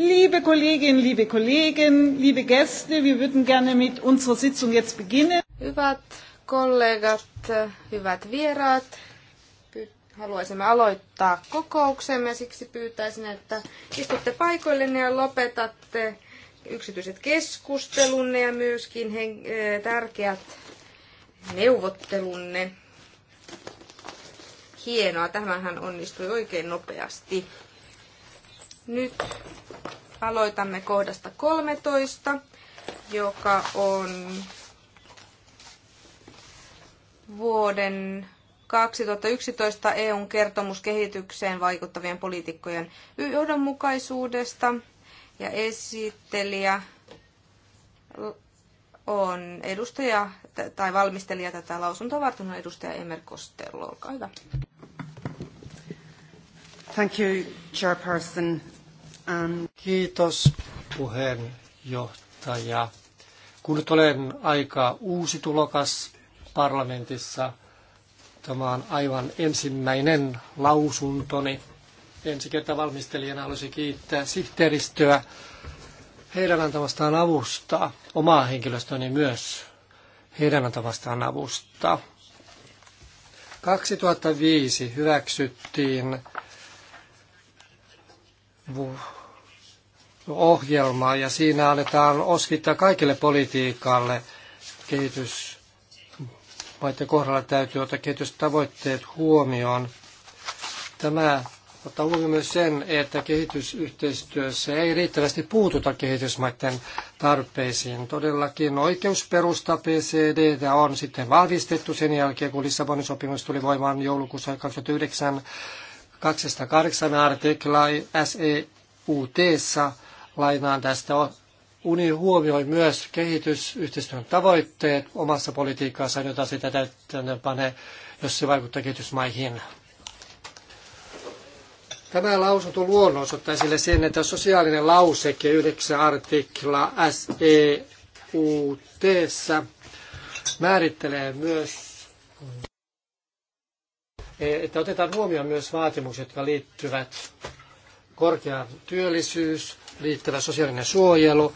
Liebe Kolleginnen, liebe Kollegen, liebe Gäste, wir würden gerne mit unserer Sitzung jetzt beginnen. Hyvät kollegat, hyvät vieraat, haluaisimme aloittaa kokouksemme, siksi pyytäisin, että istutte paikoillenne ja lopetatte yksityiset keskustelunne ja myöskin eh, tärkeät neuvottelunne. Hienoa, tämähän onnistui oikein nopeasti. Nyt aloitamme kohdasta 13, joka on vuoden 2011 EUn kertomus kehitykseen vaikuttavien poliitikkojen johdonmukaisuudesta. Ja esittelijä on edustaja tai valmistelija tätä lausuntoa varten on edustaja Emer Kostello. Olkaa hyvä. Thank you, Chairperson. Um, Kiitos puheenjohtaja. Kun nyt olen aika uusi tulokas parlamentissa, tämä on aivan ensimmäinen lausuntoni. Ensi kertaa valmistelijana olisi kiittää sihteeristöä heidän antamastaan avusta, omaa henkilöstöni myös heidän antamastaan avusta. 2005 hyväksyttiin ohjelmaa ja siinä annetaan osvittaa kaikille politiikalle kehitys. Maiden kohdalla täytyy ottaa kehitystavoitteet huomioon. Tämä ottaa huomioon myös sen, että kehitysyhteistyössä ei riittävästi puututa kehitysmaiden tarpeisiin. Todellakin oikeusperusta PCD on sitten vahvistettu sen jälkeen, kun Lissabonin sopimus tuli voimaan joulukuussa 2009 208 artikla SEUT lainaan tästä. Uni huomioi myös kehitysyhteistyön tavoitteet omassa politiikassa, jota sitä täyttäneenpanee, jos se vaikuttaa kehitysmaihin. Tämä lausunto luonnos osoittaa sille sen, että sosiaalinen lauseke 9 artikla SEUT määrittelee myös, että otetaan huomioon myös vaatimukset, jotka liittyvät korkea työllisyys, riittävä sosiaalinen suojelu,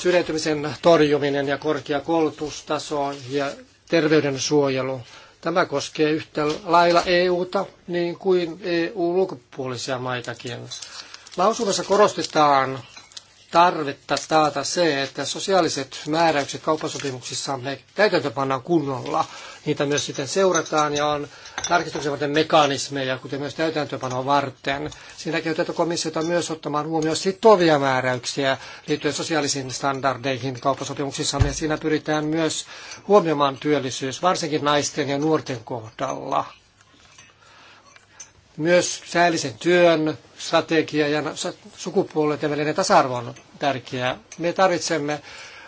syrjäytymisen torjuminen ja korkea koulutustaso ja terveyden suojelu. Tämä koskee yhtä lailla EUta niin kuin EU-ulkopuolisia maitakin. Lausunnossa korostetaan tarvetta taata se, että sosiaaliset määräykset kauppasopimuksissamme täytäntöpannaan kunnolla. Niitä myös sitten seurataan ja on tarkistuksen varten mekanismeja, kuten myös täytäntöpanoa varten. Siinä käytetään komissiota myös ottamaan huomioon sitovia määräyksiä liittyen sosiaalisiin standardeihin kauppasopimuksissa, Ja siinä pyritään myös huomioimaan työllisyys, varsinkin naisten ja nuorten kohdalla myös säällisen työn strategia ja ja välinen tasa-arvo on tärkeää. Me tarvitsemme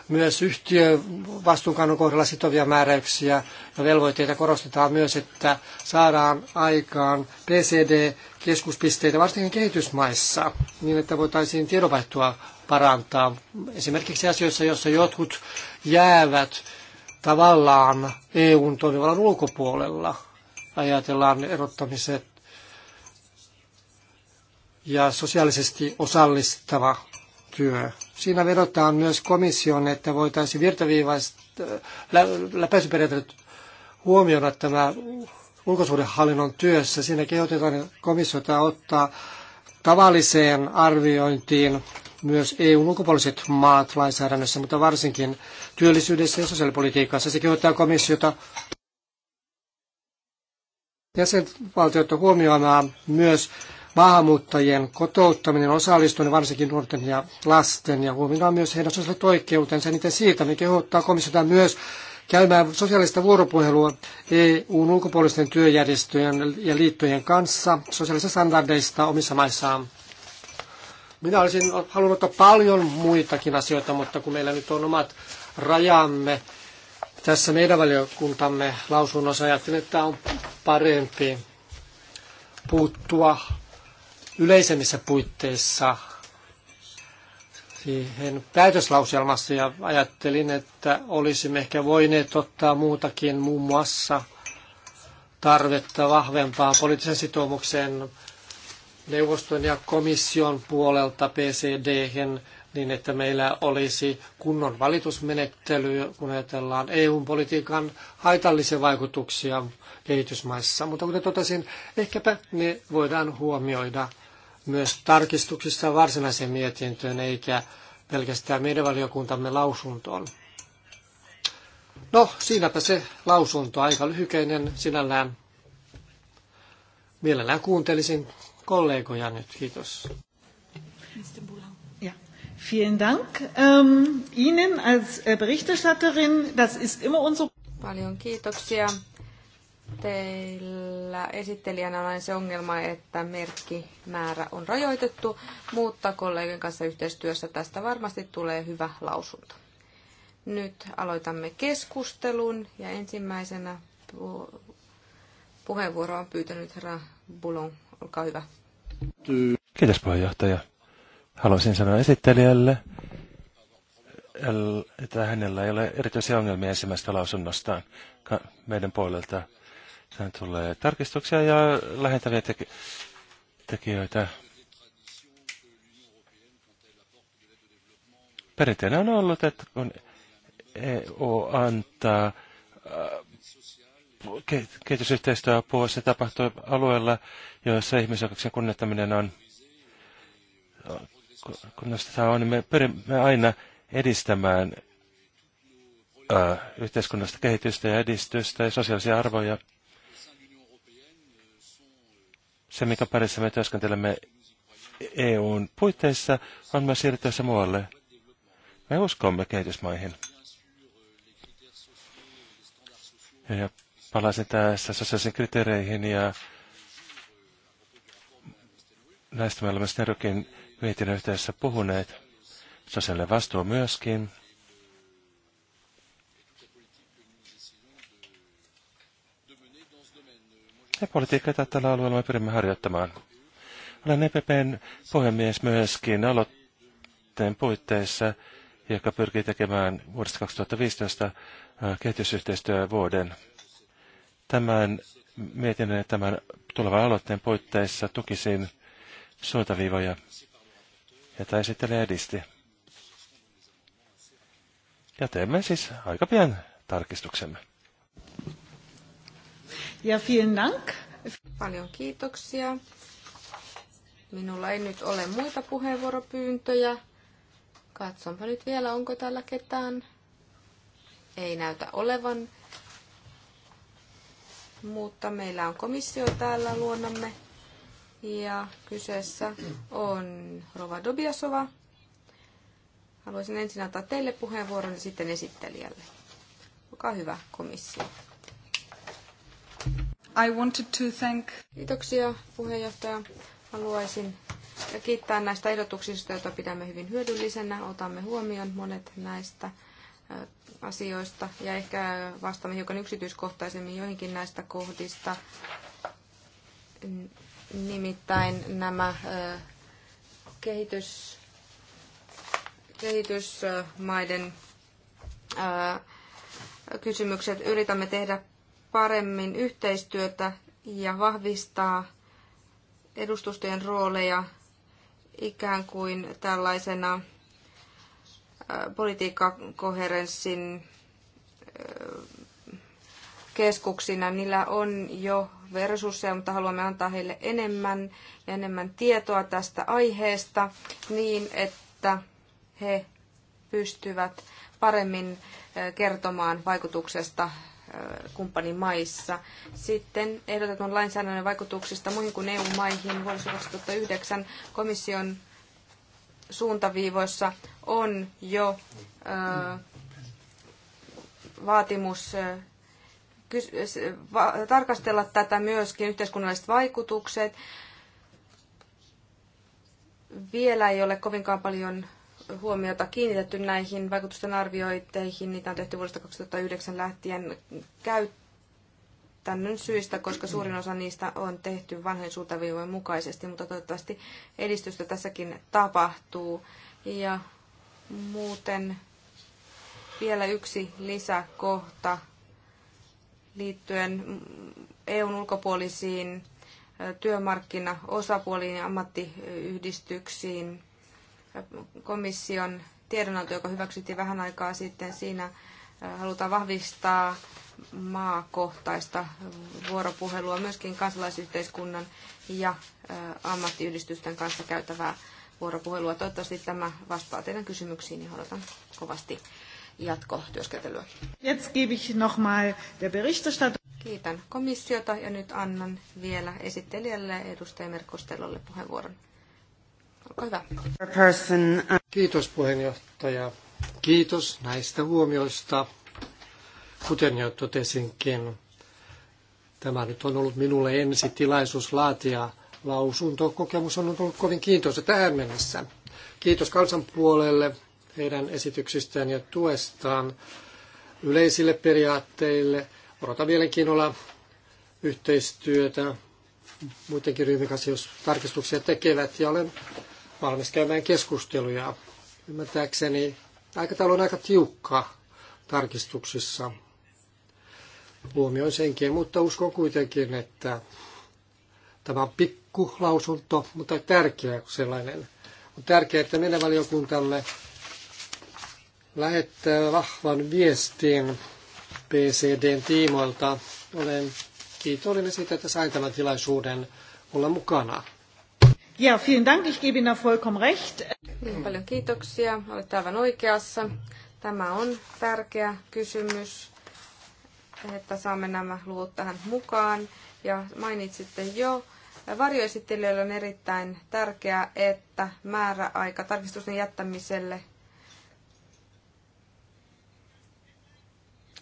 myös yhtiön vastuunkannon kohdalla sitovia määräyksiä ja velvoitteita korostetaan myös, että saadaan aikaan PCD-keskuspisteitä, varsinkin kehitysmaissa, niin että voitaisiin tiedonvaihtoa parantaa. Esimerkiksi asioissa, joissa jotkut jäävät tavallaan EUn toimivallan ulkopuolella. Ajatellaan erottamiset ja sosiaalisesti osallistava työ. Siinä vedotaan myös komission, että voitaisiin virtaviivaista läpäisyperiaatteet huomioida tämä ulkosuhdehallinnon työssä. Siinä kehotetaan komissiota ottaa tavalliseen arviointiin myös EU ulkopuoliset maat lainsäädännössä, mutta varsinkin työllisyydessä ja sosiaalipolitiikassa. Se kehottaa komissiota jäsenvaltioita huomioimaan myös maahanmuuttajien kotouttaminen, osallistuminen varsinkin nuorten ja lasten ja huomioidaan myös heidän sosiaaliset oikeutensa niitä siitä. Me kehottaa komissiota myös käymään sosiaalista vuoropuhelua EUn ulkopuolisten työjärjestöjen ja liittojen kanssa sosiaalisista standardeista omissa maissaan. Minä olisin halunnut ottaa paljon muitakin asioita, mutta kun meillä nyt on omat rajamme tässä meidän valiokuntamme lausunnossa, ajattelin, että on parempi puuttua yleisemmissä puitteissa siihen päätöslauselmassa ja ajattelin, että olisimme ehkä voineet ottaa muutakin muun muassa tarvetta vahvempaan poliittisen sitoumukseen neuvoston ja komission puolelta PCD, niin että meillä olisi kunnon valitusmenettely, kun ajatellaan EU-politiikan haitallisia vaikutuksia kehitysmaissa. Mutta kuten totesin, ehkäpä ne voidaan huomioida myös tarkistuksissa varsinaiseen mietintöön, eikä pelkästään meidän valiokuntamme lausuntoon. No, siinäpä se lausunto, aika lyhykäinen sinällään. Mielellään kuuntelisin kollegoja nyt, kiitos. Ja, vielen Dank ähm, Ihnen als äh, Berichterstatterin. Das ist immer unsere... Paljon kiitoksia Teillä esittelijänä on se ongelma, että merkkimäärä on rajoitettu, mutta kollegan kanssa yhteistyössä tästä varmasti tulee hyvä lausunto. Nyt aloitamme keskustelun ja ensimmäisenä puheenvuoro on pyytänyt herra Bulon. Olkaa hyvä. Kiitos puheenjohtaja. Haluaisin sanoa esittelijälle, että hänellä ei ole erityisiä ongelmia ensimmäistä lausunnostaan meidän puolelta. Tähän tulee tarkistuksia ja lähentäviä teke- tekijöitä. Perinteinen on ollut, että kun EU antaa äh, kehitysyhteistyöapua, se tapahtuu alueella, joissa ihmisoikeuksien kunnioittaminen on, kun on, niin me pyrimme aina edistämään ää, äh, yhteiskunnallista kehitystä ja edistystä ja sosiaalisia arvoja se, minkä parissa me työskentelemme EUn puitteissa, on myös siirtyessä muualle. Me uskomme kehitysmaihin. Ja palasin tässä sosiaalisiin kriteereihin ja näistä me olemme Sterokin mietinnön yhteydessä puhuneet. Sosiaalinen vastuu myöskin. Ja politiikka jota tällä alueella me pyrimme harjoittamaan. Olen EPPn puhemies myöskin aloitteen puitteissa, joka pyrkii tekemään vuodesta 2015 äh, kehitysyhteistyövuoden. Tämän mietinnön ja tämän tulevan aloitteen puitteissa tukisin suuntaviivoja, jota esittelee edisti. Ja teemme siis aika pian tarkistuksemme. Ja vielen Dank. Paljon kiitoksia. Minulla ei nyt ole muita puheenvuoropyyntöjä. Katsonpa nyt vielä, onko täällä ketään. Ei näytä olevan. Mutta meillä on komissio täällä luonnamme. Ja kyseessä on Rova Dobiasova. Haluaisin ensin antaa teille puheenvuoron ja sitten esittelijälle. Olkaa hyvä, komissio. I wanted to thank... Kiitoksia puheenjohtaja. Haluaisin kiittää näistä ehdotuksista, joita pidämme hyvin hyödyllisenä. Otamme huomioon monet näistä asioista ja ehkä vastaamme hiukan yksityiskohtaisemmin joihinkin näistä kohdista. Nimittäin nämä kehitys, kehitysmaiden kysymykset yritämme tehdä paremmin yhteistyötä ja vahvistaa edustustojen rooleja ikään kuin tällaisena politiikkakoherenssin keskuksina. Niillä on jo resursseja, mutta haluamme antaa heille enemmän ja enemmän tietoa tästä aiheesta niin, että he pystyvät paremmin kertomaan vaikutuksesta kumppanimaissa. Sitten ehdotetun lainsäädännön vaikutuksista muihin kuin EU-maihin vuodessa 2009 komission suuntaviivoissa on jo vaatimus tarkastella tätä myöskin yhteiskunnalliset vaikutukset. Vielä ei ole kovinkaan paljon huomiota kiinnitetty näihin vaikutusten arviointeihin. Niitä on tehty vuodesta 2009 lähtien käytännön syistä, koska suurin osa niistä on tehty vanhojen suuntaviivojen mukaisesti, mutta toivottavasti edistystä tässäkin tapahtuu. Ja muuten vielä yksi lisäkohta liittyen EUn ulkopuolisiin työmarkkinaosapuoliin ja ammattiyhdistyksiin komission tiedonanto, joka hyväksyttiin vähän aikaa sitten. Siinä halutaan vahvistaa maakohtaista vuoropuhelua, myöskin kansalaisyhteiskunnan ja ammattiyhdistysten kanssa käytävää vuoropuhelua. Toivottavasti tämä vastaa teidän kysymyksiin niin odotan kovasti jatkotyöskentelyä. Jetzt gebe ich nochmal der Berichterstatter. Kiitän komissiota ja nyt annan vielä esittelijälle edustaja Merkostelolle puheenvuoron. Olkaa hyvä. Uh, Kiitos puheenjohtaja. Kiitos näistä huomioista. Kuten jo totesinkin, tämä nyt on ollut minulle ensi tilaisuus laatia lausunto. Kokemus on ollut kovin kiintoisa tähän mennessä. Kiitos kansanpuolelle heidän esityksistään ja tuestaan yleisille periaatteille. Odotan mielenkiinnolla yhteistyötä muidenkin ryhmien kanssa, jos tarkistuksia tekevät. Ja olen valmis käymään keskusteluja. Ymmärtääkseni aikataulu on aika tiukka tarkistuksissa. Huomioin senkin, mutta uskon kuitenkin, että tämä on pikku lausunto, mutta tärkeä sellainen. On tärkeää, että meidän valiokuntamme lähettää vahvan viestin PCDn tiimoilta. Olen kiitollinen siitä, että sain tämän tilaisuuden olla mukana. Ja, vielen Dank, ich gebe Ihnen vollkommen recht. Niin paljon kiitoksia, olet aivan oikeassa. Tämä on tärkeä kysymys, että saamme nämä luvut tähän mukaan. Ja mainitsitte jo, varjoesittelijöille on erittäin tärkeää, että määräaika tarkistusten jättämiselle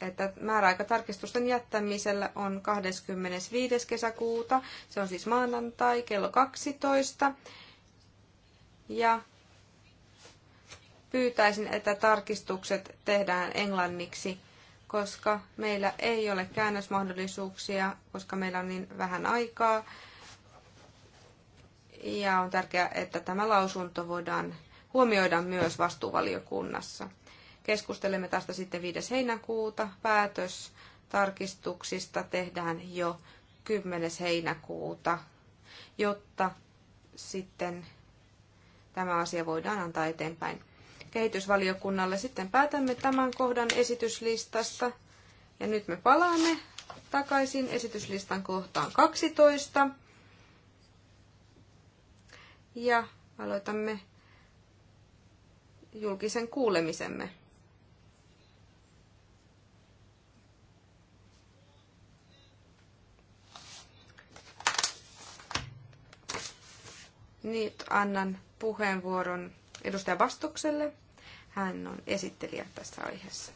että määräaikatarkistusten jättämisellä on 25. kesäkuuta, se on siis maanantai kello 12. Ja pyytäisin, että tarkistukset tehdään englanniksi, koska meillä ei ole käännösmahdollisuuksia, koska meillä on niin vähän aikaa. Ja on tärkeää, että tämä lausunto voidaan huomioida myös vastuuvaliokunnassa. Keskustelemme tästä sitten 5. heinäkuuta. Päätös tarkistuksista tehdään jo 10. heinäkuuta, jotta sitten tämä asia voidaan antaa eteenpäin kehitysvaliokunnalle. Sitten päätämme tämän kohdan esityslistasta. Ja nyt me palaamme takaisin esityslistan kohtaan 12. Ja aloitamme julkisen kuulemisemme. Nyt annan puheenvuoron edustaja Vastukselle. Hän on esittelijä tässä aiheessa.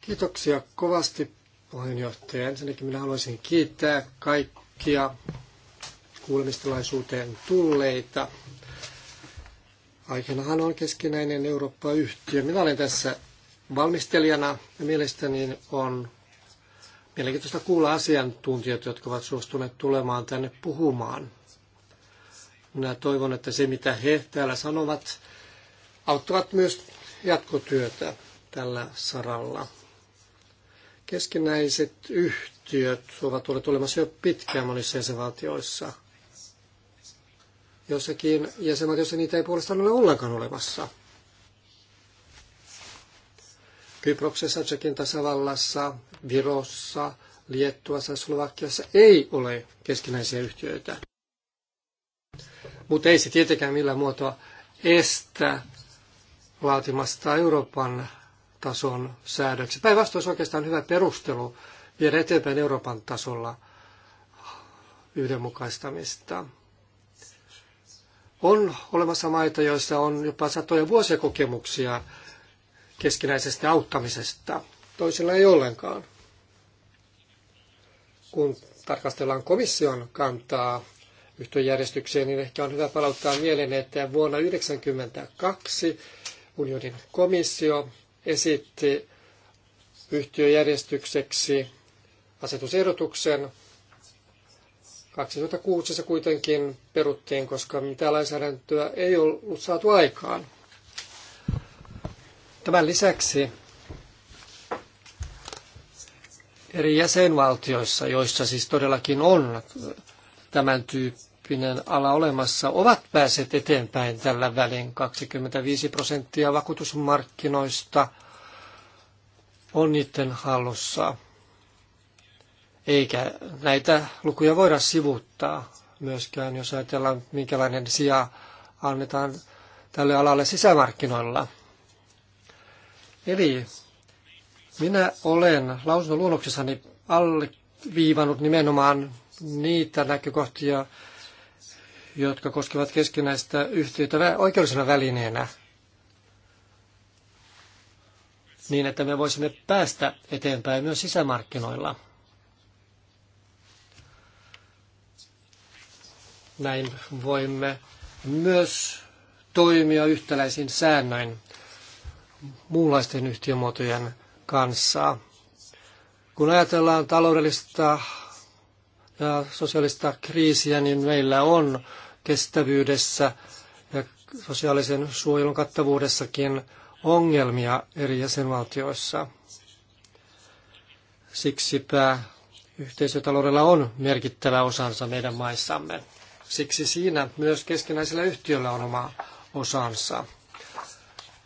Kiitoksia kovasti puheenjohtaja. Ensinnäkin minä haluaisin kiittää kaikkia kuulemistilaisuuteen tulleita. Aikanahan on keskinäinen Eurooppa-yhtiö. Minä olen tässä valmistelijana ja mielestäni on Mielenkiintoista kuulla asiantuntijat, jotka ovat suostuneet tulemaan tänne puhumaan. Minä toivon, että se mitä he täällä sanovat, auttavat myös jatkotyötä tällä saralla. Keskinäiset yhtiöt ovat olleet olemassa jo pitkään monissa jäsenvaltioissa. Jossakin jäsenvaltiossa niitä ei puolestaan ole ollenkaan olemassa – Kyproksessa, Tsekin tasavallassa, Virossa, Liettuassa ja Slovakiassa ei ole keskinäisiä yhtiöitä. Mutta ei se tietenkään millään muotoa estä laatimasta Euroopan tason säädöksiä. Päinvastoin se oikeastaan hyvä perustelu viedä eteenpäin Euroopan tasolla yhdenmukaistamista. On olemassa maita, joissa on jopa satoja vuosia kokemuksia keskinäisestä auttamisesta. toisilla ei ollenkaan. Kun tarkastellaan komission kantaa yhtiöjärjestykseen, niin ehkä on hyvä palauttaa mieleen, että vuonna 1992 unionin komissio esitti yhtiöjärjestykseksi asetusehdotuksen. 2006 se kuitenkin peruttiin, koska mitä lainsäädäntöä ei ollut saatu aikaan. Tämän lisäksi eri jäsenvaltioissa, joissa siis todellakin on tämän tyyppinen ala olemassa, ovat päässeet eteenpäin tällä välin. 25 prosenttia vakuutusmarkkinoista on niiden hallussa. Eikä näitä lukuja voida sivuttaa myöskään, jos ajatellaan, minkälainen sija annetaan tälle alalle sisämarkkinoilla – Eli minä olen luonnoksessani alleviivannut nimenomaan niitä näkökohtia, jotka koskevat keskinäistä yhteyttä oikeudellisena välineenä, niin että me voisimme päästä eteenpäin myös sisämarkkinoilla. Näin voimme myös toimia yhtäläisin säännöin muunlaisten yhtiömuotojen kanssa. Kun ajatellaan taloudellista ja sosiaalista kriisiä, niin meillä on kestävyydessä ja sosiaalisen suojelun kattavuudessakin ongelmia eri jäsenvaltioissa. Siksipä yhteisötaloudella on merkittävä osansa meidän maissamme. Siksi siinä myös keskinäisellä yhtiöllä on oma osansa.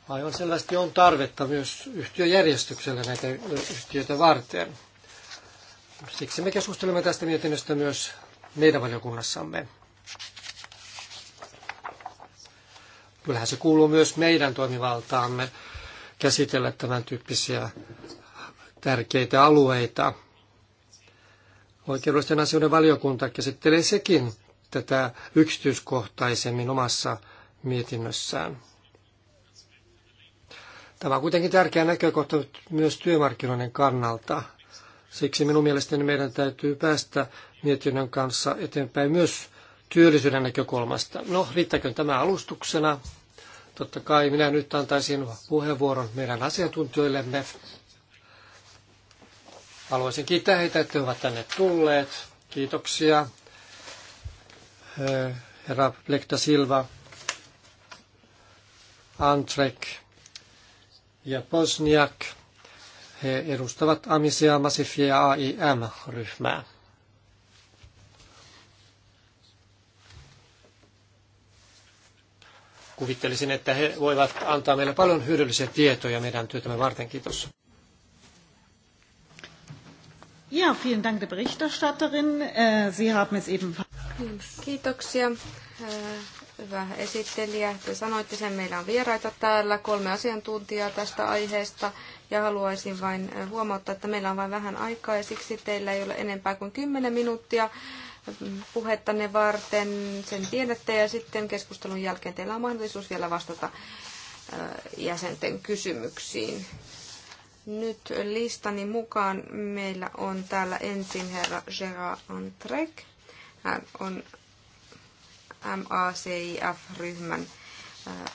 Aivan selvästi on tarvetta myös yhtiöjärjestyksellä näitä yhtiöitä varten. Siksi me keskustelemme tästä mietinnöstä myös meidän valiokunnassamme. Kyllähän se kuuluu myös meidän toimivaltaamme käsitellä tämän tyyppisiä tärkeitä alueita. Oikeudellisten asioiden valiokunta käsittelee sekin tätä yksityiskohtaisemmin omassa mietinnössään. Tämä on kuitenkin tärkeä näkökohta myös työmarkkinoiden kannalta. Siksi minun mielestäni meidän täytyy päästä mietinnön kanssa eteenpäin myös työllisyyden näkökulmasta. No, riittäkö tämä alustuksena? Totta kai minä nyt antaisin puheenvuoron meidän asiantuntijoillemme. Haluaisin kiittää heitä, että he ovat tänne tulleet. Kiitoksia. Eh, herra Plekta Silva, Antrek, ja Bosniak. He edustavat Amisia, Masifia ja AIM-ryhmää. Kuvittelisin, että he voivat antaa meille paljon hyödyllisiä tietoja meidän työtämme varten. Kiitos. Ja, vielen Dank der Berichterstatterin. Äh, Sie haben es eben... Kiitoksia äh, Hyvä esittelijä. Te sanoitte sen, meillä on vieraita täällä, kolme asiantuntijaa tästä aiheesta ja haluaisin vain huomauttaa, että meillä on vain vähän aikaa ja siksi teillä ei ole enempää kuin 10 minuuttia puhettanne varten. Sen tiedätte ja sitten keskustelun jälkeen teillä on mahdollisuus vielä vastata äh, jäsenten kysymyksiin. Nyt listani mukaan meillä on täällä ensin herra Gerard Antrek. Hän on MACIF-ryhmän äh,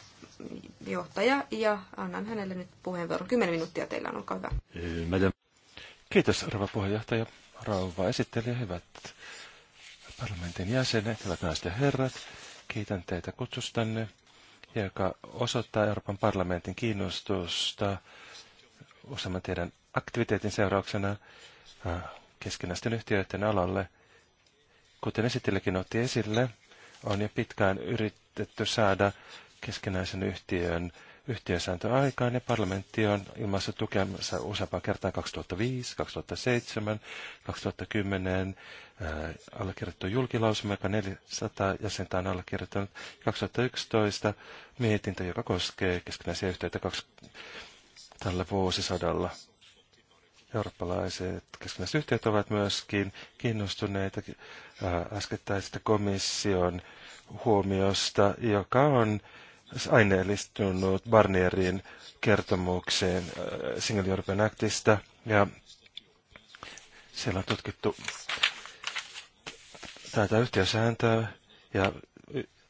johtaja ja annan hänelle nyt puheenvuoron. Kymmenen minuuttia teillä on, olkaa hyvä. Kiitos rouva puheenjohtaja, rouva esittelijä, hyvät parlamentin jäsenet, hyvät naiset ja herrat. Kiitän teitä kutsustanne, joka osoittaa Euroopan parlamentin kiinnostusta useamman tiedän aktiviteetin seurauksena äh, keskinäisten yhtiöiden alalle. Kuten esittelijäkin otti esille, on jo pitkään yritetty saada keskinäisen yhtiön yhtiösääntö aikaan ja parlamentti on ilmaissut tukemassa useampaa kertaa 2005, 2007, 2010 äh, allekirjoittu julkilausuma, joka 400 jäsentä on allekirjoittanut, 2011 mietintö, joka koskee keskinäisiä yhteyttä kaksi, tällä vuosisadalla. Eurooppalaiset keskinäiset yhtiöt ovat myöskin kiinnostuneita äh, äskettäisestä komission huomiosta, joka on aineellistunut Barnierin kertomukseen äh, Single European Actista. Ja siellä on tutkittu tätä yhtiösääntöä ja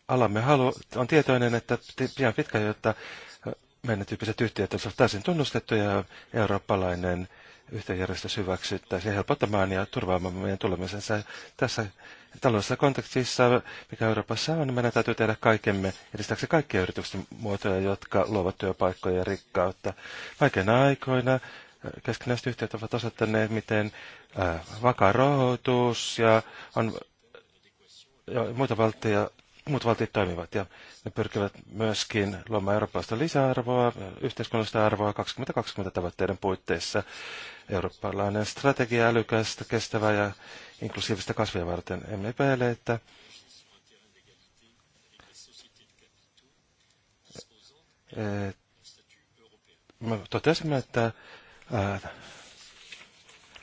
alamme halu, on tietoinen, että pian pitkä, jotta meidän tyyppiset yhtiöt ovat täysin tunnustettuja ja eurooppalainen yhteisjärjestys hyväksyttäisiin helpottamaan ja turvaamaan meidän tulemisensa tässä taloudellisessa kontekstissa, mikä Euroopassa on, niin meidän täytyy tehdä kaikemme edistääksemme kaikkia yritysten muotoja, jotka luovat työpaikkoja ja rikkautta. Vaikeina aikoina äh, keskinäiset yhtiöt ovat osoittaneet, miten äh, vakaa rahoitus ja, on, ja muita valtioita muut valtiot toimivat ja ne pyrkivät myöskin luomaan eurooppalaista lisäarvoa, yhteiskunnallista arvoa 2020 tavoitteiden puitteissa eurooppalainen strategia älykästä, kestävää ja inklusiivista kasvia varten. Emme epäile, että eh, me totesimme, että äh,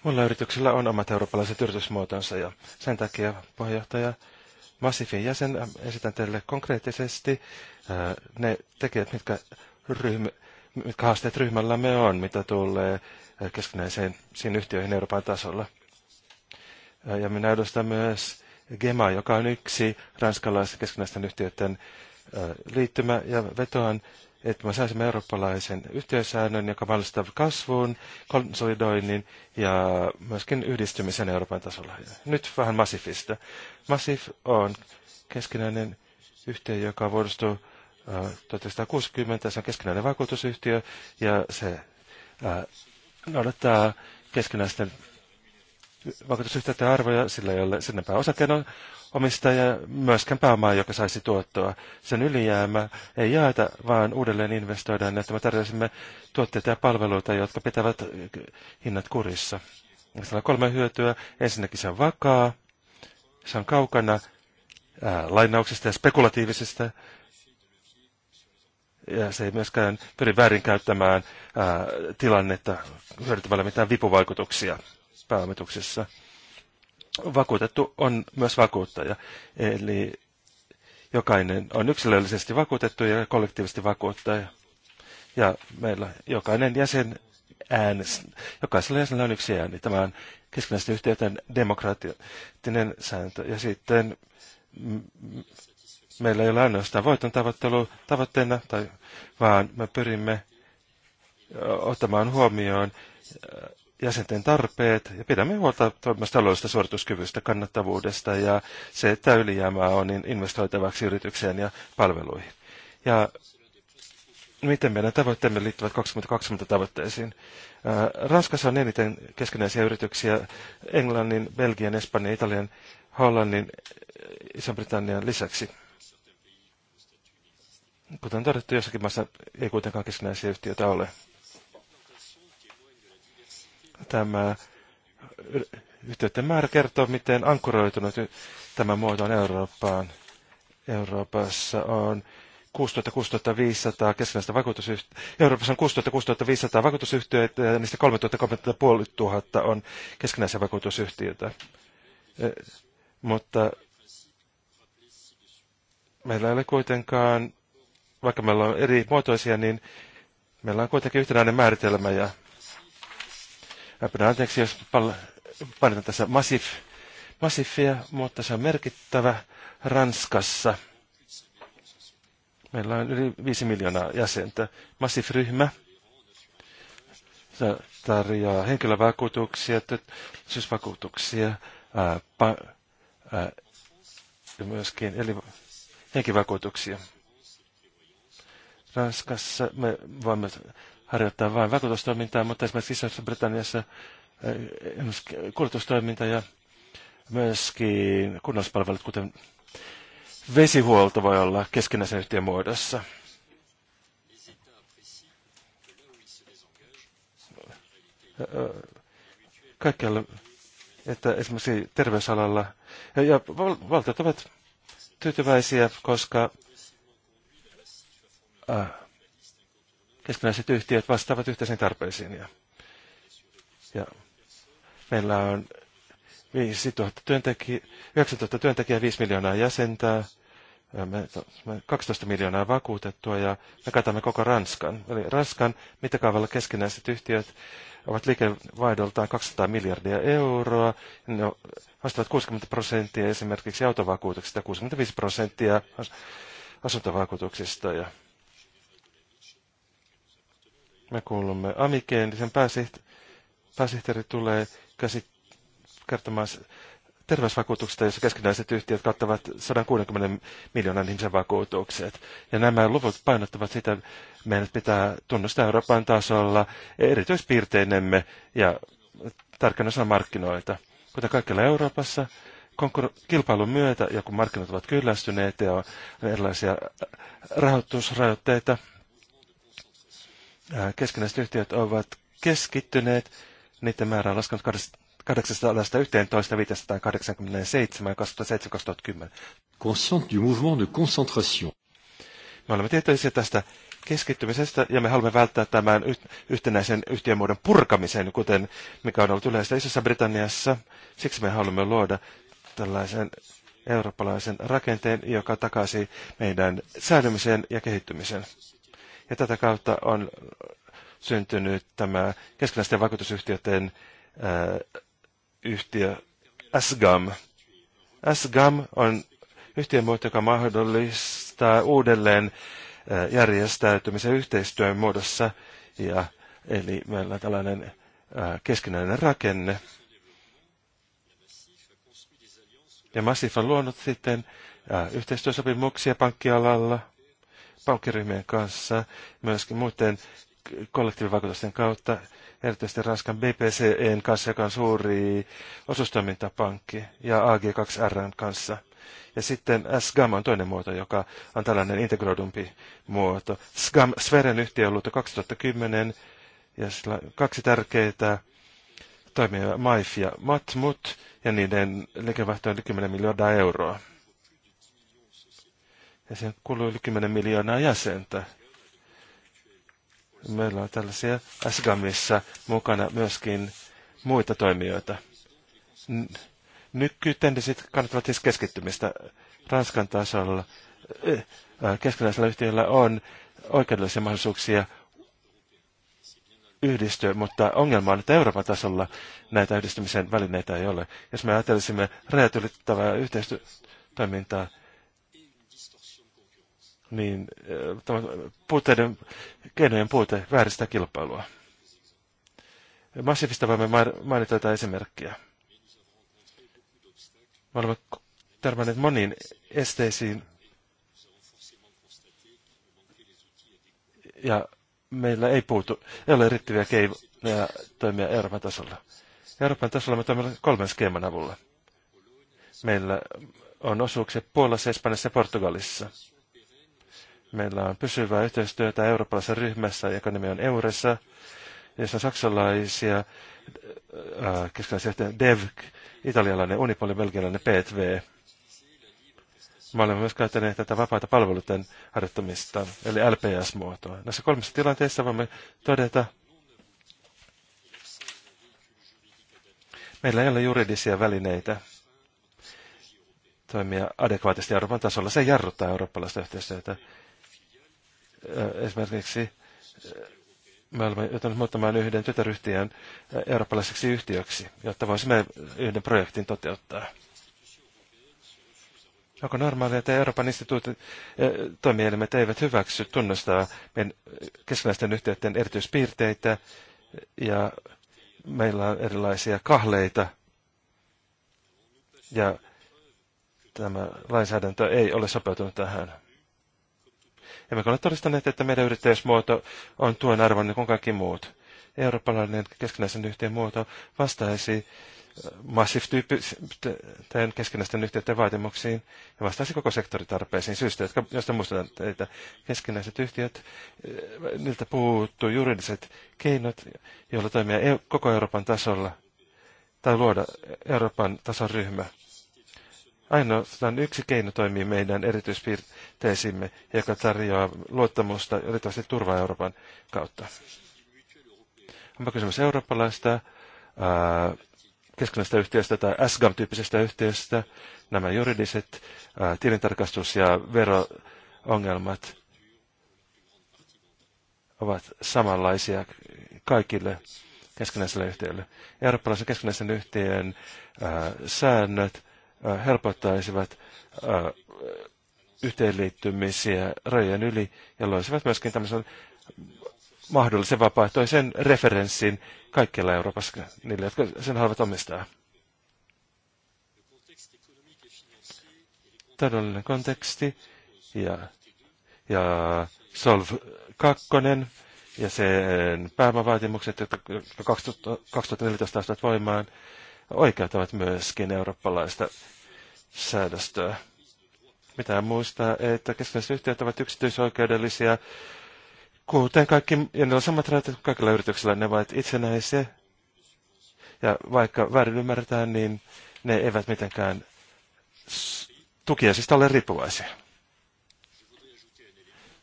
muilla yrityksillä on omat eurooppalaiset yritysmuotonsa ja sen takia puheenjohtaja Massifin jäsen äh, esitän teille konkreettisesti äh, ne tekijät, mitkä, ryhmä, mitkä haasteet ryhmällämme on, mitä tulee siihen yhtiöihin Euroopan tasolla. Ja minä edustan myös GEMA, joka on yksi ranskalaisten keskinäisten yhtiöiden liittymä ja vetoan, että me saisimme eurooppalaisen yhtiösäännön, joka mahdollistaa kasvun, konsolidoinnin ja myöskin yhdistymisen Euroopan tasolla. Nyt vähän Massifista. Massif on keskinäinen yhtiö, joka vuodostuu 1960, se on keskinäinen vakuutusyhtiö ja se noudattaa keskinäisten vakuutusyhtiöiden arvoja, sillä ei ole sen enempää omistaja, myöskään pääomaa, joka saisi tuottoa. Sen ylijäämä ei jaeta, vaan uudelleen investoidaan, niin että me tarjoaisimme tuotteita ja palveluita, jotka pitävät hinnat kurissa. Sillä on kolme hyötyä. Ensinnäkin se on vakaa, se on kaukana ää, lainauksista ja spekulatiivisista ja se ei myöskään pyri väärinkäyttämään ää, tilannetta hyödyntämällä mitään vipuvaikutuksia pääomituksessa. Vakuutettu on myös vakuuttaja, eli jokainen on yksilöllisesti vakuutettu ja kollektiivisesti vakuuttaja. Ja meillä jokainen jäsen äänes, jokaisella jäsenellä on yksi ääni. Tämä on keskinäisten yhteyden demokraattinen sääntö. Ja sitten meillä ei ole ainoastaan voiton tavoittelu tavoitteena, tai, vaan me pyrimme ottamaan huomioon jäsenten tarpeet ja pidämme huolta myös taloudellisesta suorituskyvystä, kannattavuudesta ja se, että ylijäämää on niin investoitavaksi yritykseen ja palveluihin. Ja miten meidän tavoitteemme liittyvät 2020 tavoitteisiin? Ranskassa on eniten keskinäisiä yrityksiä Englannin, Belgian, Espanjan, Italian, Hollannin, Iso-Britannian lisäksi. Kuten todettu, jossakin maassa ei kuitenkaan keskinäisiä yhtiöitä ole. Tämä yhtiöiden määrä kertoo, miten ankkuroitunut tämä muoto on Eurooppaan. Euroopassa on 6600 keskinäistä vakuutusyhtiötä. Euroopassa on 6600 vakuutusyhtiöitä ja niistä 3500 on keskinäisiä vakuutusyhtiöitä. E, mutta meillä ei ole kuitenkaan vaikka meillä on eri muotoisia, niin meillä on kuitenkin yhtenäinen määritelmä. Ja pyydän anteeksi, jos painetaan tässä massif, massifia, mutta se on merkittävä Ranskassa. Meillä on yli 5 miljoonaa jäsentä. Massif-ryhmä se tarjoaa henkilövakuutuksia, syysvakuutuksia, ja myöskin eli henkivakuutuksia. Ranskassa me voimme harjoittaa vain vakuutustoimintaa, mutta esimerkiksi Isossa Britanniassa eh, kulutustoiminta ja myöskin kunnallispalvelut, kuten vesihuolto voi olla keskinäisen yhtiön muodossa. Eh, kaikkialla, että esimerkiksi terveysalalla, ja, ja valtiot ovat tyytyväisiä, koska Äh, keskinäiset yhtiöt vastaavat yhteisiin tarpeisiin. Ja, ja meillä on 5 5000 työntekijä, 9000 työntekijää, 5 miljoonaa jäsentää, me, me 12 miljoonaa vakuutettua ja me katamme koko Ranskan. Eli Ranskan mittakaavalla keskinäiset yhtiöt ovat liikevaihdoltaan 200 miljardia euroa. Ne vastaavat 60 prosenttia esimerkiksi autovakuutuksista, 65 prosenttia asuntovakuutuksista ja me kuulumme Amikeen, niin sen pääsihteeri, pääsihteeri tulee käsi, kertomaan terveysvakuutuksesta, jossa keskinäiset yhtiöt kattavat 160 miljoonan ihmisen vakuutukset. Ja nämä luvut painottavat sitä, meidän pitää tunnustaa Euroopan tasolla erityispiirteinemme ja osa markkinoita. Kuten kaikilla Euroopassa, kilpailun myötä ja kun markkinat ovat kyllästyneet ja on erilaisia rahoitusrajoitteita, Äh, keskinäiset yhtiöt ovat keskittyneet. Niiden määrä on laskenut 811 587 2007-2010. du mouvement de concentration. Me olemme tietoisia tästä keskittymisestä ja me haluamme välttää tämän yhtenäisen yhtiömuodon purkamisen, kuten mikä on ollut yleistä Isossa Britanniassa. Siksi me haluamme luoda tällaisen eurooppalaisen rakenteen, joka takaisi meidän säädymisen ja kehittymisen. Ja tätä kautta on syntynyt tämä keskinäisten vakuutusyhtiöiden äh, yhtiö SGAM. SGAM on yhtiömuoto, joka mahdollistaa uudelleen äh, järjestäytymisen yhteistyön muodossa. Ja, eli meillä on tällainen äh, keskinäinen rakenne. Ja Massif on luonut sitten äh, yhteistyösopimuksia pankkialalla – paukkiryhmien kanssa, myöskin muiden kollektiivivaikutusten kautta, erityisesti Ranskan BPCEn kanssa, joka on suuri osuustoimintapankki, ja AG2Rn kanssa. Ja sitten SGAM on toinen muoto, joka on tällainen integroidumpi muoto. SGAM, Sveren yhtiö on ollut 2010, ja sillä on kaksi tärkeää toimia, MAIF ja MATMUT, ja niiden liikevaihto on 10 miljoonaa euroa ja siihen kuuluu yli 10 miljoonaa jäsentä. Meillä on tällaisia SGAMissa mukana myöskin muita toimijoita. Nykytendisit kannattavat siis keskittymistä Ranskan tasolla. Keskinäisellä yhtiöllä on oikeudellisia mahdollisuuksia yhdistyä, mutta ongelma on, että Euroopan tasolla näitä yhdistymisen välineitä ei ole. Jos me ajattelisimme rajat ylittävää yhteistyötoimintaa, niin äh, tämä puutteiden, keinojen puute vääristää kilpailua. Massiivista voimme mainita jotain esimerkkiä. Me olemme törmänneet moniin esteisiin ja meillä ei puutu, ei ole riittäviä keinoja toimia Euroopan tasolla. Euroopan tasolla me toimimme kolmen skeeman avulla. Meillä on osuuksia Puolassa, Espanjassa ja Portugalissa Meillä on pysyvää yhteistyötä eurooppalaisessa ryhmässä, joka nimi on Euressa, jossa on saksalaisia, äh, äh, keskinäisiä DEVK, italialainen Unipoli, belgialainen PTV. Me olemme myös käyttäneet tätä vapaata palveluiden harjoittamista, eli LPS-muotoa. Näissä kolmessa tilanteessa voimme todeta, meillä ei ole juridisia välineitä toimia adekvaatisti Euroopan tasolla. Se jarruttaa eurooppalaista yhteistyötä. Esimerkiksi me olemme joutuneet muuttamaan yhden tytäryhtiön eurooppalaiseksi yhtiöksi, jotta voisimme yhden projektin toteuttaa. Onko normaalia, että Euroopan instituutin toimielimet eivät hyväksy tunnustaa meidän keskinäisten yhtiöiden erityispiirteitä ja meillä on erilaisia kahleita ja tämä lainsäädäntö ei ole sopeutunut tähän. Emmekä ole todistaneet, että meidän yrittäjyysmuoto on tuen arvoinen kuin kaikki muut. Eurooppalainen keskinäisen yhteen muoto vastaisi äh, massiiv keskinäisten yhtiöiden vaatimuksiin ja vastaisi koko sektoritarpeisiin syystä, jotka, josta muistutan teitä. Keskinäiset yhtiöt, äh, niiltä puuttuu juridiset keinot, joilla toimia e-, koko Euroopan tasolla tai luoda Euroopan tason ryhmä. Ainoastaan yksi keino toimii meidän erityispiirteisimme, joka tarjoaa luottamusta ja riittävästi turvaa Euroopan kautta. Onpa kysymys eurooppalaista, keskinäisestä yhtiöstä tai SGAM-tyyppisestä yhtiöstä, nämä juridiset ää, tilintarkastus- ja veroongelmat ovat samanlaisia kaikille keskinäiselle yhtiölle. Eurooppalaisen keskinäisen yhtiön ää, säännöt helpottaisivat yhteenliittymisiä rajojen yli ja loisivat myöskin tämmöisen mahdollisen vapaaehtoisen referenssin kaikkialla Euroopassa niille, jotka sen haluavat omistaa. Taloudellinen konteksti ja, ja Solv 2 ja sen pääomavaatimukset, jotka 2014 astuvat voimaan, oikeutavat myöskin eurooppalaista säädöstöä. Pitää muistaa, että keskinäiset yhtiöt ovat yksityisoikeudellisia, kuten kaikki, ja ne on samat rajat kuin kaikilla yrityksillä, ne ovat itsenäisiä. Ja vaikka väärin ymmärretään, niin ne eivät mitenkään tukiaisista ole riippuvaisia.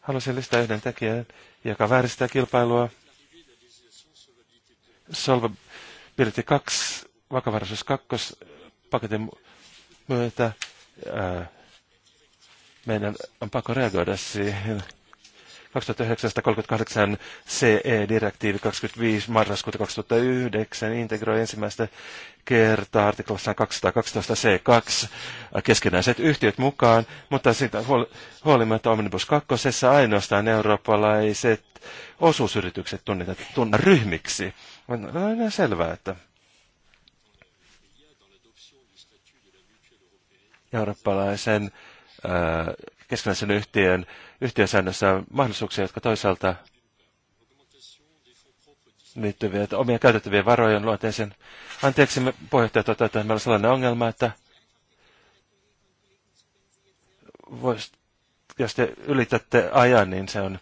Haluaisin lisätä yhden tekijän, joka vääristää kilpailua. Solvability 2 vakavaraisuus kakkospaketin myötä ää, meidän on pakko reagoida siihen. 2938 CE-direktiivi 25 marraskuuta 2009 integroi ensimmäistä kertaa artiklassa 212 C2 keskinäiset yhtiöt mukaan, mutta siitä huolimatta Omnibus 2 ainoastaan eurooppalaiset osuusyritykset tunnetaan ryhmiksi. On aina selvää, että eurooppalaisen keskinäisen yhtiön yhtiösäännössä on mahdollisuuksia, jotka toisaalta liittyviä omien käytettävien varojen luonteeseen. Anteeksi, me puheenjohtaja toteaa, että meillä on sellainen ongelma, että vois, jos te ylitätte ajan, niin se on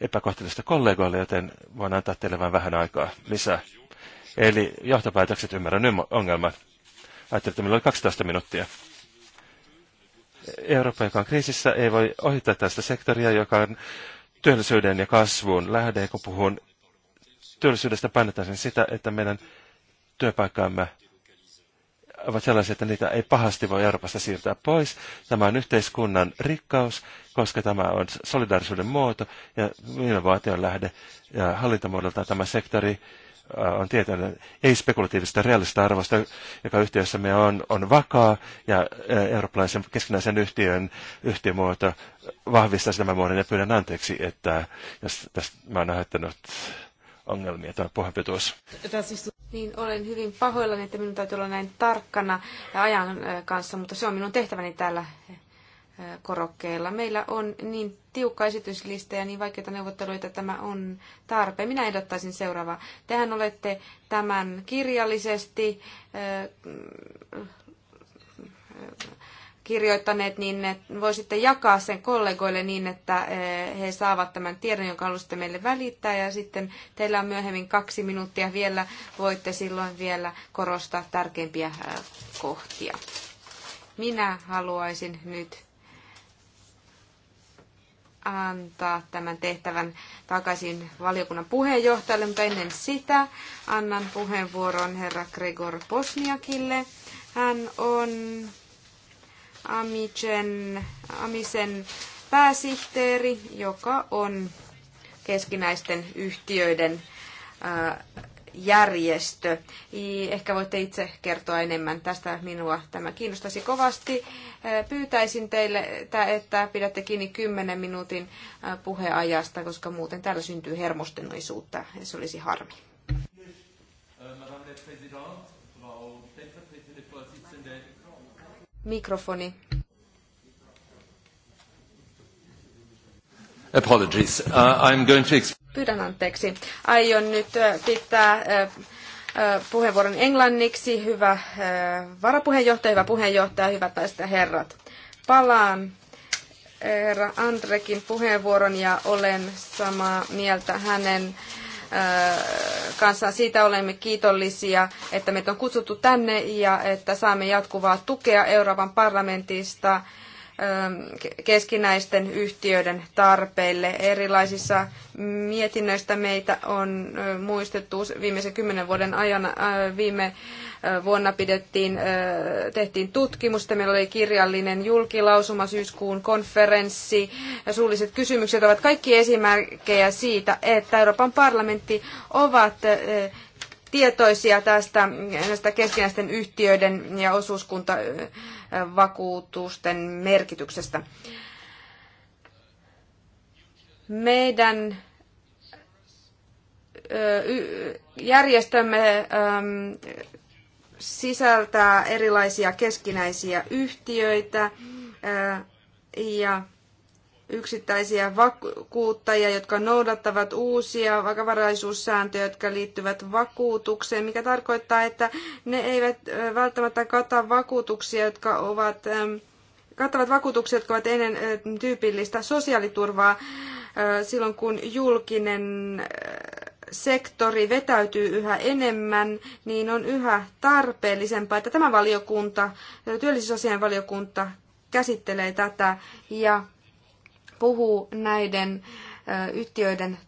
epäkohtelista kollegoille, joten voin antaa teille vain vähän aikaa lisää. Eli johtopäätökset ymmärrän ongelman. Ajattelin, että meillä oli 12 minuuttia. Eurooppa, joka on kriisissä, ei voi ohittaa tästä sektoria, joka on työllisyyden ja kasvun lähde. Kun puhun työllisyydestä, painotan sen sitä, että meidän työpaikkaamme ovat sellaisia, että niitä ei pahasti voi Euroopasta siirtää pois. Tämä on yhteiskunnan rikkaus, koska tämä on solidaarisuuden muoto ja innovaation lähde. Ja hallintamuodoltaan tämä sektori Äh, on tietoinen ei-spekulatiivista realista arvosta, joka yhtiössämme on, on vakaa, ja äh, eurooppalaisen keskinäisen yhtiön yhtiömuoto vahvistaa tämän muodon, ja pyydän anteeksi, että jos tästä mä oon aiheuttanut ongelmia tämä pohjanpituus. Niin, olen hyvin pahoillani, että minun täytyy olla näin tarkkana ja ajan äh, kanssa, mutta se on minun tehtäväni täällä korokkeilla. Meillä on niin tiukka esityslista ja niin vaikeita neuvotteluita tämä on tarpeen. Minä ehdottaisin seuraavaa. Tehän olette tämän kirjallisesti äh, kirjoittaneet, niin voisitte jakaa sen kollegoille niin, että äh, he saavat tämän tiedon, jonka haluaisitte meille välittää. Ja sitten teillä on myöhemmin kaksi minuuttia vielä. Voitte silloin vielä korostaa tärkeimpiä äh, kohtia. Minä haluaisin nyt antaa tämän tehtävän takaisin valiokunnan puheenjohtajalle, mutta ennen sitä annan puheenvuoron herra Gregor Posniakille. Hän on Amicen, Amisen pääsihteeri, joka on keskinäisten yhtiöiden äh, järjestö. Ehkä voitte itse kertoa enemmän tästä. Minua tämä kiinnostaisi kovasti. Pyytäisin teille, että pidätte kiinni 10 minuutin puheajasta, koska muuten täällä syntyy hermostuneisuutta ja se olisi harmi. Mikrofoni. Apologies. Uh, I'm going to pyydän anteeksi. Aion nyt pitää puheenvuoron englanniksi. Hyvä varapuheenjohtaja, hyvä puheenjohtaja, hyvät naiset ja herrat. Palaan herra Andrekin puheenvuoron ja olen samaa mieltä hänen kanssaan. Siitä olemme kiitollisia, että meitä on kutsuttu tänne ja että saamme jatkuvaa tukea Euroopan parlamentista Ähm, keskinäisten yhtiöiden tarpeille. Erilaisissa mietinnöistä meitä on muistettu viimeisen kymmenen vuoden ajan. Viime vuonna pidettiin, tehtiin tutkimus, meillä oli kirjallinen julkilausuma syyskuun konferenssi. Suulliset kysymykset ovat kaikki esimerkkejä siitä, että Euroopan parlamentti ovat tietoisia tästä, näistä keskinäisten yhtiöiden ja osuuskuntavakuutusten merkityksestä. Meidän järjestömme sisältää erilaisia keskinäisiä yhtiöitä ja yksittäisiä vakuuttajia, jotka noudattavat uusia vakavaraisuussääntöjä, jotka liittyvät vakuutukseen, mikä tarkoittaa, että ne eivät välttämättä kata vakuutuksia, jotka ovat, kattavat vakuutuksia, jotka ovat ennen tyypillistä sosiaaliturvaa silloin, kun julkinen sektori vetäytyy yhä enemmän, niin on yhä tarpeellisempaa, että tämä valiokunta, työllisyysasian valiokunta käsittelee tätä ja puhuu näiden yhtiöiden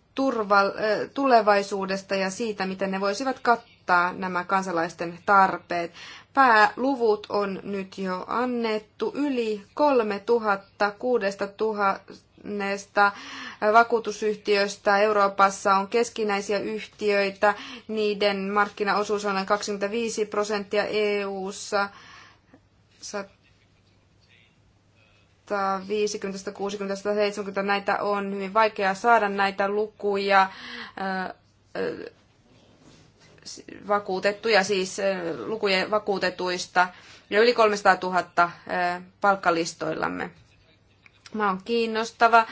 tulevaisuudesta ja siitä, miten ne voisivat kattaa nämä kansalaisten tarpeet. Pääluvut on nyt jo annettu yli 3000 6000 vakuutusyhtiöstä. Euroopassa on keskinäisiä yhtiöitä. Niiden markkinaosuus on noin 25 prosenttia EU-ssa. 150, 60, 170, näitä on hyvin vaikea saada näitä lukuja vakuutettuja, siis lukujen vakuutetuista ja yli 300 000 palkkalistoillamme. Tämä on kiinnostava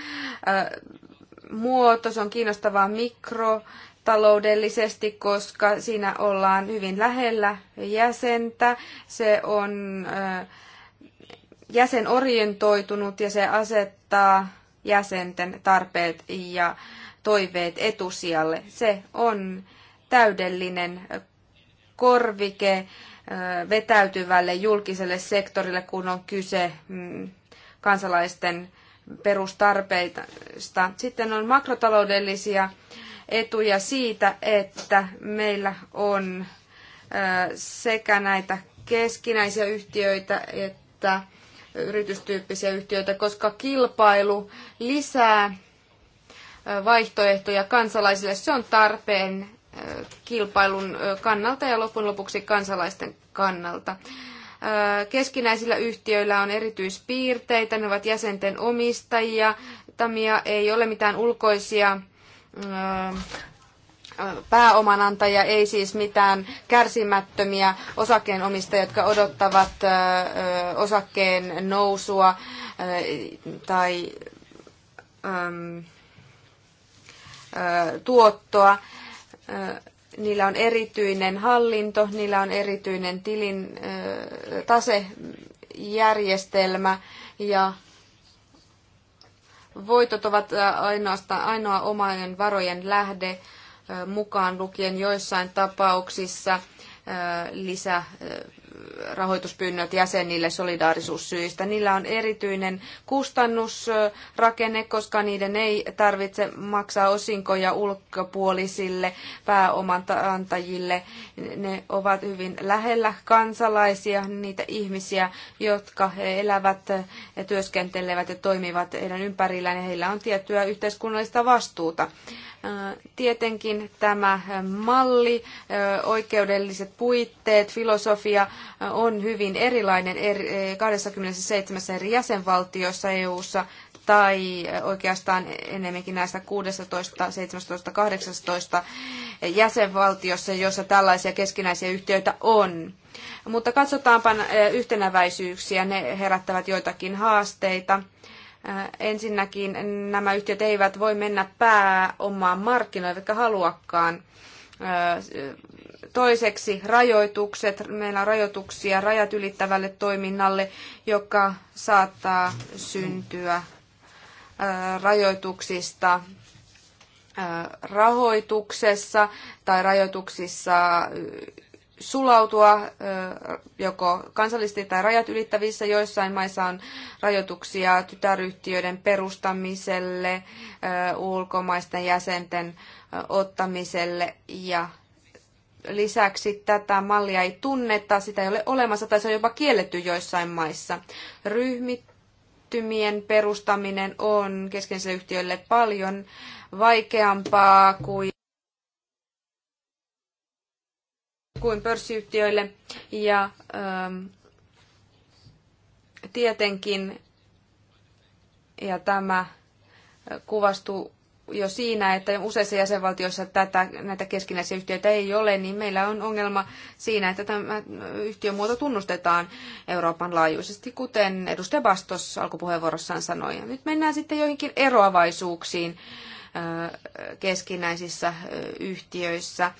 muoto, se on mikro mikrotaloudellisesti, koska siinä ollaan hyvin lähellä jäsentä. Se on äh, jäsenorientoitunut ja se asettaa jäsenten tarpeet ja toiveet etusijalle. Se on täydellinen korvike vetäytyvälle julkiselle sektorille, kun on kyse mm, kansalaisten perustarpeista. Sitten on makrotaloudellisia etuja siitä, että meillä on sekä näitä keskinäisiä yhtiöitä että yritystyyppisiä yhtiöitä, koska kilpailu lisää vaihtoehtoja kansalaisille. Se on tarpeen kilpailun kannalta ja lopun lopuksi kansalaisten kannalta. Keskinäisillä yhtiöillä on erityispiirteitä, ne ovat jäsenten omistajia, tamia ei ole mitään ulkoisia pääomanantajia, ei siis mitään kärsimättömiä osakkeenomistajia, jotka odottavat osakkeen nousua tai tuottoa. Niillä on erityinen hallinto, niillä on erityinen tilin tasejärjestelmä ja voitot ovat ainoastaan ainoa omainen varojen lähde mukaan lukien joissain tapauksissa lisärahoituspyynnöt jäsenille solidaarisuussyistä. Niillä on erityinen kustannusrakenne, koska niiden ei tarvitse maksaa osinkoja ulkopuolisille pääomantajille. Ne ovat hyvin lähellä kansalaisia, niitä ihmisiä, jotka elävät, ja työskentelevät ja toimivat heidän ympärillään ja heillä on tiettyä yhteiskunnallista vastuuta. Tietenkin tämä äh, malli, äh, oikeudelliset puitteet, filosofia äh, on hyvin erilainen 27 eri jäsenvaltiossa EU:ssa tai oikeastaan enemmänkin näistä 16, 17, 18 jäsenvaltiossa, jossa tällaisia keskinäisiä yhtiöitä on. Mutta katsotaanpa yhtenäväisyyksiä, ne herättävät joitakin haasteita. Äh, ensinnäkin nämä yhtiöt eivät voi mennä pääomaan markkinoille, eivätkä haluakaan. Äh, toiseksi rajoitukset. Meillä on rajoituksia rajat ylittävälle toiminnalle, joka saattaa syntyä äh, rajoituksista rahoituksessa tai rajoituksissa sulautua joko kansallisesti tai rajat ylittävissä. Joissain maissa on rajoituksia tytäryhtiöiden perustamiselle, ulkomaisten jäsenten ottamiselle ja lisäksi tätä mallia ei tunneta, sitä ei ole olemassa tai se on jopa kielletty joissain maissa. Ryhmittymien perustaminen on keskeisille yhtiöille paljon vaikeampaa kuin kuin pörssiyhtiöille. Ja ähm, tietenkin, ja tämä äh, kuvastuu jo siinä, että useissa jäsenvaltioissa tätä, näitä keskinäisiä yhtiöitä ei ole, niin meillä on ongelma siinä, että tämä yhtiömuoto tunnustetaan Euroopan laajuisesti, kuten edustaja Bastos alkupuheenvuorossaan sanoi. Nyt mennään sitten joihinkin eroavaisuuksiin keskinäisissä yhtiöissä.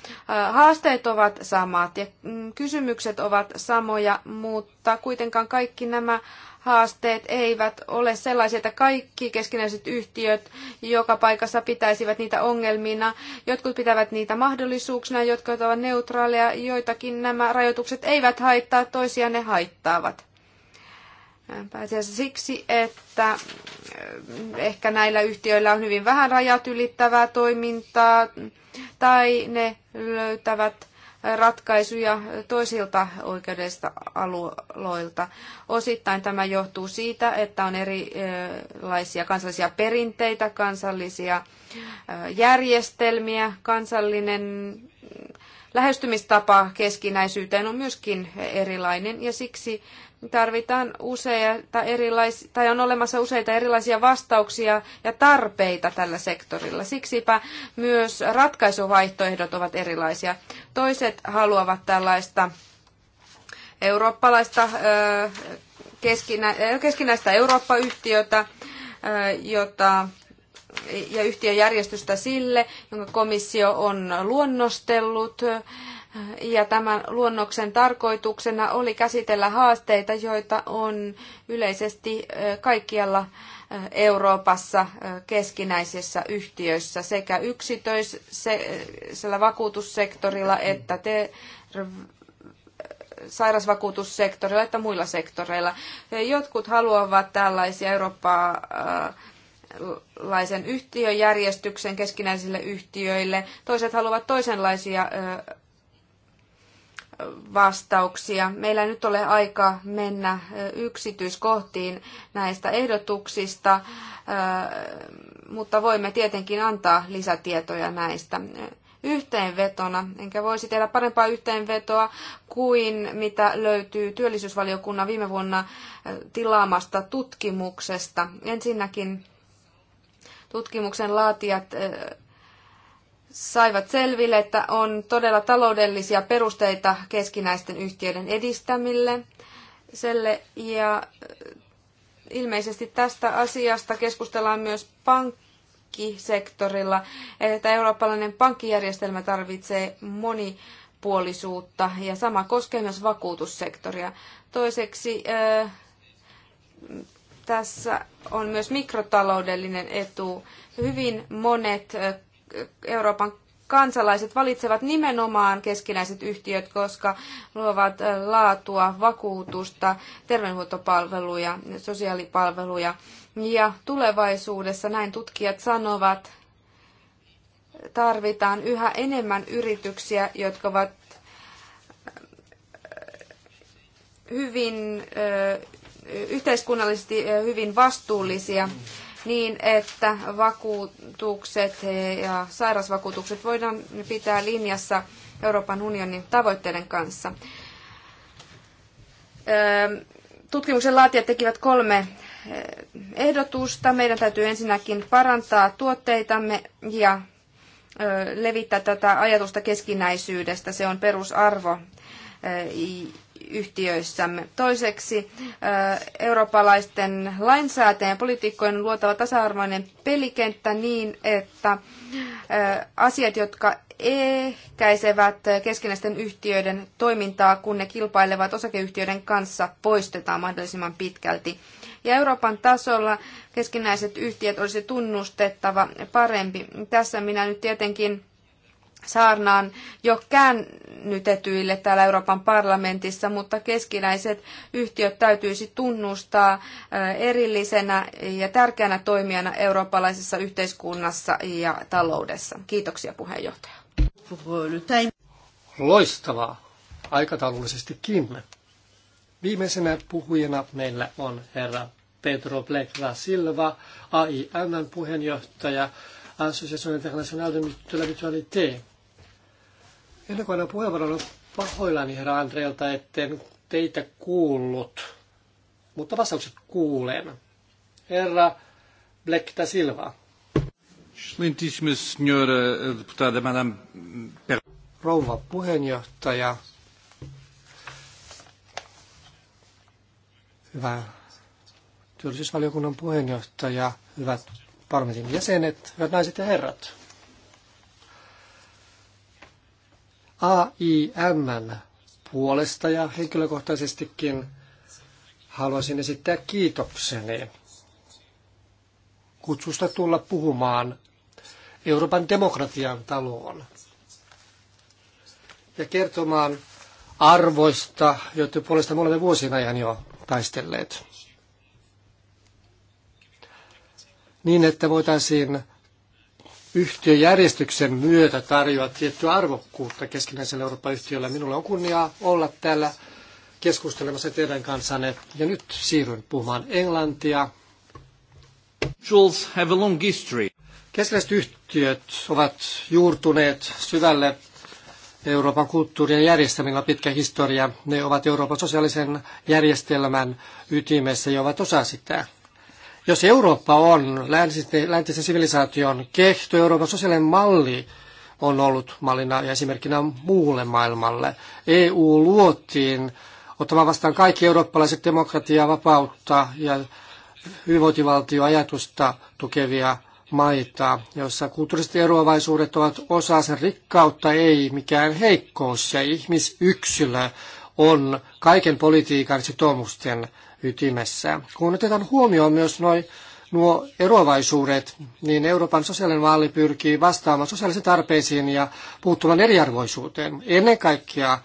Haasteet ovat samat ja mm, kysymykset ovat samoja, mutta kuitenkaan kaikki nämä haasteet eivät ole sellaisia, että kaikki keskinäiset yhtiöt joka paikassa pitäisivät niitä ongelmina. Jotkut pitävät niitä mahdollisuuksina, jotkut ovat neutraaleja, joitakin nämä rajoitukset eivät haittaa, toisia ne haittaavat. Pääasiassa siksi, että eh, ehkä näillä yhtiöillä on hyvin vähän rajat ylittävää toimintaa tai ne löytävät ratkaisuja toisilta oikeudellisilta alueilta. Osittain tämä johtuu siitä, että on erilaisia kansallisia perinteitä, kansallisia eh, järjestelmiä, kansallinen mm, lähestymistapa keskinäisyyteen on myöskin erilainen ja siksi tarvitaan useita erilaisia, tai on olemassa useita erilaisia vastauksia ja tarpeita tällä sektorilla. Siksipä myös ratkaisuvaihtoehdot ovat erilaisia. Toiset haluavat tällaista eurooppalaista keskinä, keskinäistä Eurooppa-yhtiötä, jota ja yhtiöjärjestystä sille, jonka komissio on luonnostellut. Ja tämän luonnoksen tarkoituksena oli käsitellä haasteita, joita on yleisesti kaikkialla Euroopassa keskinäisissä yhtiöissä sekä yksityisellä vakuutussektorilla että te- sairasvakuutussektorilla että muilla sektoreilla. Jotkut haluavat tällaisia Eurooppaa laisen yhtiöjärjestyksen keskinäisille yhtiöille. Toiset haluavat toisenlaisia vastauksia. Meillä ei nyt ole aika mennä yksityiskohtiin näistä ehdotuksista, mutta voimme tietenkin antaa lisätietoja näistä yhteenvetona, enkä voisi tehdä parempaa yhteenvetoa kuin mitä löytyy työllisyysvaliokunnan viime vuonna tilaamasta tutkimuksesta. Ensinnäkin tutkimuksen laatijat saivat selville, että on todella taloudellisia perusteita keskinäisten yhtiöiden edistämille. Selle, ja ilmeisesti tästä asiasta keskustellaan myös pankkisektorilla, että eurooppalainen pankkijärjestelmä tarvitsee monipuolisuutta ja sama koskee myös vakuutussektoria. Toiseksi tässä on myös mikrotaloudellinen etu. Hyvin monet Euroopan kansalaiset valitsevat nimenomaan keskinäiset yhtiöt, koska luovat äh, laatua, vakuutusta, terveydenhuoltopalveluja, sosiaalipalveluja. Ja tulevaisuudessa, näin tutkijat sanovat, tarvitaan yhä enemmän yrityksiä, jotka ovat äh, hyvin äh, yhteiskunnallisesti hyvin vastuullisia niin, että vakuutukset ja sairausvakuutukset voidaan pitää linjassa Euroopan unionin tavoitteiden kanssa. Öö, tutkimuksen laatijat tekivät kolme öö, ehdotusta. Meidän täytyy ensinnäkin parantaa tuotteitamme ja öö, levittää tätä ajatusta keskinäisyydestä. Se on perusarvo yhtiöissämme. Toiseksi äh, eurooppalaisten lainsäätäjien poliitikkojen luotava tasa-arvoinen pelikenttä niin, että äh, asiat, jotka ehkäisevät keskinäisten yhtiöiden toimintaa, kun ne kilpailevat osakeyhtiöiden kanssa, poistetaan mahdollisimman pitkälti. Ja Euroopan tasolla keskinäiset yhtiöt olisi tunnustettava parempi. Tässä minä nyt tietenkin saarnaan jo käännytetyille täällä Euroopan parlamentissa, mutta keskinäiset yhtiöt täytyisi tunnustaa eh, erillisenä ja tärkeänä toimijana eurooppalaisessa yhteiskunnassa ja taloudessa. Kiitoksia puheenjohtaja. Loistavaa aikataulullisestikin. Viimeisenä puhujana meillä on herra Pedro Blekla Silva, AIMn puheenjohtaja, Association Internationale de Mutualité. Ennen kuin annan puheenvuoron, pahoillani herra Andreelta, etten teitä kuullut, mutta vastaukset kuulen. Herra Black da Silva. Rouva puheenjohtaja. Hyvä työllisyysvaliokunnan puheenjohtaja, hyvät parlamentin jäsenet, hyvät naiset ja herrat. AIMn puolesta ja henkilökohtaisestikin haluaisin esittää kiitokseni kutsusta tulla puhumaan Euroopan demokratian taloon ja kertomaan arvoista, joita puolesta me olemme vuosien ajan jo taistelleet. Niin, että voitaisiin yhtiöjärjestyksen myötä tarjoaa tiettyä arvokkuutta keskinäiselle Euroopan yhtiölle. Minulla on kunnia olla täällä keskustelemassa teidän kanssanne. Ja nyt siirryn puhumaan englantia. Jules have a long history. Keskinäiset yhtiöt ovat juurtuneet syvälle Euroopan kulttuurien järjestelmillä pitkä historia. Ne ovat Euroopan sosiaalisen järjestelmän ytimessä ja ovat osa sitä. Jos Eurooppa on läntisen sivilisaation kehto, Euroopan sosiaalinen malli on ollut mallina ja esimerkkinä muulle maailmalle. EU luotiin ottamaan vastaan kaikki eurooppalaiset demokratiaa, vapautta ja hyvinvointivaltioajatusta tukevia maita, joissa kulttuuriset eroavaisuudet ovat osa sen rikkautta, ei mikään heikkous. Ja ihmisyksilö on kaiken politiikan sitoumusten ytimessä. Kun otetaan huomioon myös noi, nuo eroavaisuudet, niin Euroopan sosiaalinen malli pyrkii vastaamaan sosiaalisiin tarpeisiin ja puuttumaan eriarvoisuuteen. Ennen kaikkea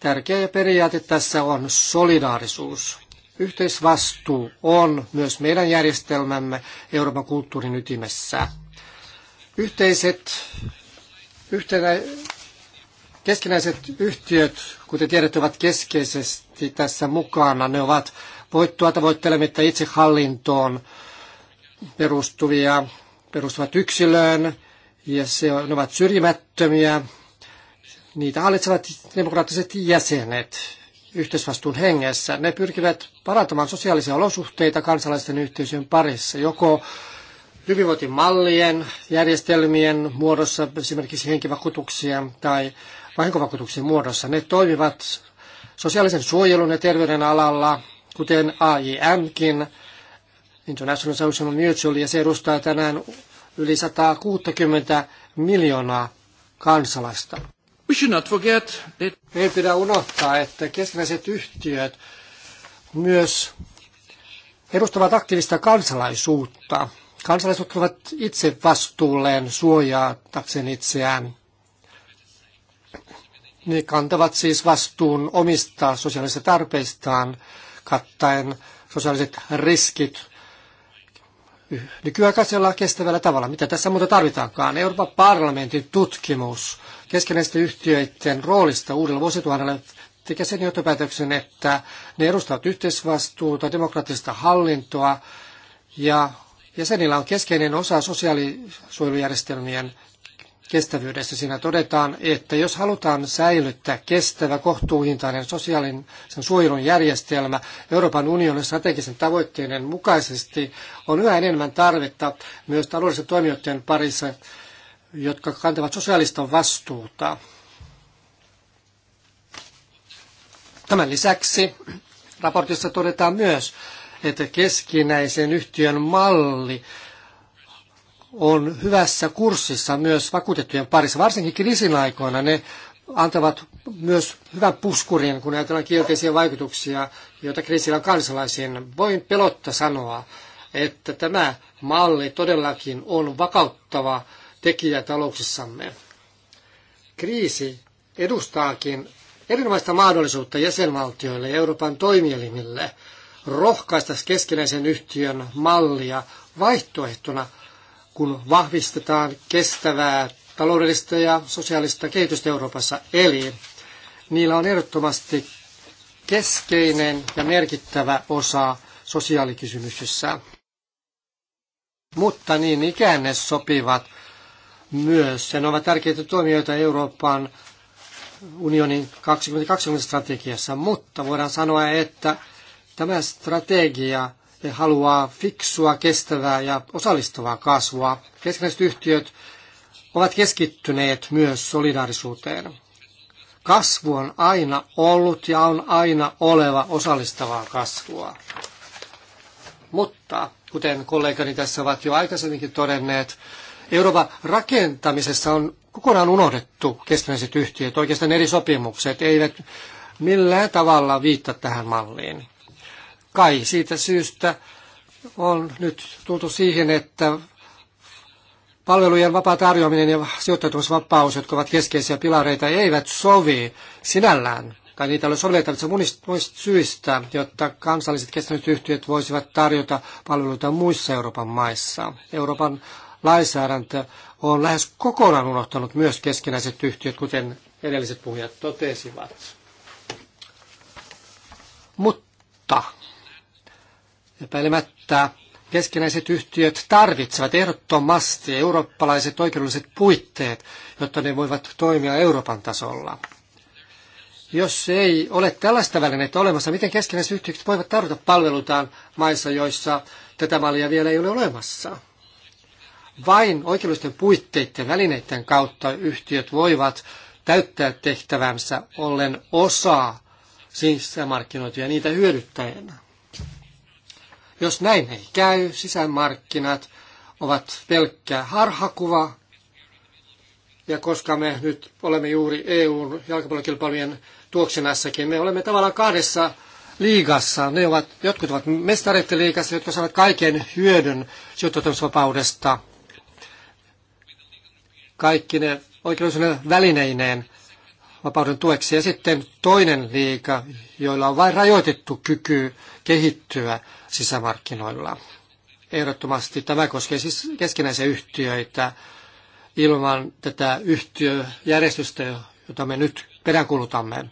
tärkeä periaate tässä on solidaarisuus. Yhteisvastuu on myös meidän järjestelmämme Euroopan kulttuurin ytimessä. Yhteiset, yhtenä, keskinäiset yhtiöt, kuten tiedät, ovat keskeisesti tässä mukana. Ne ovat voittoa itse itsehallintoon perustuvia, perustuvat yksilöön ja se on, ne ovat syrjimättömiä. Niitä hallitsevat demokraattiset jäsenet yhteisvastuun hengessä. Ne pyrkivät parantamaan sosiaalisia olosuhteita kansalaisten yhteisöjen parissa, joko hyvinvointimallien, järjestelmien muodossa, esimerkiksi henkivakuutuksien tai vahinkovakuutuksien muodossa. Ne toimivat sosiaalisen suojelun ja terveyden alalla, kuten AIMkin, International Social Mutual, ja se edustaa tänään yli 160 miljoonaa kansalaista. We should not forget that... Ei pidä unohtaa, että keskinäiset yhtiöt myös edustavat aktiivista kansalaisuutta. Kansalaiset ottavat itse vastuulleen suojaatakseen itseään. Ne kantavat siis vastuun omista sosiaalisista tarpeistaan kattaen sosiaaliset riskit nykyaikaisella kestävällä tavalla. Mitä tässä muuta tarvitaankaan? Euroopan parlamentin tutkimus keskeisten yhtiöiden roolista uudella vuosituhannella teki sen johtopäätöksen, että ne edustavat yhteisvastuuta, demokraattista hallintoa ja jäsenillä on keskeinen osa sosiaalisuojelujärjestelmien kestävyydestä. Siinä todetaan, että jos halutaan säilyttää kestävä, kohtuuhintainen sosiaalisen suojelun järjestelmä Euroopan unionin strategisen tavoitteiden mukaisesti, on yhä enemmän tarvetta myös taloudellisten toimijoiden parissa, jotka kantavat sosiaalista vastuuta. Tämän lisäksi raportissa todetaan myös, että keskinäisen yhtiön malli on hyvässä kurssissa myös vakuutettujen parissa. Varsinkin kriisin aikoina ne antavat myös hyvän puskurin, kun ajatellaan kielteisiä vaikutuksia, joita kriisillä on kansalaisiin. Voin pelotta sanoa, että tämä malli todellakin on vakauttava tekijä talouksissamme. Kriisi edustaakin erinomaista mahdollisuutta jäsenvaltioille ja Euroopan toimielimille rohkaista keskinäisen yhtiön mallia vaihtoehtona – kun vahvistetaan kestävää taloudellista ja sosiaalista kehitystä Euroopassa. Eli niillä on ehdottomasti keskeinen ja merkittävä osa sosiaalikysymyksissä. Mutta niin ikään ne sopivat myös. Ja ne ovat tärkeitä toimijoita Euroopan unionin 2020 strategiassa, mutta voidaan sanoa, että tämä strategia haluaa fiksua, kestävää ja osallistavaa kasvua. Keskinäiset yhtiöt ovat keskittyneet myös solidaarisuuteen. Kasvu on aina ollut ja on aina oleva osallistavaa kasvua. Mutta, kuten kollegani tässä ovat jo aikaisemminkin todenneet, Euroopan rakentamisessa on kokonaan unohdettu keskinäiset yhtiöt. Oikeastaan eri sopimukset eivät millään tavalla viittaa tähän malliin. Kai siitä syystä on nyt tultu siihen, että palvelujen vapaa tarjoaminen ja sijoittautumisvapaus, jotka ovat keskeisiä pilareita, eivät sovi sinällään tai niitä ole sovellettavissa muista monista syistä, jotta kansalliset kestävyysyhtiöt voisivat tarjota palveluita muissa Euroopan maissa. Euroopan lainsäädäntö on lähes kokonaan unohtanut myös keskinäiset yhtiöt, kuten edelliset puhujat totesivat. Mutta Epäilemättä keskinäiset yhtiöt tarvitsevat ehdottomasti eurooppalaiset oikeudelliset puitteet, jotta ne voivat toimia Euroopan tasolla. Jos ei ole tällaista välinettä olemassa, miten keskinäiset yhtiöt voivat tarjota palvelutaan maissa, joissa tätä mallia vielä ei ole olemassa? Vain oikeudellisten puitteiden välineiden kautta yhtiöt voivat täyttää tehtävänsä ollen osa sisämarkkinoita ja niitä hyödyttäjänä. Jos näin ei käy, sisämarkkinat ovat pelkkä harhakuva. Ja koska me nyt olemme juuri EUn jalkapallokilpailujen tuoksenassakin, me olemme tavallaan kahdessa liigassa. Ne ovat, jotkut ovat mestareiden liigassa, jotka saavat kaiken hyödyn sijoittautumisvapaudesta. Kaikki ne oikeudellisuuden välineineen vapauden tueksi. Ja sitten toinen liika, joilla on vain rajoitettu kyky kehittyä sisämarkkinoilla. Ehdottomasti tämä koskee siis keskinäisiä yhtiöitä ilman tätä yhtiöjärjestystä, jota me nyt peräänkuulutamme.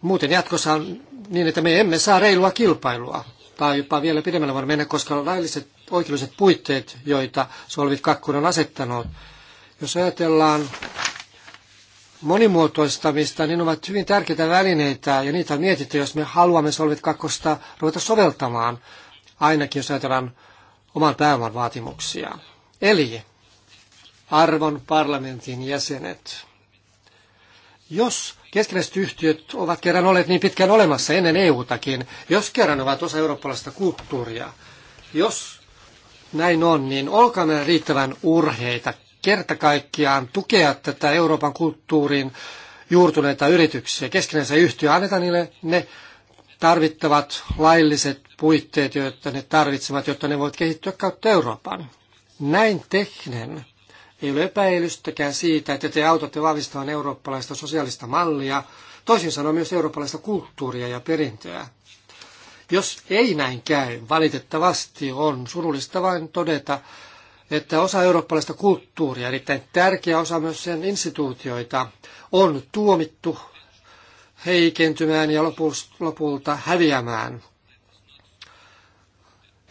Muuten jatkossa on niin, että me emme saa reilua kilpailua, tai jopa vielä pidemmälle voi mennä, koska lailliset oikeudelliset puitteet, joita Solvit 2 on asettanut, jos ajatellaan monimuotoistamista, niin ovat hyvin tärkeitä välineitä ja niitä on mietitty, jos me haluamme Solvit 2 ruveta soveltamaan, ainakin jos ajatellaan oman pääoman vaatimuksia. Eli arvon parlamentin jäsenet, jos keskinäiset yhtiöt ovat kerran olleet niin pitkään olemassa ennen EU-takin, jos kerran ovat osa eurooppalaista kulttuuria, jos näin on, niin olkaamme riittävän urheita kerta kaikkiaan tukea tätä Euroopan kulttuuriin juurtuneita yrityksiä, keskinäisiä yhtiö annetaan niille ne tarvittavat lailliset puitteet, joita ne tarvitsevat, jotta ne voivat kehittyä kautta Euroopan. Näin tehnen ei ole epäilystäkään siitä, että te autatte vahvistamaan eurooppalaista sosiaalista mallia, toisin sanoen myös eurooppalaista kulttuuria ja perintöä. Jos ei näin käy, valitettavasti on surullista vain todeta, että osa eurooppalaista kulttuuria, erittäin tärkeä osa myös sen instituutioita, on tuomittu heikentymään ja lopulta häviämään.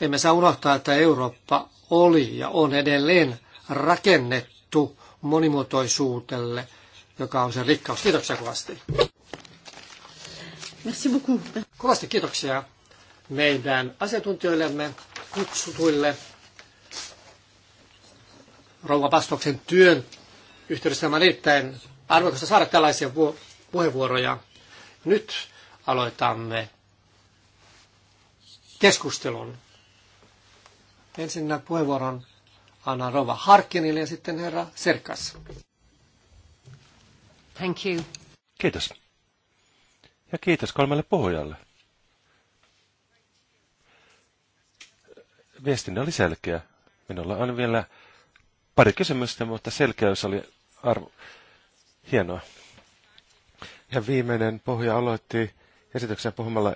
Emme saa unohtaa, että Eurooppa oli ja on edelleen rakennettu monimuotoisuudelle, joka on sen rikkaus. Kiitoksia kovasti. Merci beaucoup. Kovasti kiitoksia meidän asiantuntijoillemme, kutsutuille rouva Pastoksen työn yhteydessä. Tämä on erittäin arvokasta saada tällaisia puheenvuoroja. Nyt aloitamme keskustelun. Ensinnä puheenvuoron Anna Rova Harkinille ja sitten herra Serkas. Thank you. Kiitos. Ja kiitos kolmelle puhujalle. Viestinne oli selkeä. Minulla on vielä Pari kysymystä, mutta selkeys oli arvo. hienoa. Ja viimeinen pohja aloitti esityksen puhumalla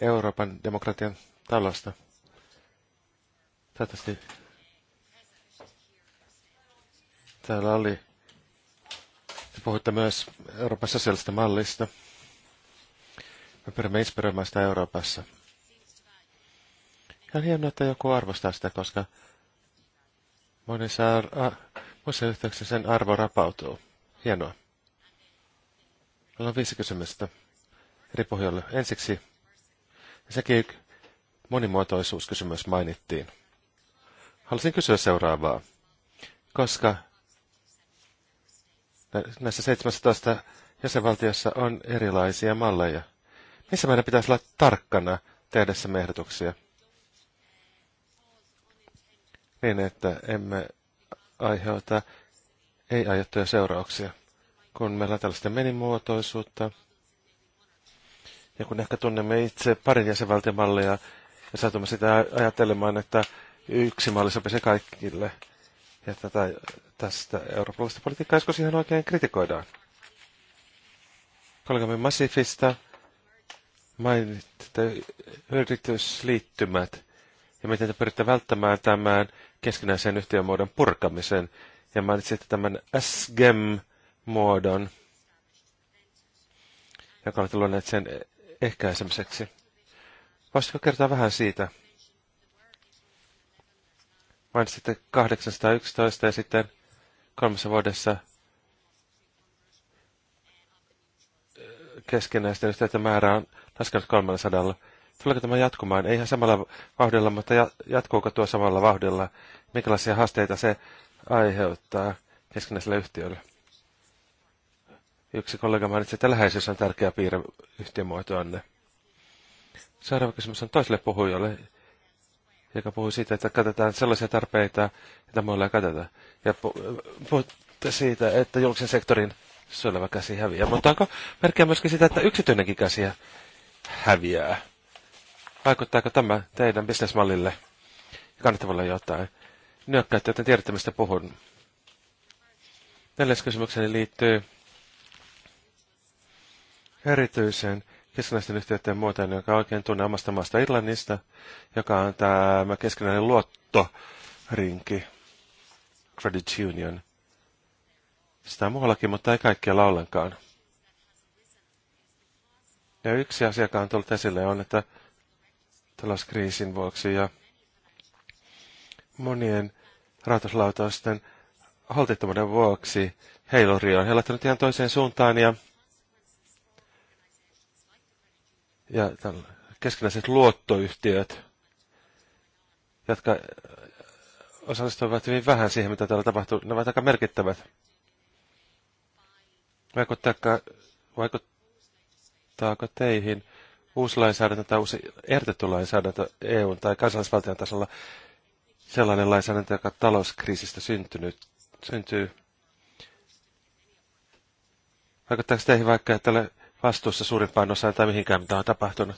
Euroopan demokratian talosta. Toivottavasti täällä oli, te puhutte myös Euroopan sosiaalista mallista. Me pyrimme inspiroimaan sitä Euroopassa. Ja on hienoa, että joku arvostaa sitä, koska Monissa, a, muissa yhteyksissä sen arvo rapautuu. Hienoa. Meillä on viisi kysymystä eri pohjalle. Ensiksi, sekin monimuotoisuuskysymys mainittiin. Haluaisin kysyä seuraavaa. Koska näissä 17 jäsenvaltiossa on erilaisia malleja, missä meidän pitäisi olla tarkkana tehdessämme ehdotuksia – niin, että emme aiheuta ei-aiottuja seurauksia. Kun meillä on tällaista menimuotoisuutta, ja kun ehkä tunnemme itse parin jäsenvaltiomallia, ja saatumme sitä ajattelemaan, että yksi malli sopisi kaikille, ja tätä, tästä eurooppalaista politiikkaa josko siihen oikein kritikoidaan. Kollegamme Massifista mainitsitte yritysliittymät ja miten te pyritte välttämään tämän keskinäisen yhtiömuodon purkamisen. Ja mainitsitte tämän SGEM-muodon, joka on tullut sen ehkäisemiseksi. Voisitko kertoa vähän siitä? Mainitsitte 811 ja sitten kolmessa vuodessa keskinäisten yhteyttä määrä on laskenut 300 tuleeko tämä jatkumaan? Ei ihan samalla vauhdilla, mutta jatkuuko tuo samalla vauhdilla? Minkälaisia haasteita se aiheuttaa keskinäiselle yhtiöllä? Yksi kollega mainitsi, että läheisyys on tärkeä piirre yhtiömuotoanne. Seuraava kysymys on toiselle puhujalle, joka puhuu siitä, että katsotaan sellaisia tarpeita, joita muilla ei katsota. Ja puhutte siitä, että julkisen sektorin syölevä käsi häviää. Mutta onko merkkiä myöskin sitä, että yksityinenkin käsi häviää? Vaikuttaako tämä teidän bisnesmallille kannattavalla kannattavalle jotain? Nyökkäätte, joten tiedätte, mistä puhun. Neljäs kysymykseni liittyy erityiseen keskinäisten yhteyteen muotoon, joka oikein tunne omasta maasta Irlannista, joka on tämä keskinäinen luottorinki, Credit Union. Sitä on muuallakin, mutta ei kaikkialla ollenkaan. Ja yksi asia, joka on tullut esille, on, että talouskriisin vuoksi ja monien rahoituslautausten holtittomuuden vuoksi heiluri on heilattanut ihan toiseen suuntaan ja, ja keskinäiset luottoyhtiöt, jotka osallistuvat hyvin vähän siihen, mitä täällä tapahtuu, ne ovat aika merkittävät. Vaikuttaako, vaikuttaako teihin uusi lainsäädäntö tai uusi ehdotettu lainsäädäntö EU- tai kansallisvaltion tasolla sellainen lainsäädäntö, joka talouskriisistä syntynyt, syntyy. Vaikuttaako teihin vaikka, että ole vastuussa suurimpaan osaan tai mihinkään, mitä on tapahtunut?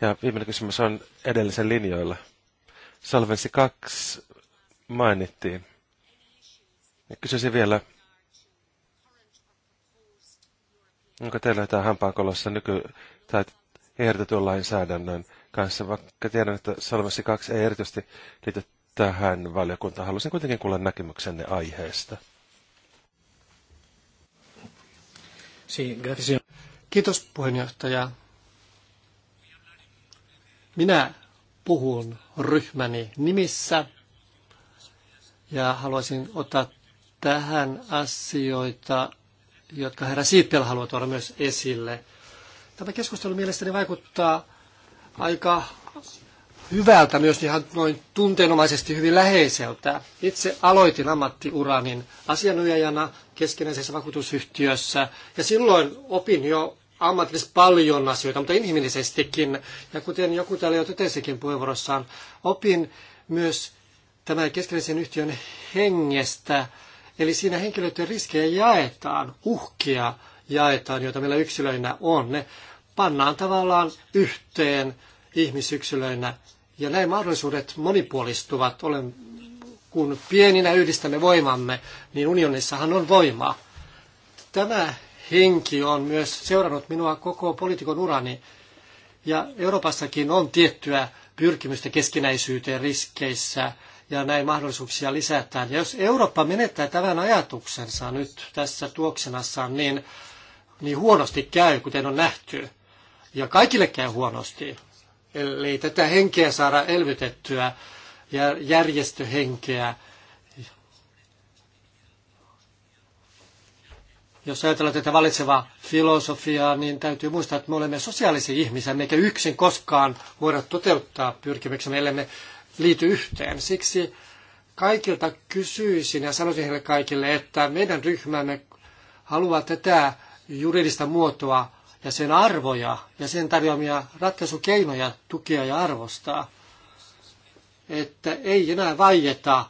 Ja viimeinen kysymys on edellisen linjoilla. Salvensi 2 mainittiin. Ja kysyisin vielä, onko teillä jotain hampaankolossa nyky- tai ehdotetun lainsäädännön kanssa, vaikka tiedän, että Salmassa 2 ei erityisesti liity tähän valiokuntaan. Haluaisin kuitenkin kuulla näkemyksenne aiheesta. Kiitos puheenjohtaja. Minä puhun ryhmäni nimissä ja haluaisin ottaa tähän asioita, jotka herra Siippel haluaa tuoda myös esille – Tämä keskustelu mielestäni vaikuttaa aika hyvältä myös ihan noin tunteenomaisesti hyvin läheiseltä. Itse aloitin ammattiuranin asianajajana keskinäisessä vakuutusyhtiössä ja silloin opin jo ammatillisesti paljon asioita, mutta inhimillisestikin. Ja kuten joku täällä jo totesikin puheenvuorossaan, opin myös tämän keskinäisen yhtiön hengestä. Eli siinä henkilöiden riskejä jaetaan, uhkia jaetaan, joita meillä yksilöinä on, ne pannaan tavallaan yhteen ihmisyksilöinä. Ja näin mahdollisuudet monipuolistuvat. Olen, kun pieninä yhdistämme voimamme, niin unionissahan on voimaa. Tämä henki on myös seurannut minua koko poliitikon urani. Ja Euroopassakin on tiettyä pyrkimystä keskinäisyyteen riskeissä ja näin mahdollisuuksia lisätään. Ja jos Eurooppa menettää tämän ajatuksensa nyt tässä tuoksenassa, niin niin huonosti käy, kuten on nähty. Ja kaikille käy huonosti, Eli tätä henkeä saada elvytettyä ja järjestöhenkeä. Jos ajatellaan tätä valitsevaa filosofiaa, niin täytyy muistaa, että me olemme sosiaalisia ihmisiä, eikä yksin koskaan voida toteuttaa meille me liity yhteen. Siksi kaikilta kysyisin ja sanoisin heille kaikille, että meidän ryhmämme haluaa tätä juridista muotoa ja sen arvoja ja sen tarjoamia ratkaisukeinoja tukea ja arvostaa. Että ei enää vaieta,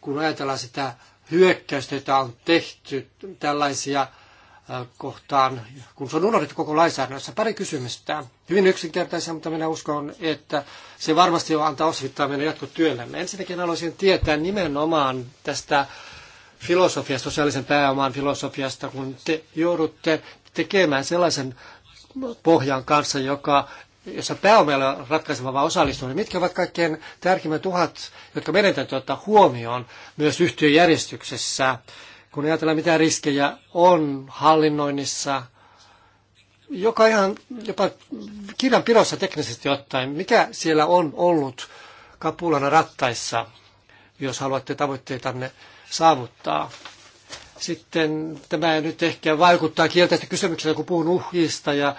kun ajatellaan sitä hyökkäystä, jota on tehty tällaisia äh, kohtaan, kun se on unohdettu koko lainsäädännössä. Pari kysymystä. Hyvin yksinkertaisia, mutta minä uskon, että se varmasti jo antaa osvittaa meidän jatkotyöllemme. Ensinnäkin haluaisin tietää nimenomaan tästä filosofiasta, sosiaalisen pääoman filosofiasta, kun te joudutte tekemään sellaisen pohjan kanssa, joka, jossa pääomilla on ratkaiseva vaan osallistuminen. Mitkä ovat kaikkein tärkeimmät tuhat, jotka meidän täytyy ottaa huomioon myös yhtiöjärjestyksessä, kun ajatellaan mitä riskejä on hallinnoinnissa, joka ihan jopa kirjanpidossa teknisesti ottaen, mikä siellä on ollut kapulana rattaissa, jos haluatte tavoitteitanne saavuttaa. Sitten tämä nyt ehkä vaikuttaa kielteistä kysymyksestä, kun puhun uhista ja,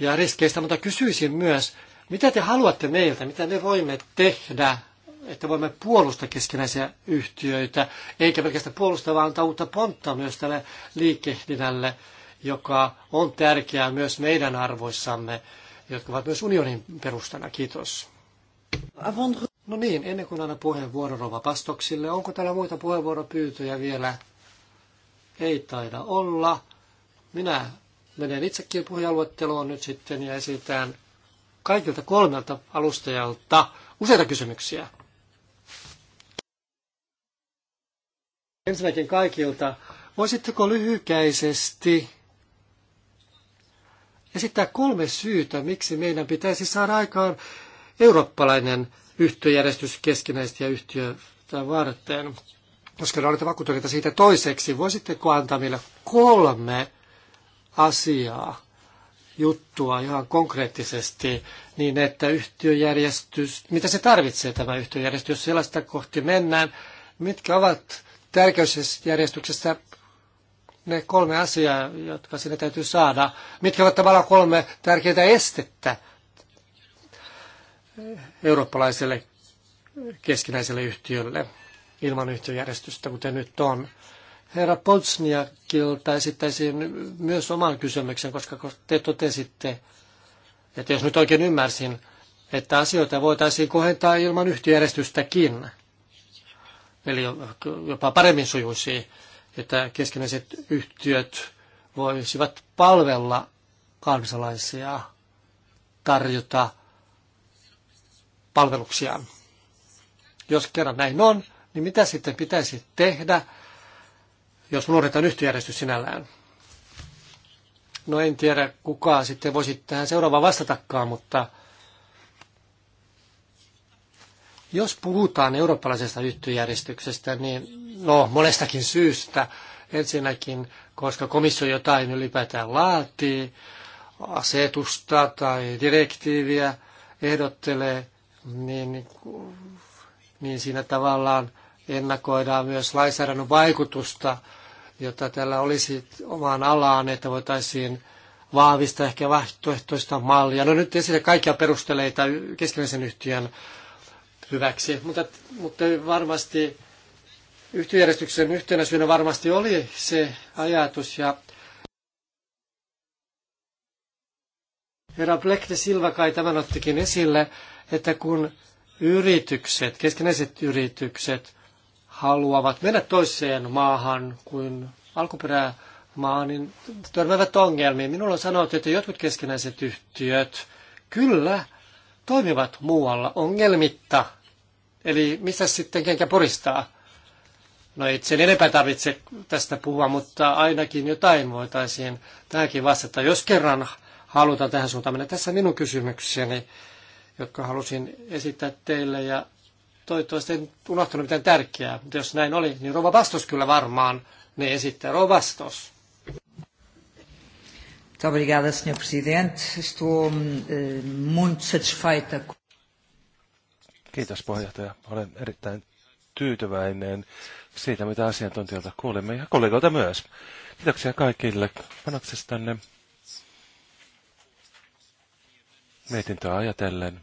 ja riskeistä, mutta kysyisin myös, mitä te haluatte meiltä, mitä me voimme tehdä, että voimme puolustaa keskinäisiä yhtiöitä, eikä pelkästään puolustaa, vaan antaa uutta pontta myös tälle liikehdinnälle, joka on tärkeää myös meidän arvoissamme, jotka ovat myös unionin perustana. Kiitos. No niin, ennen kuin annan puheenvuoron Rova Pastoksille, onko täällä muita puheenvuoropyyntöjä vielä? Ei taida olla. Minä menen itsekin puheenluetteloon nyt sitten ja esitän kaikilta kolmelta alustajalta useita kysymyksiä. Ensinnäkin kaikilta, voisitteko lyhykäisesti esittää kolme syytä, miksi meidän pitäisi saada aikaan eurooppalainen yhtiöjärjestys keskinäistä yhtiötä varten. Koska ne olette vakuuttuneita siitä toiseksi, voisitteko antaa meille kolme asiaa, juttua ihan konkreettisesti, niin että yhtiöjärjestys, mitä se tarvitsee tämä yhtiöjärjestys, jos sellaista kohti mennään, mitkä ovat tärkeysjärjestyksessä ne kolme asiaa, jotka sinne täytyy saada, mitkä ovat tavallaan kolme tärkeää estettä eurooppalaiselle keskinäiselle yhtiölle ilman yhtiöjärjestystä, kuten nyt on. Herra Polsniakilta esittäisin myös oman kysymyksen, koska te totesitte, että jos nyt oikein ymmärsin, että asioita voitaisiin kohentaa ilman yhtiöjärjestystäkin, eli jopa paremmin sujuisi, että keskinäiset yhtiöt voisivat palvella kansalaisia, tarjota palveluksiaan. Jos kerran näin on, niin mitä sitten pitäisi tehdä, jos unohdetaan yhtiöjärjestys sinällään? No en tiedä, kuka sitten voisi tähän seuraavaan vastatakaan, mutta jos puhutaan eurooppalaisesta yhtiöjärjestyksestä, niin no monestakin syystä. Ensinnäkin, koska komissio jotain ylipäätään laatii, asetusta tai direktiiviä ehdottelee, niin, niin, niin siinä tavallaan ennakoidaan myös lainsäädännön vaikutusta, jota tällä olisi omaan alaan, että voitaisiin vahvistaa ehkä vaihtoehtoista mallia. No nyt esitä kaikkia perusteleita keskinäisen yhtiön hyväksi, mutta, mutta varmasti yhtiöjärjestyksen yhtenä syynä varmasti oli se ajatus ja Herra Black de Silva kai tämän ottikin esille, että kun yritykset, keskinäiset yritykset haluavat mennä toiseen maahan kuin alkuperämaa, niin törmäävät ongelmiin. Minulla on sanottu, että jotkut keskinäiset yhtiöt kyllä toimivat muualla ongelmitta. Eli missä sitten kenkä poristaa? No itse en enempää tarvitse tästä puhua, mutta ainakin jotain voitaisiin tähänkin vastata, jos kerran halutaan tähän suuntaan mennä. Tässä minun kysymykseni jotka halusin esittää teille ja toivottavasti en unohtanut mitään tärkeää, mutta jos näin oli, niin Rova Bastos kyllä varmaan ne esittää. Rova Bastos. obrigada, Sr. Presidente. Estou eh, muito satisfeita. Kiitos puheenjohtaja. Olen erittäin tyytyväinen siitä, mitä asiantuntijoilta kuulimme ja kollegoilta myös. Kiitoksia kaikille panoksestanne mietintöä ajatellen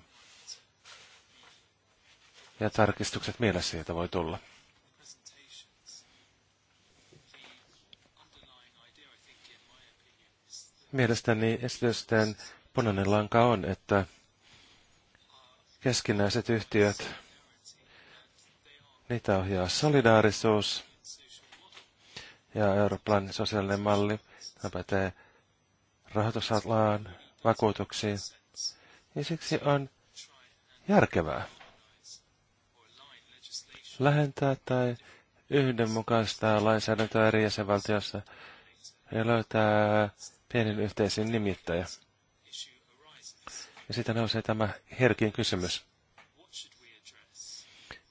ja tarkistukset mielessä joita voi tulla. Mielestäni esitysten punainen lanka on, että keskinäiset yhtiöt, niitä ohjaa solidaarisuus ja Euroopan sosiaalinen malli. Tämä pätee rahoitusalaan, vakuutuksiin. Ja siksi on järkevää lähentää tai yhdenmukaistaa lainsäädäntöä eri jäsenvaltiossa ja löytää pienen yhteisen nimittäjä. Ja siitä nousee tämä herkin kysymys.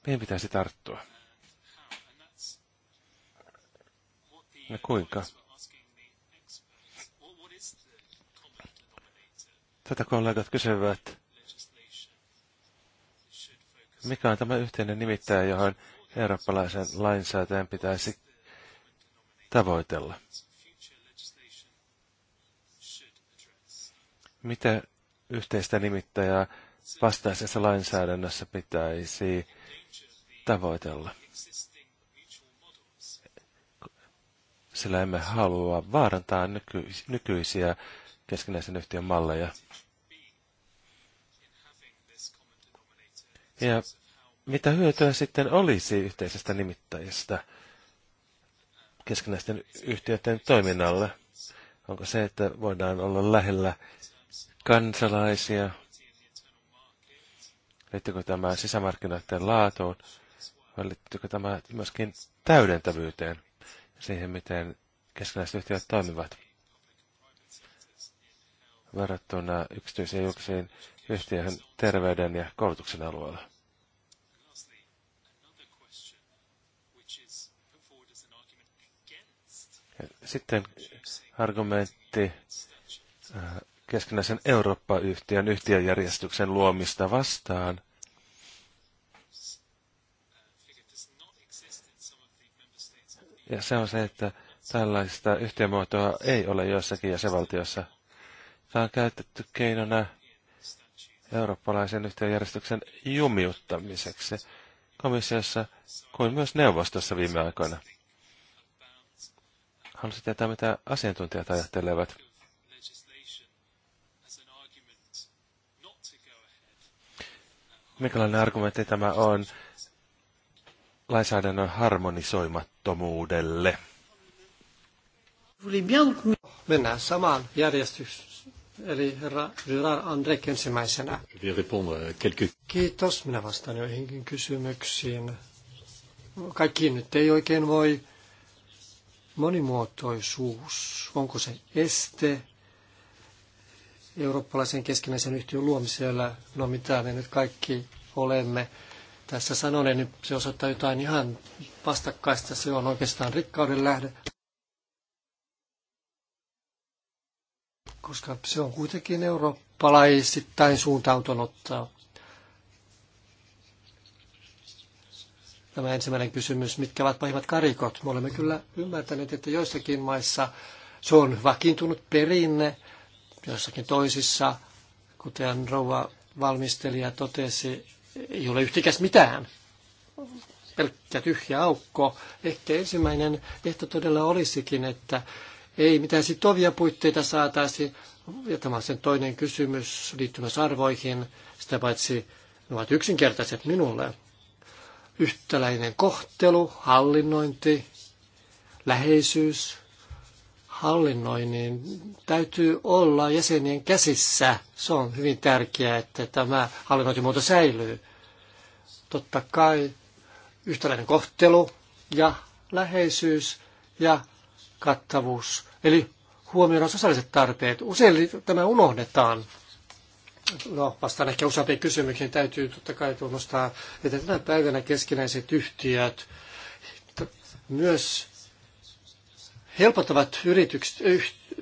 Meidän pitäisi tarttua. Ja kuinka? Tätä kollegat kysyvät mikä on tämä yhteinen nimittäjä, johon eurooppalaisen lainsäätäjän pitäisi tavoitella? Mitä yhteistä nimittäjää vastaisessa lainsäädännössä pitäisi tavoitella? Sillä emme halua vaarantaa nykyisiä keskinäisen yhtiön malleja. Ja mitä hyötyä sitten olisi yhteisestä nimittäjistä keskinäisten yhtiöiden toiminnalle? Onko se, että voidaan olla lähellä kansalaisia? Liittyykö tämä sisämarkkinoiden laatuun? Vai liittyykö tämä myöskin täydentävyyteen siihen, miten keskinäiset yhtiöt toimivat? verrattuna yksityisiin ja julkisiin yhtiöihin terveyden ja koulutuksen alueella. Sitten argumentti äh, keskinäisen Eurooppa-yhtiön yhtiöjärjestyksen luomista vastaan. Ja se on se, että tällaista yhtiömuotoa ei ole joissakin jäsenvaltiossa. Tämä on käytetty keinona eurooppalaisen yhtiöjärjestyksen jumiuttamiseksi komissiossa kuin myös neuvostossa viime aikoina. Haluaisin tietää, mitä asiantuntijat ajattelevat. Minkälainen argumentti tämä on lainsäädännön harmonisoimattomuudelle? Mennään samaan järjestys. Eli herra Rydar Andrek ensimmäisenä. Euh, Kiitos, minä vastaan joihinkin kysymyksiin. Kaikkiin nyt ei oikein voi monimuotoisuus, onko se este eurooppalaisen keskinäisen yhtiön luomisella, no mitä me nyt kaikki olemme tässä sanoneen, niin se osoittaa jotain ihan vastakkaista, se on oikeastaan rikkauden lähde. Koska se on kuitenkin eurooppalaisittain suuntautunutta Tämä ensimmäinen kysymys, mitkä ovat pahimmat karikot? Me olemme kyllä ymmärtäneet, että joissakin maissa se on vakiintunut perinne, joissakin toisissa, kuten rouva valmistelija totesi, ei ole yhtikäs mitään. Pelkkä tyhjä aukko. Ehkä ensimmäinen ehto todella olisikin, että ei mitään sitovia puitteita saataisi. Ja tämä on sen toinen kysymys liittymässä arvoihin. Sitä paitsi ne ovat yksinkertaiset minulle yhtäläinen kohtelu, hallinnointi, läheisyys, hallinnoinnin täytyy olla jäsenien käsissä. Se on hyvin tärkeää, että tämä hallinnointimuoto säilyy. Totta kai yhtäläinen kohtelu ja läheisyys ja kattavuus, eli huomioidaan sosiaaliset tarpeet. Usein tämä unohdetaan No, vastaan ehkä useampiin kysymyksiin. Täytyy totta kai tunnustaa, että tänä päivänä keskinäiset yhtiöt myös helpottavat yritykset,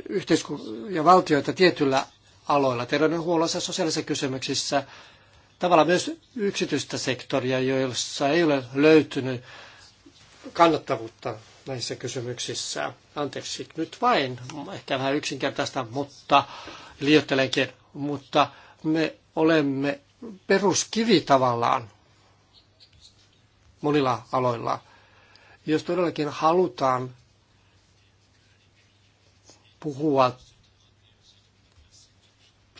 yhteisku- ja valtioita tietyillä aloilla, terveydenhuollossa, sosiaalisissa kysymyksissä, tavallaan myös yksityistä sektoria, joissa ei ole löytynyt kannattavuutta näissä kysymyksissä. Anteeksi nyt vain, ehkä vähän yksinkertaista, mutta liioittelenkin, mutta me olemme peruskivi tavallaan monilla aloilla. Jos todellakin halutaan puhua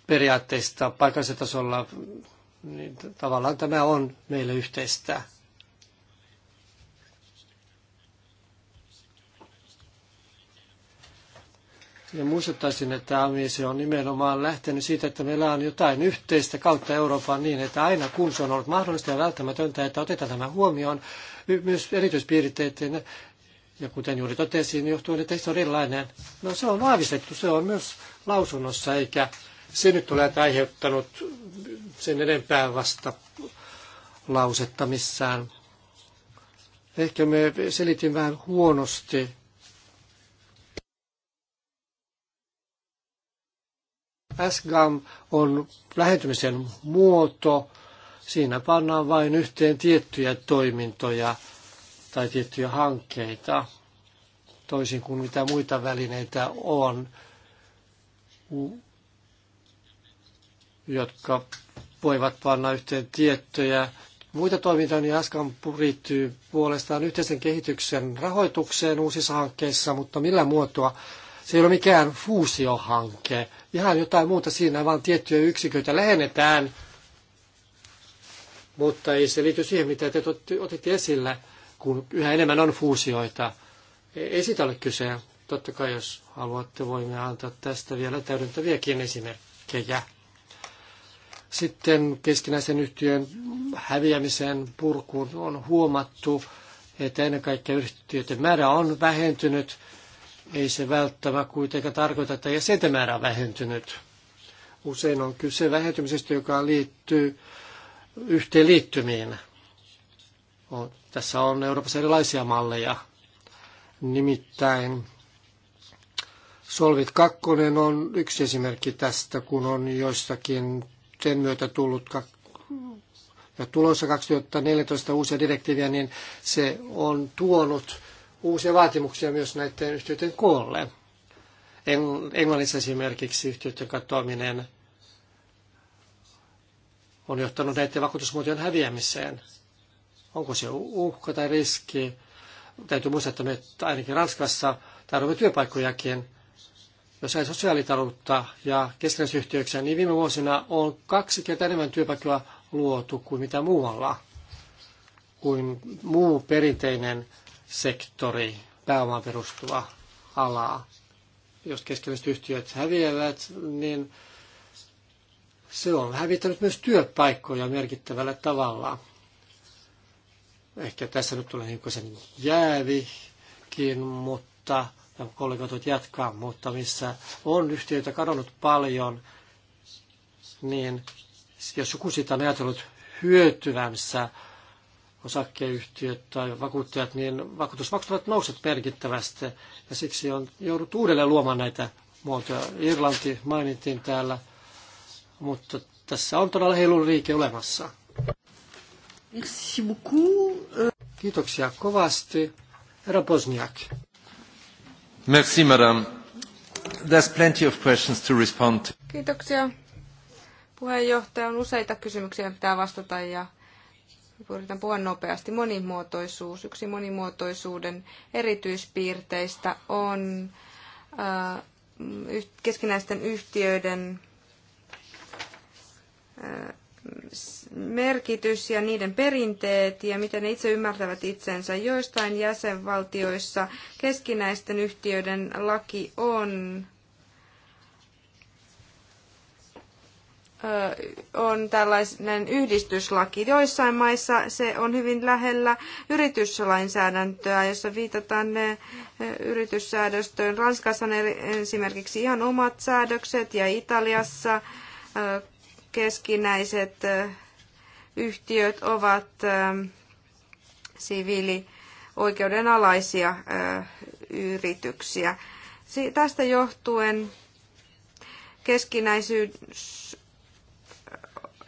periaatteista paikallisella tasolla, niin tavallaan tämä on meille yhteistä. Ja muistuttaisin, että AMISE on nimenomaan lähtenyt siitä, että meillä on jotain yhteistä kautta Euroopan niin, että aina kun se on ollut mahdollista ja välttämätöntä, että otetaan tämä huomioon myös erityispiirteiden, ja kuten juuri totesin, johtuen, että se on erilainen. No se on vahvistettu, se on myös lausunnossa, eikä se nyt ole aiheuttanut sen enempää vasta lausetta missään. Ehkä me selitin vähän huonosti Gasgam on lähentymisen muoto. Siinä pannaan vain yhteen tiettyjä toimintoja tai tiettyjä hankkeita, toisin kuin mitä muita välineitä on, jotka voivat panna yhteen tiettyjä muita toimintoja, niin Askan riittyy puolestaan yhteisen kehityksen rahoitukseen uusissa hankkeissa, mutta millä muotoa se ei ole mikään fuusiohanke, ihan jotain muuta siinä, vaan tiettyjä yksiköitä lähennetään, mutta ei se liity siihen, mitä te otitte esille, kun yhä enemmän on fuusioita. Ei siitä ole kyse. Totta kai, jos haluatte, voimme antaa tästä vielä täydentäviäkin esimerkkejä sitten keskinäisen yhtiön häviämisen purkuun on huomattu, että ennen kaikkea yhtiöiden määrä on vähentynyt ei se välttämättä kuitenkaan tarkoita, että jäsentämäärä on vähentynyt. Usein on kyse vähentymisestä, joka liittyy yhteenliittymiin. On, tässä on Euroopassa erilaisia malleja. Nimittäin Solvit 2 on yksi esimerkki tästä, kun on joistakin sen myötä tullut ja tulossa 2014 uusia direktiiviä, niin se on tuonut uusia vaatimuksia myös näiden yhtiöiden koolle. Englannissa esimerkiksi yhtiöiden katoaminen on johtanut näiden vakuutusmuotojen häviämiseen. Onko se uhka tai riski? Täytyy muistaa, että me ainakin Ranskassa tarvitsemme työpaikkojakin. Jos ei sosiaalitaloutta ja keskinäisyhtiöksiä, niin viime vuosina on kaksi kertaa enemmän työpaikkoja luotu kuin mitä muualla, kuin muu perinteinen sektori, pääomaan perustuva ala. Jos keskeiset yhtiöt häviävät, niin se on hävittänyt myös työpaikkoja merkittävällä tavalla. Ehkä tässä nyt tulee niin sen jäävikin, mutta ja kollegat voivat jatkaa, mutta missä on yhtiöitä kadonnut paljon, niin jos joku siitä on ajatellut hyötyvänsä osakkeyhtiöt tai vakuuttajat, niin vakuutusmaksut ovat nousseet merkittävästi ja siksi on jouduttu uudelleen luomaan näitä muotoja. Irlanti mainittiin täällä, mutta tässä on todella heilun liike olemassa. Merci beaucoup. Kiitoksia kovasti. Herra Bosniak. Merci, madame. There's plenty of questions to respond. Kiitoksia. Puheenjohtaja, on useita kysymyksiä pitää vastata ja yritän puhua nopeasti, monimuotoisuus. Yksi monimuotoisuuden erityispiirteistä on äh, keskinäisten yhtiöiden äh, merkitys ja niiden perinteet ja miten ne itse ymmärtävät itsensä. Joistain jäsenvaltioissa keskinäisten yhtiöiden laki on on tällainen yhdistyslaki. Joissain maissa se on hyvin lähellä yrityslainsäädäntöä, jossa viitataan yrityssäädöstöön. Ranskassa on esimerkiksi ihan omat säädökset ja Italiassa keskinäiset yhtiöt ovat siviilioikeuden alaisia yrityksiä. Tästä johtuen keskinäisyys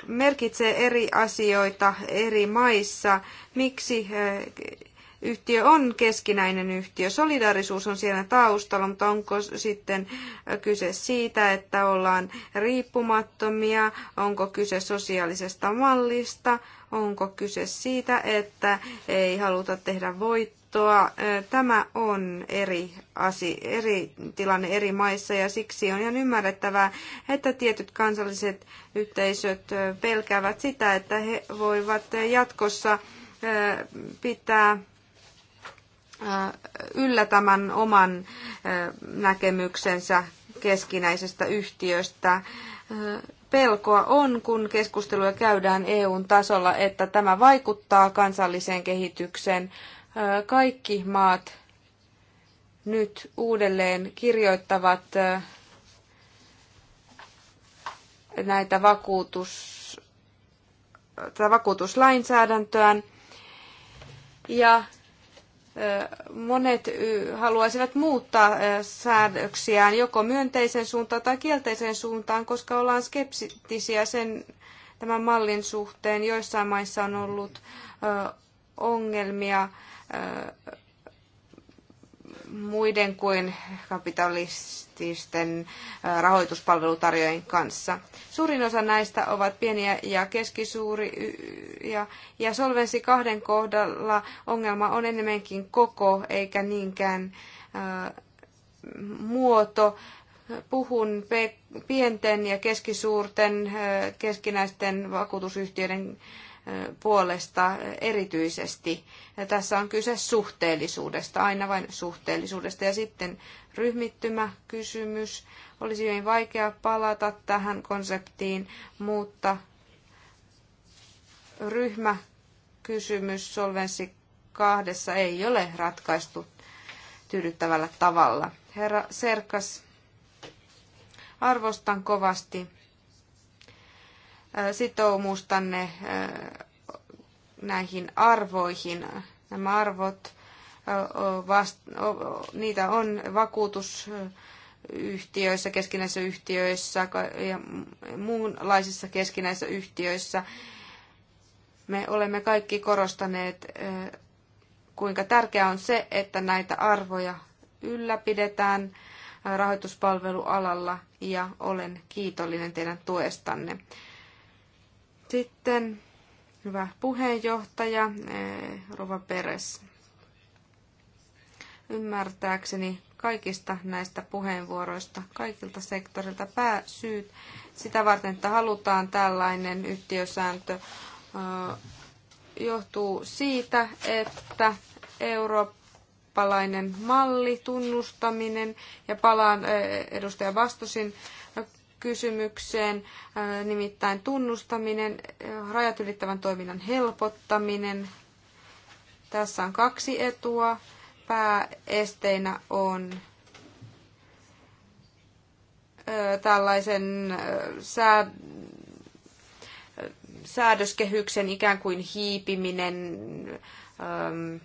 merkitsee eri asioita eri maissa. Miksi eh, yhtiö on keskinäinen yhtiö? Solidaarisuus on siellä taustalla, mutta onko sitten eh, kyse siitä, että ollaan riippumattomia? Onko kyse sosiaalisesta mallista? Onko kyse siitä, että ei haluta tehdä voittoa? tuo, Tämä on eri, asi, eri tilanne eri maissa ja siksi on ihan ymmärrettävää, että tietyt kansalliset yhteisöt pelkäävät sitä, että he voivat jatkossa pitää yllä tämän oman näkemyksensä keskinäisestä yhtiöstä. Pelkoa on, kun keskusteluja käydään EUn tasolla, että tämä vaikuttaa kansalliseen kehitykseen, kaikki maat nyt uudelleen kirjoittavat näitä vakuutus, vakuutuslainsäädäntöään. Ja monet haluaisivat muuttaa säädöksiään joko myönteisen suuntaan tai kielteiseen suuntaan, koska ollaan skeptisiä sen, tämän mallin suhteen. Joissain maissa on ollut ongelmia muiden kuin kapitalististen rahoituspalvelutarjoajien kanssa. Suurin osa näistä ovat pieniä ja keskisuuri ja, ja solvensi kahden kohdalla ongelma on enemmänkin koko eikä niinkään muoto. Puhun pienten ja keskisuurten keskinäisten vakuutusyhtiöiden puolesta erityisesti. Tässä on kyse suhteellisuudesta, aina vain suhteellisuudesta. Ja sitten ryhmittymäkysymys. Olisi hyvin vaikea palata tähän konseptiin, mutta ryhmäkysymys Solvenssi kahdessa ei ole ratkaistu tyydyttävällä tavalla. Herra Serkas, arvostan kovasti tänne näihin arvoihin. Nämä arvot, niitä on vakuutusyhtiöissä, keskinäisissä yhtiöissä ja muunlaisissa keskinäisissä yhtiöissä. Me olemme kaikki korostaneet, kuinka tärkeää on se, että näitä arvoja ylläpidetään rahoituspalvelualalla ja olen kiitollinen teidän tuestanne. Sitten hyvä puheenjohtaja eh, Rova Peres. Ymmärtääkseni kaikista näistä puheenvuoroista, kaikilta sektorilta pääsyyt sitä varten, että halutaan tällainen yhtiösääntö, eh, johtuu siitä, että palainen malli, tunnustaminen ja palaan eh, edustaja Vastusin kysymykseen, äh, nimittäin tunnustaminen, äh, rajat ylittävän toiminnan helpottaminen. Tässä on kaksi etua. Pääesteinä on äh, tällaisen säädöskehyksen ikään kuin hiipiminen ähm,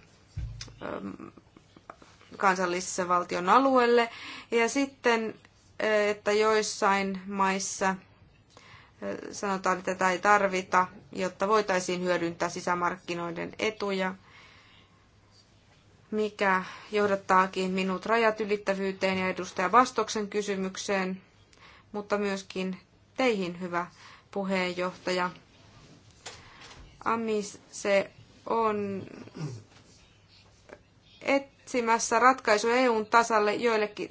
ähm, kansallisessa valtion alueelle. Ja sitten että joissain maissa sanotaan, että tätä ei tarvita, jotta voitaisiin hyödyntää sisämarkkinoiden etuja, mikä johdattaakin minut rajat ylittävyyteen ja edustaja Vastoksen kysymykseen, mutta myöskin teihin, hyvä puheenjohtaja. Amis, se on etsimässä ratkaisu EUn tasalle joillekin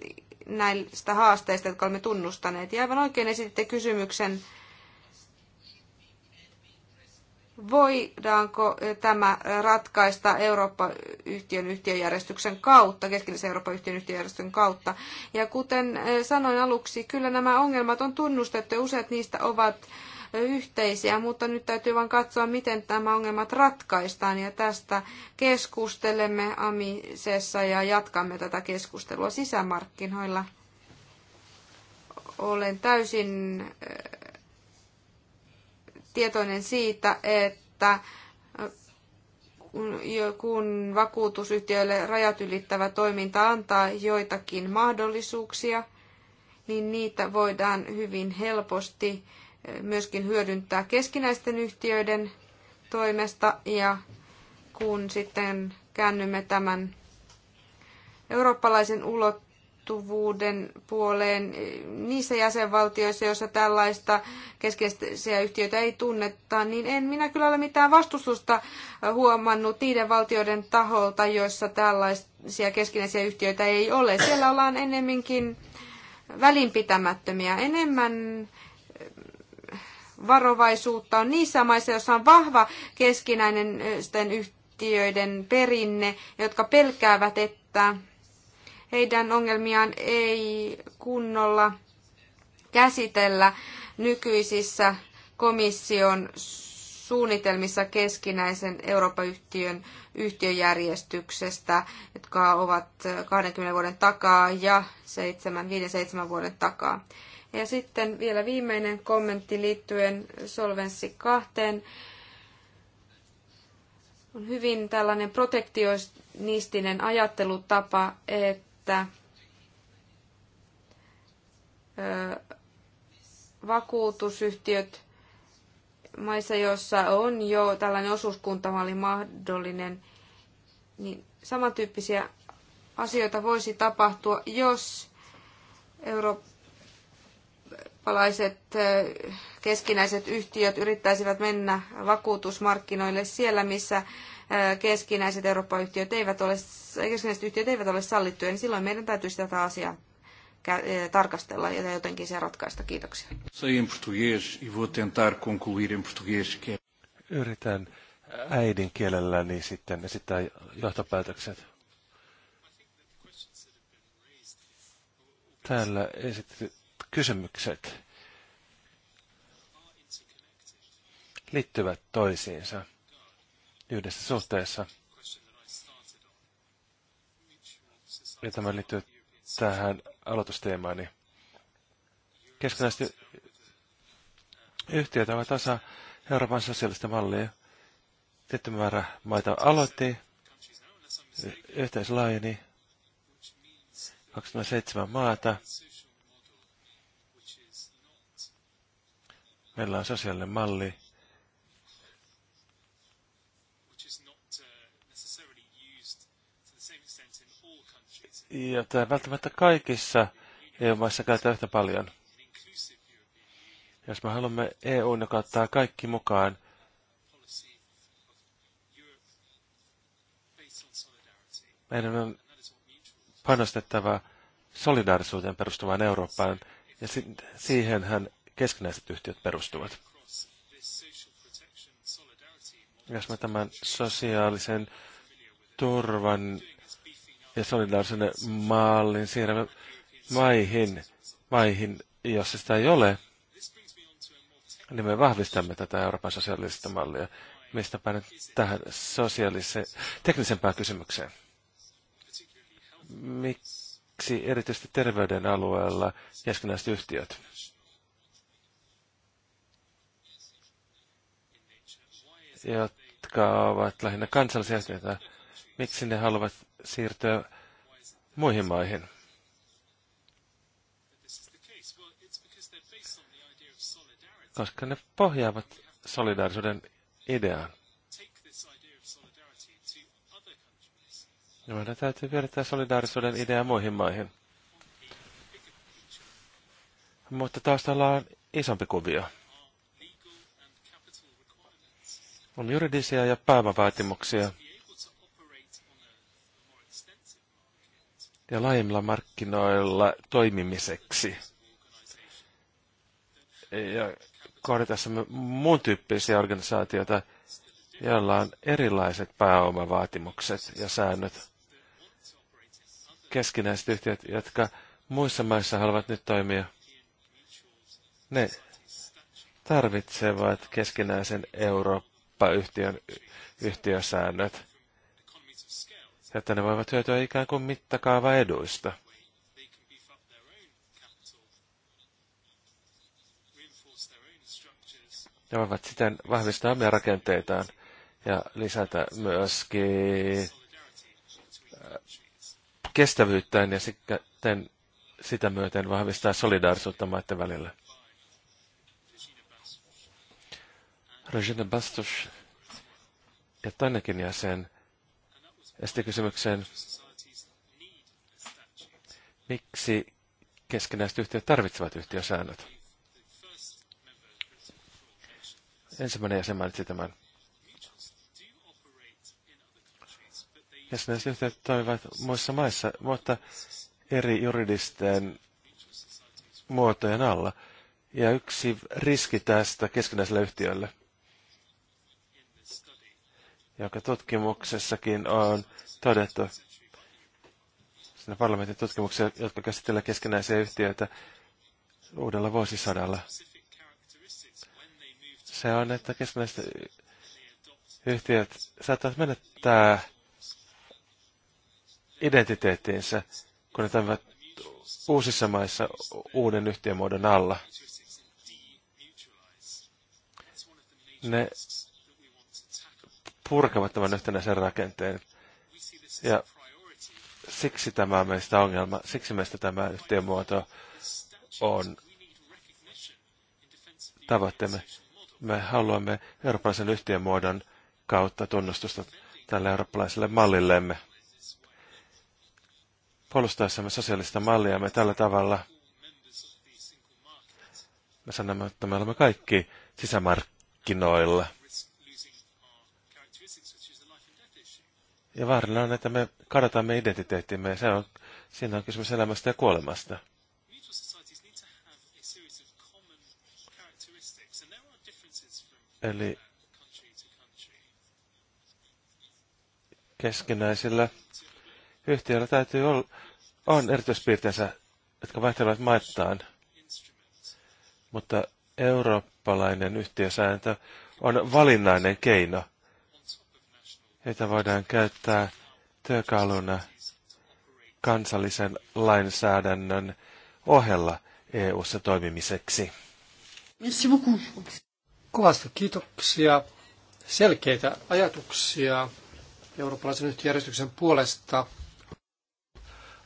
näistä haasteista, jotka olemme tunnustaneet. Ja aivan oikein esititte kysymyksen, voidaanko tämä ratkaista Eurooppa-yhtiön yhtiöjärjestyksen kautta, keskellisen Eurooppa-yhtiön yhtiöjärjestyksen kautta. Ja kuten sanoin aluksi, kyllä nämä ongelmat on tunnustettu ja useat niistä ovat yhteisiä, mutta nyt täytyy vain katsoa, miten nämä ongelmat ratkaistaan ja tästä keskustelemme Amisessa ja jatkamme tätä keskustelua sisämarkkinoilla. Olen täysin eh, tietoinen siitä, että kun vakuutusyhtiöille rajat ylittävä toiminta antaa joitakin mahdollisuuksia, niin niitä voidaan hyvin helposti myöskin hyödyntää keskinäisten yhtiöiden toimesta ja kun sitten käännymme tämän eurooppalaisen ulottuvuuden puoleen niissä jäsenvaltioissa, joissa tällaista keskeisiä yhtiöitä ei tunneta, niin en minä kyllä ole mitään vastustusta huomannut niiden valtioiden taholta, joissa tällaisia keskinäisiä yhtiöitä ei ole. Siellä ollaan enemminkin välinpitämättömiä, enemmän varovaisuutta on niissä maissa, joissa on vahva keskinäinen yhtiöiden perinne, jotka pelkäävät, että heidän ongelmiaan ei kunnolla käsitellä nykyisissä komission suunnitelmissa keskinäisen Euroopan yhtiön yhtiöjärjestyksestä, jotka ovat 20 vuoden takaa ja 5-7 vuoden takaa. Ja sitten vielä viimeinen kommentti liittyen solvenssi kahteen. On hyvin tällainen protektionistinen ajattelutapa, että vakuutusyhtiöt maissa, joissa on jo tällainen osuuskuntamalli mahdollinen, niin samantyyppisiä asioita voisi tapahtua, jos Euroopan eurooppalaiset keskinäiset yhtiöt yrittäisivät mennä vakuutusmarkkinoille siellä, missä keskinäiset Euroopan yhtiöt eivät ole, keskinäiset yhtiöt eivät ole sallittuja, niin silloin meidän täytyy tätä asiaa tarkastella ja jotenkin se ratkaista. Kiitoksia. E Yritän äidinkielelläni sitten esittää johtopäätökset. Täällä esitetty kysymykset liittyvät toisiinsa yhdessä suhteessa. Ja tämä liittyy tähän aloitusteemaani. Niin yhtiöt ovat osa Euroopan sosiaalista mallia. Tietty määrä maita aloitti, yhteislaajeni, 27 maata, Meillä on sosiaalinen malli, uh, tämä välttämättä kaikissa EU-maissa käytetään yhtä paljon. Jos me haluamme EU, joka ottaa kaikki mukaan, meidän on panostettava solidaarisuuteen perustuvaan Eurooppaan, ja siihenhän keskinäiset yhtiöt perustuvat. Jos me tämän sosiaalisen turvan ja solidaarisen mallin siirrämme maihin, maihin, jos sitä ei ole, niin me vahvistamme tätä Euroopan sosiaalista mallia. Mistä nyt tähän sosiaaliseen, teknisempään kysymykseen. Miksi erityisesti terveyden alueella keskinäiset yhtiöt? jotka ovat lähinnä kansallisia asioita, miksi ne haluavat siirtyä muihin maihin? Koska ne pohjaavat solidaarisuuden ideaan. Ja meidän täytyy viedä tämä solidaarisuuden idea muihin maihin. Mutta taustalla on isompi kuvio. On juridisia ja pääomavaatimuksia. Ja laajemmilla markkinoilla toimimiseksi. Ja kohdetaan muun tyyppisiä organisaatioita, joilla on erilaiset pääomavaatimukset ja säännöt. Keskinäiset yhtiöt, jotka muissa maissa haluavat nyt toimia, ne tarvitsevat keskinäisen Euroopan kauppayhtiön yhtiösäännöt, että ne voivat hyötyä ikään kuin mittakaava eduista. Ne voivat siten vahvistaa omia rakenteitaan ja lisätä myöskin äh, kestävyyttään ja sitten sitä myöten vahvistaa solidaarisuutta maiden välillä. Regina Bastos ja tännekin jäsen esti kysymykseen, miksi keskinäiset yhtiöt tarvitsevat yhtiösäännöt. Ensimmäinen jäsen mainitsi tämän. Keskinäiset yhtiöt toimivat muissa maissa, mutta eri juridisten muotojen alla. Ja yksi riski tästä keskinäiselle yhtiölle – joka tutkimuksessakin on todettu, siinä parlamentin tutkimuksessa, jotka käsittelee keskenäisiä yhtiöitä uudella vuosisadalla. Se on, että keskenäiset yhtiöt saattavat menettää identiteettiinsä, kun ne toimivat uusissa maissa uuden yhtiömuodon alla. Ne purkavat tämän yhtenäisen rakenteen. Ja siksi tämä on meistä ongelma, siksi meistä tämä yhtiömuoto on tavoitteemme. Me haluamme eurooppalaisen yhtiömuodon kautta tunnustusta tälle eurooppalaiselle mallillemme. Puolustaessamme sosiaalista mallia me tällä tavalla me sanomme, että me olemme kaikki sisämarkkinoilla – Ja vaarana on, että me kadotamme identiteettimme. Se on, siinä on kysymys elämästä ja kuolemasta. Eli keskinäisillä yhtiöillä täytyy olla, on erityispiirteensä, jotka vaihtelevat maittaan. Mutta eurooppalainen yhtiösääntö on valinnainen keino – Niitä voidaan käyttää työkaluna kansallisen lainsäädännön ohella EU-ssa toimimiseksi. Merci Kovasti kiitoksia. Selkeitä ajatuksia eurooppalaisen yhtiöjärjestyksen puolesta.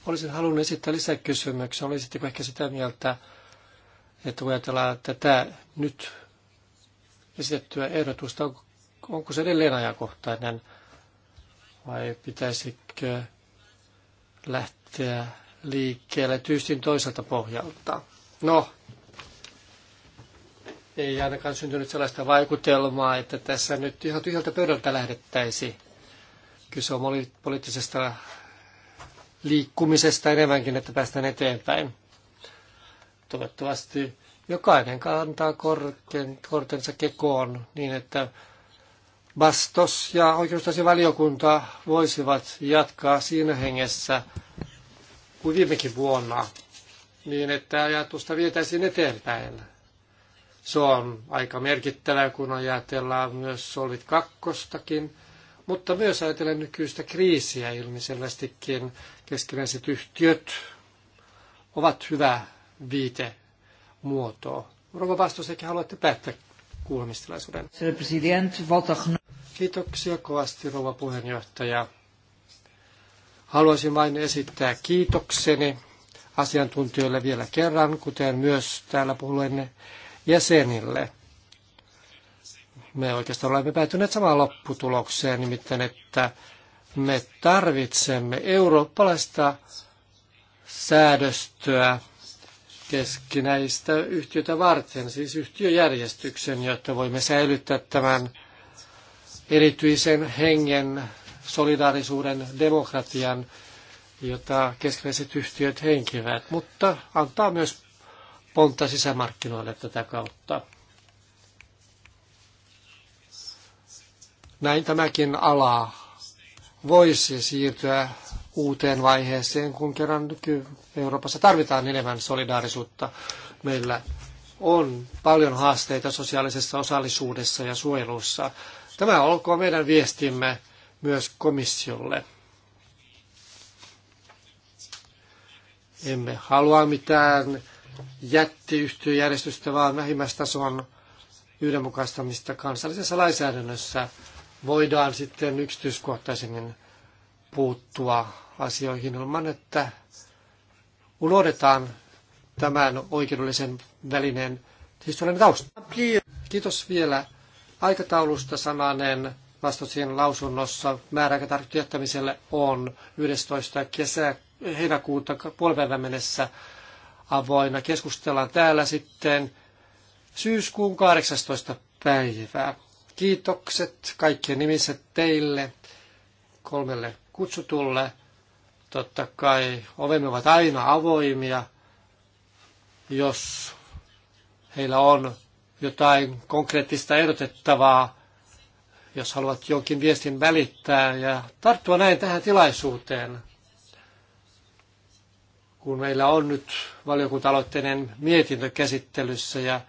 Olisin halunnut esittää lisäkysymyksiä, Olisitteko ehkä sitä mieltä, että kun että tätä nyt esitettyä ehdotusta, onko se edelleen ajankohtainen? vai pitäisikö lähteä liikkeelle tyystin toiselta pohjalta? No, ei ainakaan syntynyt sellaista vaikutelmaa, että tässä nyt ihan tyhjältä pöydältä lähdettäisi. Kyse on poliittisesta liikkumisesta enemmänkin, että päästään eteenpäin. Toivottavasti jokainen kantaa kortensa kekoon niin, että Bastos ja oikeustasiavaliokunta voisivat jatkaa siinä hengessä kuin viimekin vuonna, niin että ajatusta vietäisiin eteenpäin. Se on aika merkittävää, kun ajatellaan myös Solvit kakkostakin, mutta myös ajatellen nykyistä kriisiä ilmiselvästikin keskinäiset yhtiöt ovat hyvä viite muotoa. Rova Bastos, ehkä haluatte päättää kuulemistilaisuuden. Herr Präsident, Kiitoksia kovasti, rouva puheenjohtaja. Haluaisin vain esittää kiitokseni asiantuntijoille vielä kerran, kuten myös täällä puolueenne jäsenille. Me oikeastaan olemme päätyneet samaan lopputulokseen, nimittäin että me tarvitsemme eurooppalaista säädöstöä keskinäistä yhtiötä varten, siis yhtiöjärjestyksen, jotta voimme säilyttää tämän erityisen hengen, solidaarisuuden, demokratian, jota keskeiset yhtiöt henkivät, mutta antaa myös pontta sisämarkkinoille tätä kautta. Näin tämäkin ala voisi siirtyä uuteen vaiheeseen, kun kerran nyky-Euroopassa tarvitaan enemmän solidaarisuutta. Meillä on paljon haasteita sosiaalisessa osallisuudessa ja suojelussa. Tämä olkoon meidän viestimme myös komissiolle. Emme halua mitään jättiyhtiöjärjestystä, vaan vähimmäistason yhdenmukaistamista kansallisessa lainsäädännössä voidaan sitten yksityiskohtaisemmin puuttua asioihin ilman, että unohdetaan tämän oikeudellisen välineen historiallinen tausta. Kiitos vielä Aikataulusta sananen vastaus lausunnossa määräaika jättämiselle on 11. kesä heinäkuuta puolipäivän mennessä avoinna. Keskustellaan täällä sitten syyskuun 18. päivää. Kiitokset kaikkien nimissä teille, kolmelle kutsutulle. Totta kai ovemme ovat aina avoimia, jos heillä on jotain konkreettista ehdotettavaa, jos haluat jonkin viestin välittää ja tarttua näin tähän tilaisuuteen, kun meillä on nyt valiokunta-aloitteinen mietintö käsittelyssä ja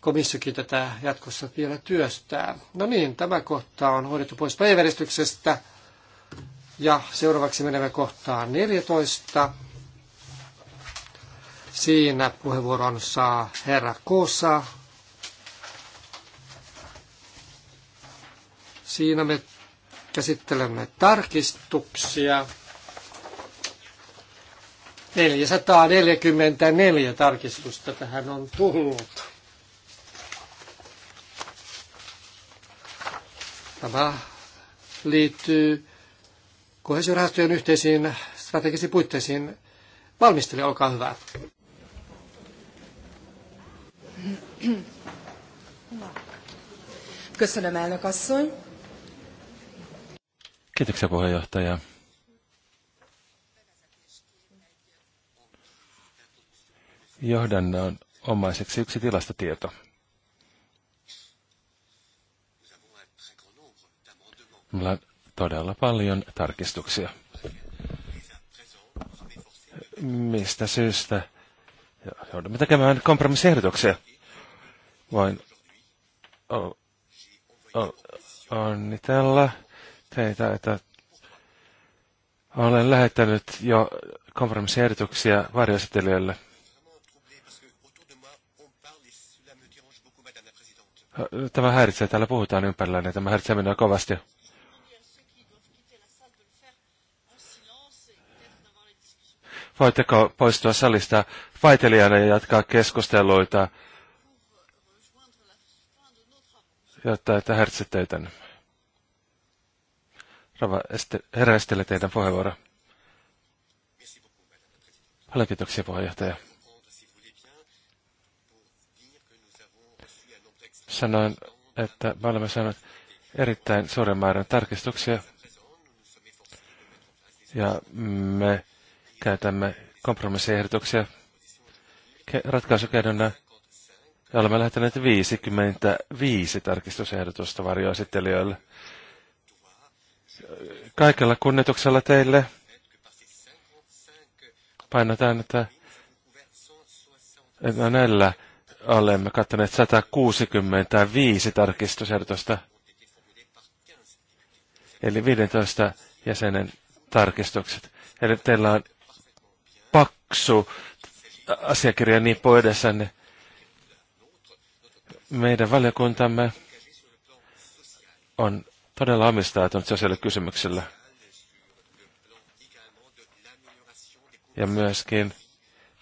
komissiokin tätä jatkossa vielä työstää. No niin, tämä kohta on hoidettu pois päiväjärjestyksestä. Ja seuraavaksi menemme kohtaan 14. Siinä puheenvuoron saa herra Kosa. Siinä me käsittelemme tarkistuksia. 444 tarkistusta tähän on tullut. Tämä liittyy kohesiorahastojen yhteisiin strategisiin puitteisiin. Valmistelija, olkaa hyvä. Köszönöm, elnök asszony. Kiitoksia puheenjohtaja. Johdannon omaiseksi yksi tilastotieto. Meillä on todella paljon tarkistuksia. Mistä syystä joudumme tekemään kompromissiehdotuksia? Voin onnitella teitä, että olen lähettänyt jo kompromissiehdotuksia varjoesittelijöille. Tämä häiritsee, täällä puhutaan ympärillä, niin tämä häiritsee minua kovasti. Voitteko poistua salista vaitelijana ja jatkaa keskusteluita? jotta että häiritse teitä. Rava este, herra Estelle, teidän puheenvuoro. Paljon kiitoksia, puheenjohtaja. Sanoin, että me olemme saaneet erittäin suuren määrän tarkistuksia. Ja me käytämme kompromissiehdotuksia ratkaisukäytännön ja olemme lähettäneet 55 tarkistusehdotusta varjoesittelijöille. Kaikella kunnioituksella teille painotan, että no näillä olemme kattaneet 165 tarkistusehdotusta, eli 15 jäsenen tarkistukset. Eli teillä on paksu asiakirja niin edessänne. Niin meidän valiokuntamme on todella omistautunut kysymyksellä Ja myöskin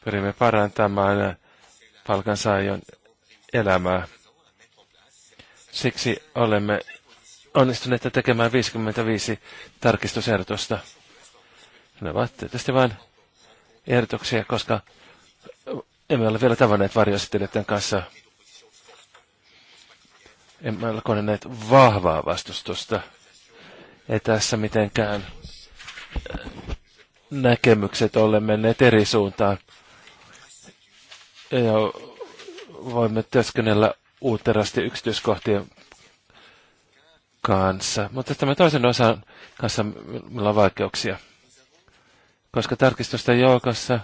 pyrimme parantamaan palkansaajan elämää. Siksi olemme onnistuneet tekemään 55 tarkistusehdotusta. Ne ovat tietysti vain ehdotuksia, koska emme ole vielä tavanneet varjoesittelijöiden kanssa emme ole näitä vahvaa vastustusta. Ei tässä mitenkään äh, näkemykset ole menneet eri suuntaan. Ja voimme työskennellä uuterasti yksityiskohtien kanssa. Mutta tämän toisen osan kanssa meillä on vaikeuksia. Koska tarkistusta joukossa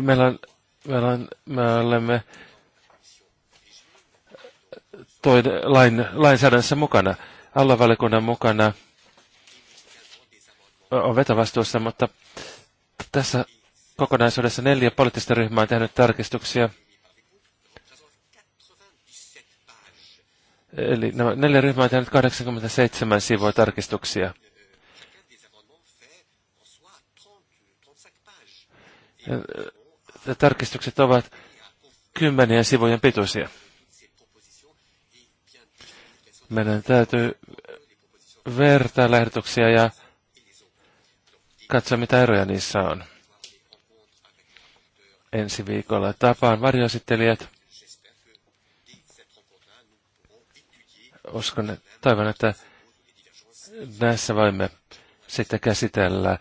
meillä on, meillä on, me olemme toinen lain, lainsäädännössä mukana. allavalikunnan mukana on vetovastuussa, mutta tässä kokonaisuudessa neljä poliittista ryhmää on tehnyt tarkistuksia. Eli nämä neljä ryhmää on tehnyt 87 sivua tarkistuksia. Ja tarkistukset ovat kymmenien sivujen pituisia. Meidän täytyy vertaa ehdotuksia ja katsoa, mitä eroja niissä on. Ensi viikolla tapaan varjoesittelijät. Uskon, toivon, että näissä voimme sitten käsitellä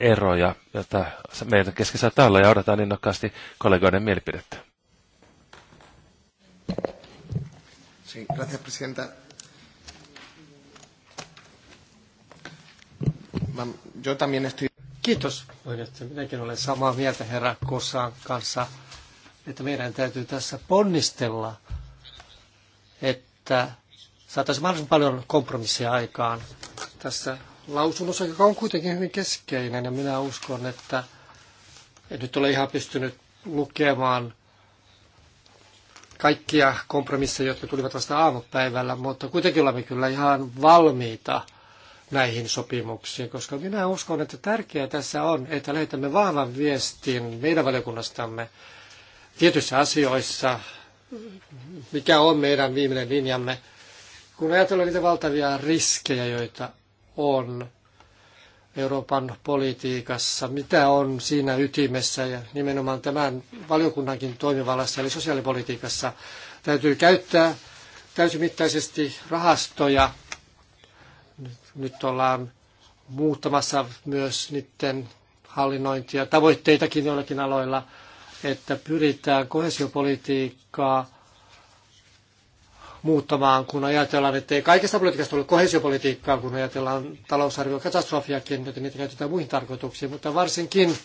eroja, joita meidän kesken saattaa olla, ja odotetaan innokkaasti kollegoiden mielipidettä. Sí, gracias, presidenta. Mä, también estoy... Kiitos puheenjohtaja. Minäkin olen samaa mieltä herra Kosan kanssa, että meidän täytyy tässä ponnistella, että saataisiin mahdollisimman paljon kompromisseja aikaan tässä lausunnossa, joka on kuitenkin hyvin keskeinen. Ja minä uskon, että en nyt ole ihan pystynyt lukemaan kaikkia kompromisseja, jotka tulivat vasta aamupäivällä, mutta kuitenkin olemme kyllä ihan valmiita – näihin sopimuksiin, koska minä uskon, että tärkeää tässä on, että lähetämme vahvan viestin meidän valiokunnastamme tietyissä asioissa, mikä on meidän viimeinen linjamme, kun ajatellaan niitä valtavia riskejä, joita on Euroopan politiikassa, mitä on siinä ytimessä ja nimenomaan tämän valiokunnankin toimivallassa eli sosiaalipolitiikassa, täytyy käyttää täysimittaisesti rahastoja nyt ollaan muuttamassa myös niiden hallinnointia, tavoitteitakin joillakin aloilla, että pyritään kohesiopolitiikkaa muuttamaan, kun ajatellaan, että ei kaikesta politiikasta ole kohesiopolitiikkaa, kun ajatellaan talousarviokatastrofiakin, joten niitä käytetään muihin tarkoituksiin. Mutta varsinkin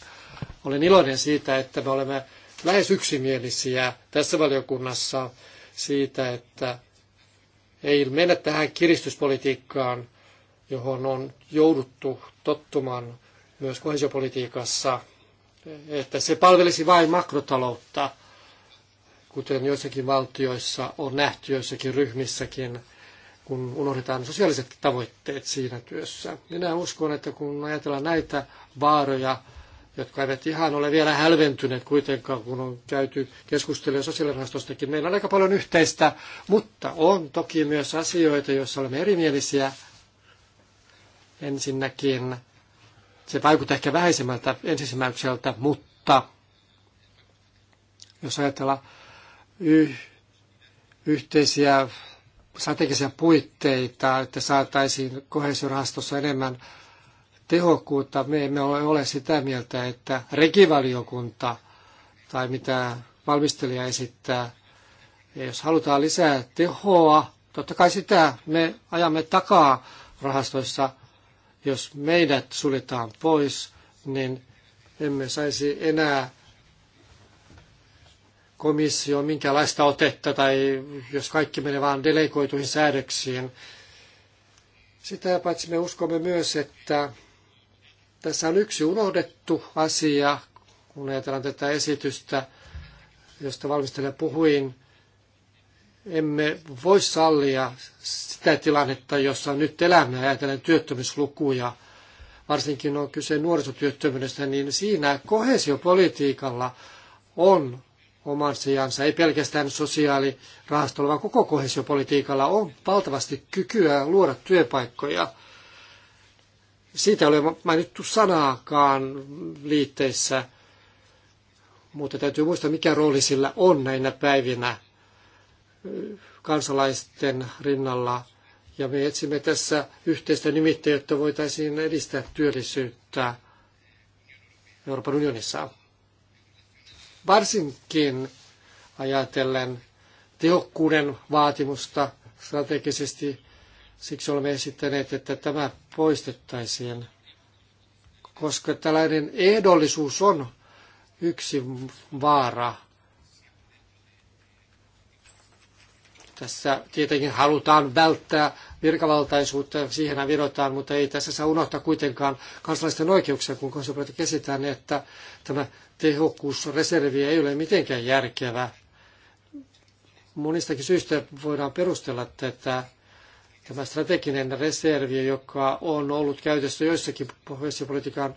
olen iloinen siitä, että me olemme lähes yksimielisiä tässä valiokunnassa siitä, että ei mennä tähän kiristyspolitiikkaan, johon on jouduttu tottumaan myös kohesiopolitiikassa, että se palvelisi vain makrotaloutta, kuten joissakin valtioissa on nähty joissakin ryhmissäkin, kun unohdetaan sosiaaliset tavoitteet siinä työssä. Minä uskon, että kun ajatellaan näitä vaaroja, jotka eivät ihan ole vielä hälventyneet kuitenkaan, kun on käyty keskustelua sosiaalirahastostakin. Meillä on aika paljon yhteistä, mutta on toki myös asioita, joissa olemme erimielisiä. Ensinnäkin se vaikuttaa ehkä vähäisemmältä ensisimmäykseltä, mutta jos ajatellaan y- yhteisiä strategisia puitteita, että saataisiin kohesiorahastossa enemmän tehokkuutta. Me emme ole, sitä mieltä, että rekivaliokunta tai mitä valmistelija esittää, ja jos halutaan lisää tehoa, totta kai sitä me ajamme takaa rahastoissa, jos meidät suljetaan pois, niin emme saisi enää komissio minkälaista otetta tai jos kaikki menee vain delegoituihin säädöksiin. Sitä paitsi me uskomme myös, että tässä on yksi unohdettu asia, kun ajatellaan tätä esitystä, josta valmistelija puhuin, emme voi sallia sitä tilannetta, jossa nyt elämme ajatellen työttömyyslukuja, varsinkin on kyse nuorisotyöttömyydestä, niin siinä kohesiopolitiikalla on oman sijansa, ei pelkästään sosiaalirahastolla, vaan koko kohesiopolitiikalla on valtavasti kykyä luoda työpaikkoja. Siitä ei ole mainittu sanaakaan liitteissä, mutta täytyy muistaa, mikä rooli sillä on näinä päivinä – kansalaisten rinnalla. Ja me etsimme tässä yhteistä nimittäjä, jotta voitaisiin edistää työllisyyttä Euroopan unionissa. Varsinkin ajatellen tehokkuuden vaatimusta strategisesti. Siksi olemme esittäneet, että tämä poistettaisiin, koska tällainen ehdollisuus on yksi vaara Tässä tietenkin halutaan välttää virkavaltaisuutta, siihen vedotaan, mutta ei tässä saa unohtaa kuitenkaan kansalaisten oikeuksia, kun konsultoita kesitään, että tämä tehokkuusreservi ei ole mitenkään järkevä. Monistakin syistä voidaan perustella tätä tämä strateginen reservi, joka on ollut käytössä joissakin pohjoisen politiikan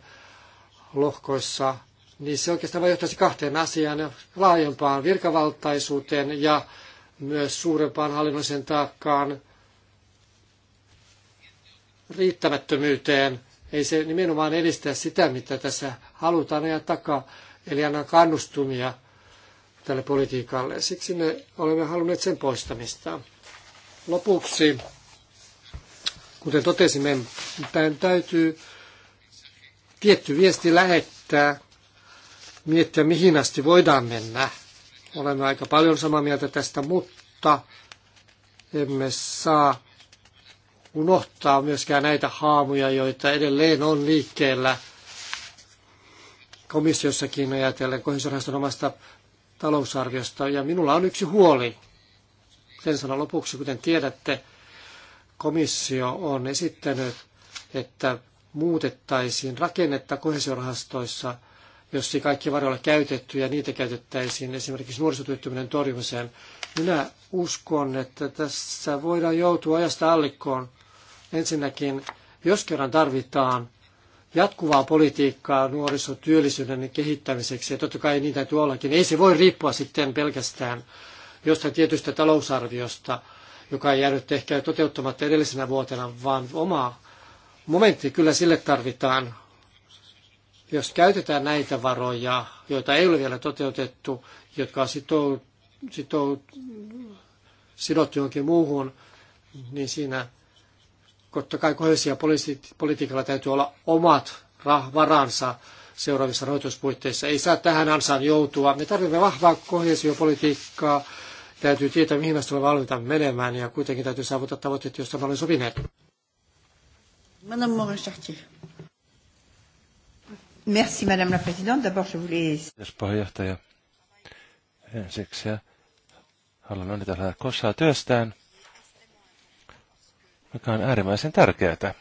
lohkoissa, niin se oikeastaan vain johtaisi kahteen asiaan, laajempaan virkavaltaisuuteen ja myös suurempaan hallinnolliseen taakkaan, riittämättömyyteen. Ei se nimenomaan edistä sitä, mitä tässä halutaan ajaa takaa, eli anna kannustumia tälle politiikalle. Siksi me olemme halunneet sen poistamista. Lopuksi, kuten totesimme, tämän täytyy tietty viesti lähettää, miettiä mihin asti voidaan mennä Olemme aika paljon samaa mieltä tästä, mutta emme saa unohtaa myöskään näitä haamuja, joita edelleen on liikkeellä komissiossakin ajatellen kohdistusrahaston omasta talousarviosta. Ja minulla on yksi huoli. Sen sanon lopuksi, kuten tiedätte, komissio on esittänyt, että muutettaisiin rakennetta kohesiorahastoissa – jos ei kaikki ole käytetty ja niitä käytettäisiin esimerkiksi nuorisotyöttömyyden torjumiseen. Minä uskon, että tässä voidaan joutua ajasta allikkoon. Ensinnäkin, jos kerran tarvitaan jatkuvaa politiikkaa nuorisotyöllisyyden kehittämiseksi, ja totta kai niitä tuollakin, ei se voi riippua sitten pelkästään jostain tietystä talousarviosta, joka ei jäänyt ehkä toteuttamatta edellisenä vuotena, vaan oma momentti kyllä sille tarvitaan jos käytetään näitä varoja, joita ei ole vielä toteutettu, jotka on sitou, sitou, sidottu johonkin muuhun, niin siinä totta kai kohdallisia politiikalla täytyy olla omat varansa seuraavissa rahoituspuitteissa. Ei saa tähän ansaan joutua. Me tarvitsemme vahvaa kohesiopolitiikkaa. Täytyy tietää, mihin asti olemme valmiita menemään ja kuitenkin täytyy saavuttaa tavoitteet, joista me olemme sopineet. Merci, Madame la Présidente. D'abord, je voulais... Kiitos, puheenjohtaja. Ensiksi haluan onnitella Kosaa työstään, mikä on äärimmäisen tärkeää.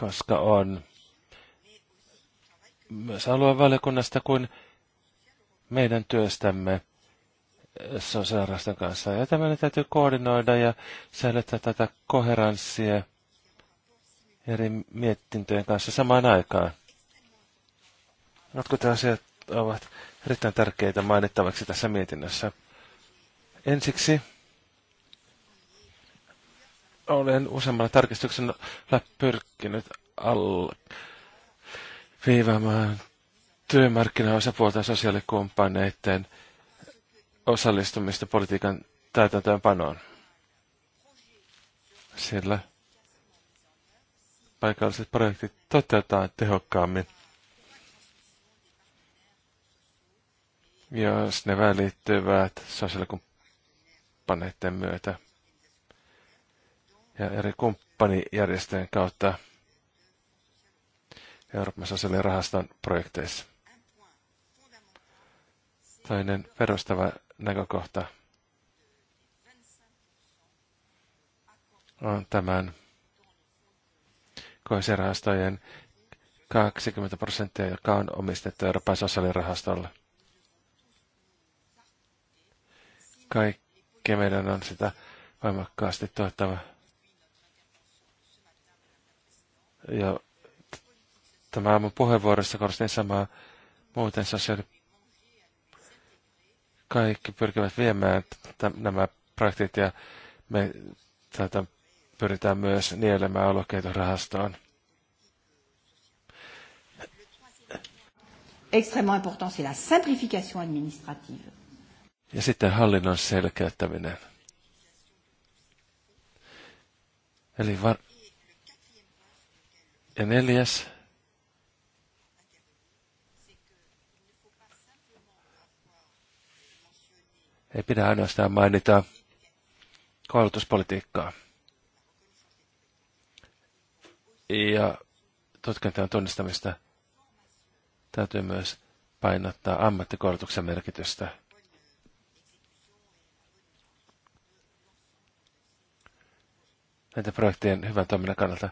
Koska on myös aluevaliokunnasta kuin meidän työstämme sosiaaliraston kanssa. Ja tämä täytyy koordinoida ja säilyttää tätä koheranssia eri mietintöjen kanssa samaan aikaan. Jotkut asiat ovat erittäin tärkeitä mainittavaksi tässä mietinnössä. Ensiksi olen useammalla tarkistuksella pyrkinyt al- viivaamaan työmarkkinaosapuolten sosiaalikumppaneiden osallistumista politiikan täytäntöönpanoon. Sillä paikalliset projektit toteutetaan tehokkaammin. jos ne välittyvät sosiaalikumppaneiden myötä ja eri kumppanijärjestöjen kautta Euroopan sosiaalirahaston projekteissa. Toinen perustava näkökohta on tämän koesirahastojen 20 prosenttia, joka on omistettu Euroopan sosiaalirahastolle. Kaikki meidän on sitä voimakkaasti tuottava. Ja tämä aamun puheenvuorossa korostin samaa muuten sosiaali... Kaikki pyrkivät viemään nämä projektit ja me tätä pyritään myös nielemään olokehitysrahastoon. Extrêmement important, c'est la simplification administrative. Ja sitten hallinnon selkeyttäminen. Eli var... Ja neljäs. Ei pidä ainoastaan mainita koulutuspolitiikkaa ja tutkintojen tunnistamista täytyy myös painottaa ammattikoulutuksen merkitystä. Näiden projektien hyvän toiminnan kannalta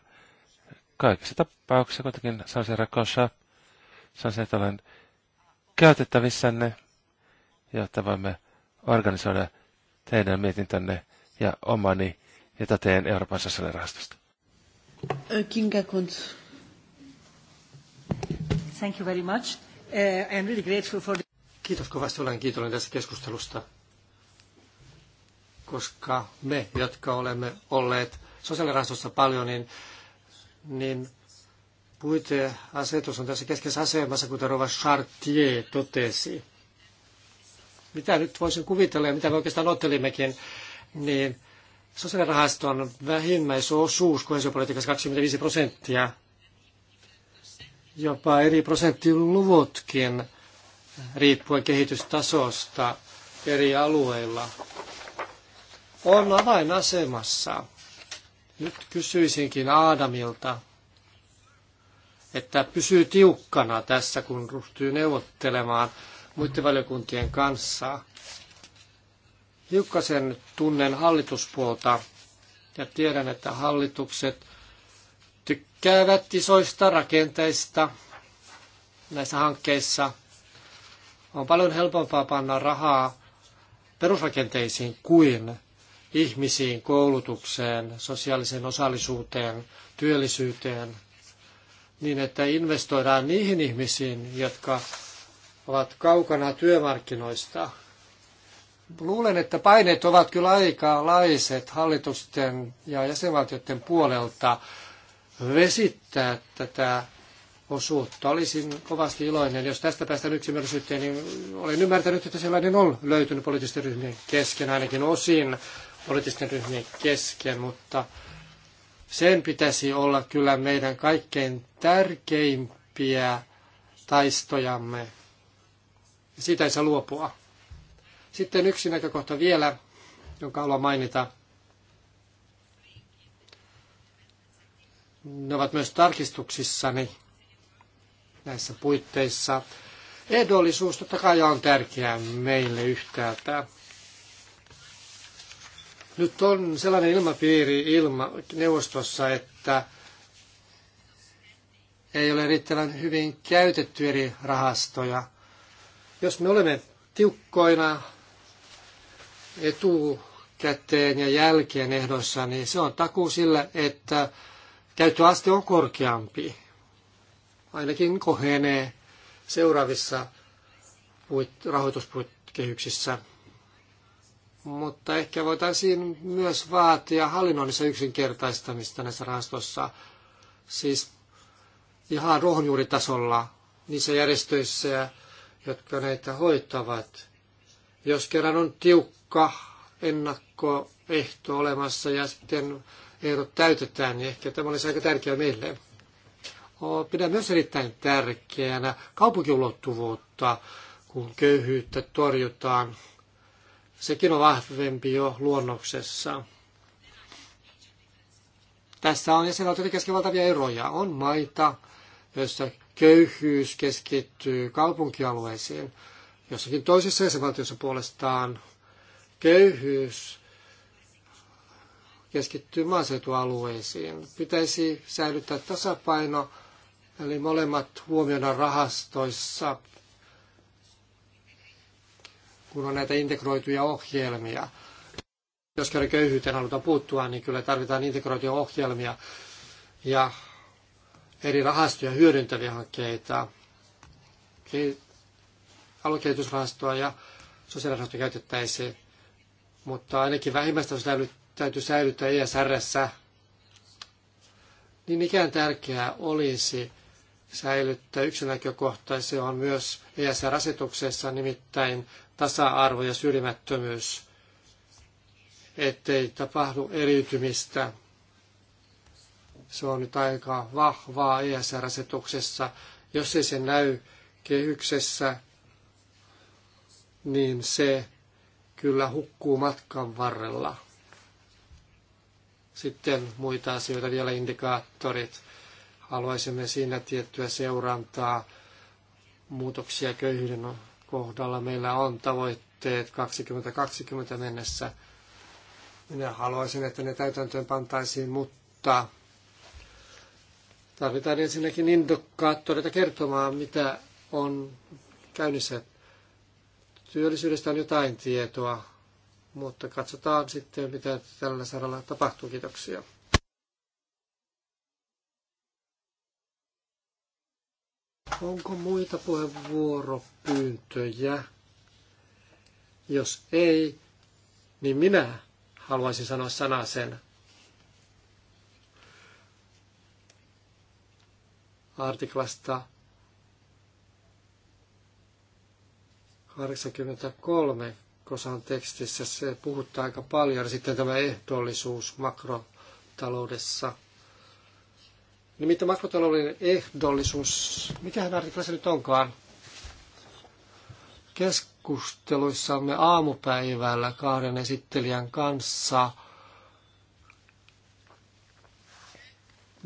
kaikissa tapauksissa kuitenkin sanoisin rakossa, sanoisin, että olen käytettävissänne, jotta voimme organisoida teidän mietintänne ja omani, jota teen Euroopan sosiaalirahastosta. Uh, Kinga Kunz. Thank you very much. Uh, I'm really grateful for the... Kiitos kovasti, olen kiitollinen tästä keskustelusta, koska me, jotka olemme olleet sosiaalirahastossa paljon, niin, niin puiteasetus on tässä keskeisessä asemassa, kuten Rova Chartier totesi. Mitä nyt voisin kuvitella ja mitä me oikeastaan ottelimmekin, niin Sosiaalirahaston vähimmäisosuus kohesiopolitiikassa 25 prosenttia, jopa eri prosenttiluvutkin riippuen kehitystasosta eri alueilla, on avainasemassa. Nyt kysyisinkin Aadamilta, että pysyy tiukkana tässä, kun ryhtyy neuvottelemaan muiden valiokuntien kanssa Hiukkasen tunnen hallituspuolta ja tiedän, että hallitukset tykkäävät isoista rakenteista näissä hankkeissa. On paljon helpompaa panna rahaa perusrakenteisiin kuin ihmisiin, koulutukseen, sosiaaliseen osallisuuteen, työllisyyteen, niin että investoidaan niihin ihmisiin, jotka ovat kaukana työmarkkinoista – Luulen, että paineet ovat kyllä aika laiset hallitusten ja jäsenvaltioiden puolelta vesittää tätä osuutta. Olisin kovasti iloinen, jos tästä päästään yksimielisyyteen, niin olen ymmärtänyt, että sellainen on löytynyt poliittisten ryhmien kesken, ainakin osin poliittisten ryhmien kesken, mutta sen pitäisi olla kyllä meidän kaikkein tärkeimpiä taistojamme. Siitä ei saa luopua. Sitten yksi näkökohta vielä, jonka haluan mainita. Ne ovat myös tarkistuksissani näissä puitteissa. Ehdollisuus totta kai on tärkeää meille yhtäältä. Nyt on sellainen ilmapiiri ilma, neuvostossa, että ei ole riittävän hyvin käytetty eri rahastoja. Jos me olemme tiukkoina etukäteen ja jälkeen ehdoissa, niin se on takuu sille, että käyttöaste on korkeampi. Ainakin kohenee seuraavissa rahoituskehyksissä. Mutta ehkä voitaisiin myös vaatia hallinnollista yksinkertaistamista näissä rahastoissa, siis ihan ruohonjuuritasolla niissä järjestöissä, jotka näitä hoitavat. Jos kerran on tiukka ennakkoehto olemassa ja sitten ehdot täytetään, niin ehkä tämä olisi aika tärkeä meille. Pidän myös erittäin tärkeänä kaupunkiulottuvuutta, kun köyhyyttä torjutaan. Sekin on vahvempi jo luonnoksessa. Tässä on jäsenvaltioiden kesken valtavia eroja. On maita, joissa köyhyys keskittyy kaupunkialueisiin. Jossakin toisessa jäsenvaltiossa puolestaan köyhyys keskittyy maaseutualueisiin. Pitäisi säilyttää tasapaino, eli molemmat huomioida rahastoissa, kun on näitä integroituja ohjelmia. Jos kerran köyhyyteen halutaan puuttua, niin kyllä tarvitaan integroituja ohjelmia ja eri rahastoja hyödyntäviä hankkeita aluekehitysrahastoa ja sosiaalirahastoa käytettäisiin, mutta ainakin vähimmäistä täytyy säilyttää ESRssä. Niin ikään tärkeää olisi säilyttää yksi näkökohta, se on myös ESR-asetuksessa, nimittäin tasa-arvo ja syrjimättömyys, ettei tapahdu eriytymistä. Se on nyt aika vahvaa ESR-asetuksessa. Jos ei se näy kehyksessä, niin se kyllä hukkuu matkan varrella. Sitten muita asioita vielä, indikaattorit. Haluaisimme siinä tiettyä seurantaa. Muutoksia köyhyyden kohdalla meillä on tavoitteet 2020 mennessä. Minä haluaisin, että ne täytäntöön pantaisiin, mutta tarvitaan ensinnäkin indikaattoreita kertomaan, mitä on käynnissä Työllisyydestä on jotain tietoa, mutta katsotaan sitten, mitä tällä saralla tapahtuu. Kiitoksia. Onko muita puheenvuoropyyntöjä? Jos ei, niin minä haluaisin sanoa sana sen. Artiklasta 83 kosan tekstissä se puhuttaa aika paljon. Sitten tämä ehdollisuus makrotaloudessa. Nimittäin makrotalouden ehdollisuus, mikähän artikla se nyt onkaan? Keskusteluissamme aamupäivällä kahden esittelijän kanssa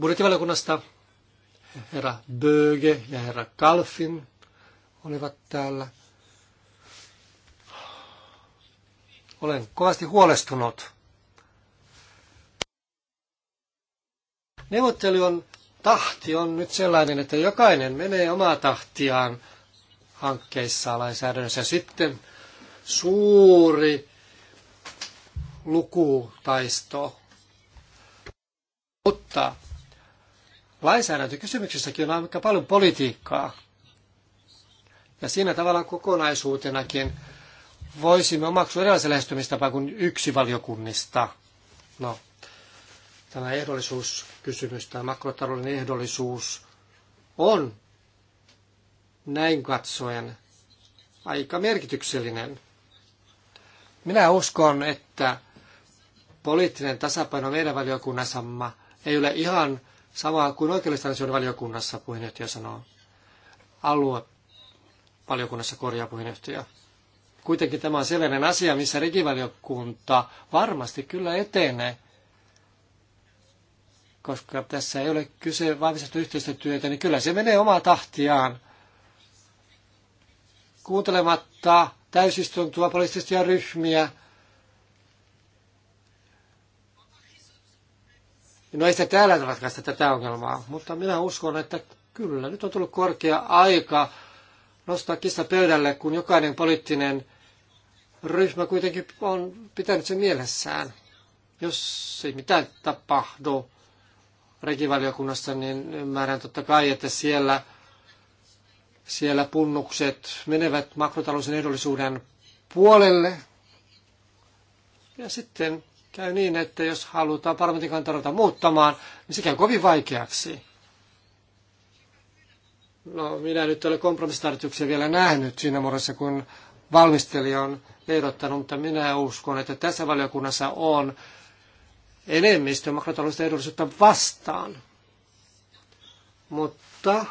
budjettivaliokunnasta herra Böge ja herra Kalfin olivat täällä – Olen kovasti huolestunut. Neuvottelijan tahti on nyt sellainen, että jokainen menee omaa tahtiaan hankkeissa lainsäädännössä. Sitten suuri lukutaisto. Mutta lainsäädäntökysymyksissäkin on aika paljon politiikkaa. Ja siinä tavallaan kokonaisuutenakin voisimme omaksua erilaisen lähestymistapaa kuin yksi valiokunnista. No, tämä ehdollisuuskysymys, tämä makrotaloudellinen ehdollisuus on näin katsoen aika merkityksellinen. Minä uskon, että poliittinen tasapaino meidän valiokunnassamme ei ole ihan sama kuin oikeudellisten asioiden valiokunnassa, puheenjohtaja sanoo. Alue valiokunnassa korjaa puheenjohtaja. Kuitenkin tämä on sellainen asia, missä regivaliokunta varmasti kyllä etenee, koska tässä ei ole kyse vahvistettu yhteistyötä, niin kyllä se menee omaa tahtiaan. Kuuntelematta täysistuntoa, poliittisia ryhmiä, No ei sitä täällä ratkaista tätä ongelmaa, mutta minä uskon, että kyllä, nyt on tullut korkea aika nostaa kissa pöydälle, kun jokainen poliittinen ryhmä kuitenkin on pitänyt sen mielessään. Jos ei mitään tapahdu regivaliokunnassa, niin ymmärrän totta kai, että siellä, siellä punnukset menevät makrotalouden ehdollisuuden puolelle. Ja sitten käy niin, että jos halutaan parlamentin kantarota muuttamaan, niin se käy kovin vaikeaksi. No, minä nyt olen kompromissitarjoituksia vielä nähnyt siinä muodossa, kun valmistelija on ehdottanut, mutta minä uskon, että tässä valiokunnassa on enemmistö makrotaloudellista edullisuutta vastaan. Mutta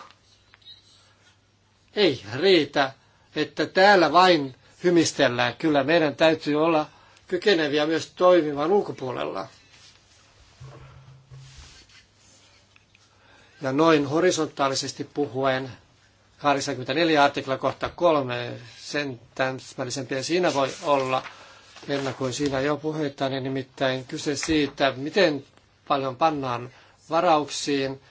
ei riitä, että täällä vain hymistellään. Kyllä meidän täytyy olla kykeneviä myös toimivan ulkopuolella. Ja noin horisontaalisesti puhuen 84 artikla kohta 3, sen täsmällisempiä siinä voi olla. Ennakoin siinä jo puheita, niin nimittäin kyse siitä, miten paljon pannaan varauksiin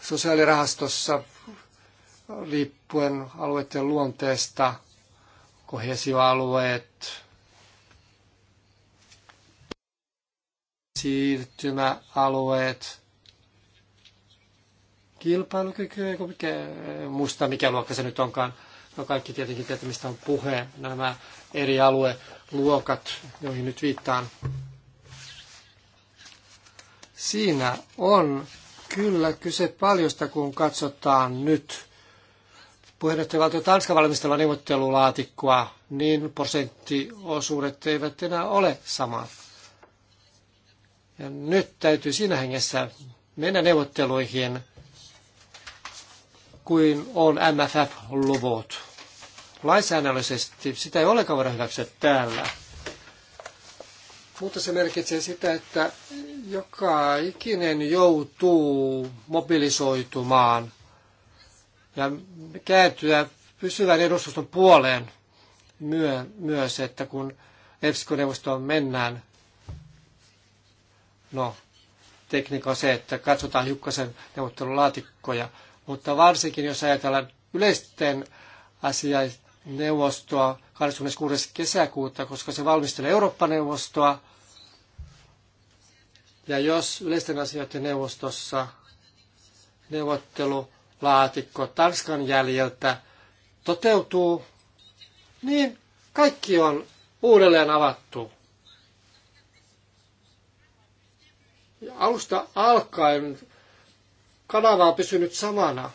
sosiaalirahastossa riippuen alueiden luonteesta, kohesioalueet, siirtymäalueet, kilpailukyky, mikä, muista mikä luokka se nyt onkaan. No kaikki tietenkin tietää, mistä on puhe, nämä eri alueluokat, joihin nyt viittaan. Siinä on kyllä kyse paljosta, kun katsotaan nyt puheenjohtajavaltio Tanska valmistella neuvottelulaatikkoa, niin prosenttiosuudet eivät enää ole samat. Ja nyt täytyy siinä hengessä mennä neuvotteluihin – kuin on MFF-luvut. Lainsäädännöllisesti sitä ei olekaan voida hyväksyä täällä. Mutta se merkitsee sitä, että joka ikinen joutuu mobilisoitumaan ja kääntyä pysyvän edustuston puoleen myö, myös, että kun EFSCO-neuvostoon mennään, no, tekniikka on se, että katsotaan hiukkasen neuvottelulaatikkoja – mutta varsinkin jos ajatellaan yleisten asianneuvostoa 26. kesäkuuta, koska se valmistelee Eurooppa-neuvostoa. Ja jos yleisten asioiden neuvostossa neuvottelulaatikko Tanskan jäljeltä toteutuu, niin kaikki on uudelleen avattu. Ja alusta alkaen kanava on pysynyt samana.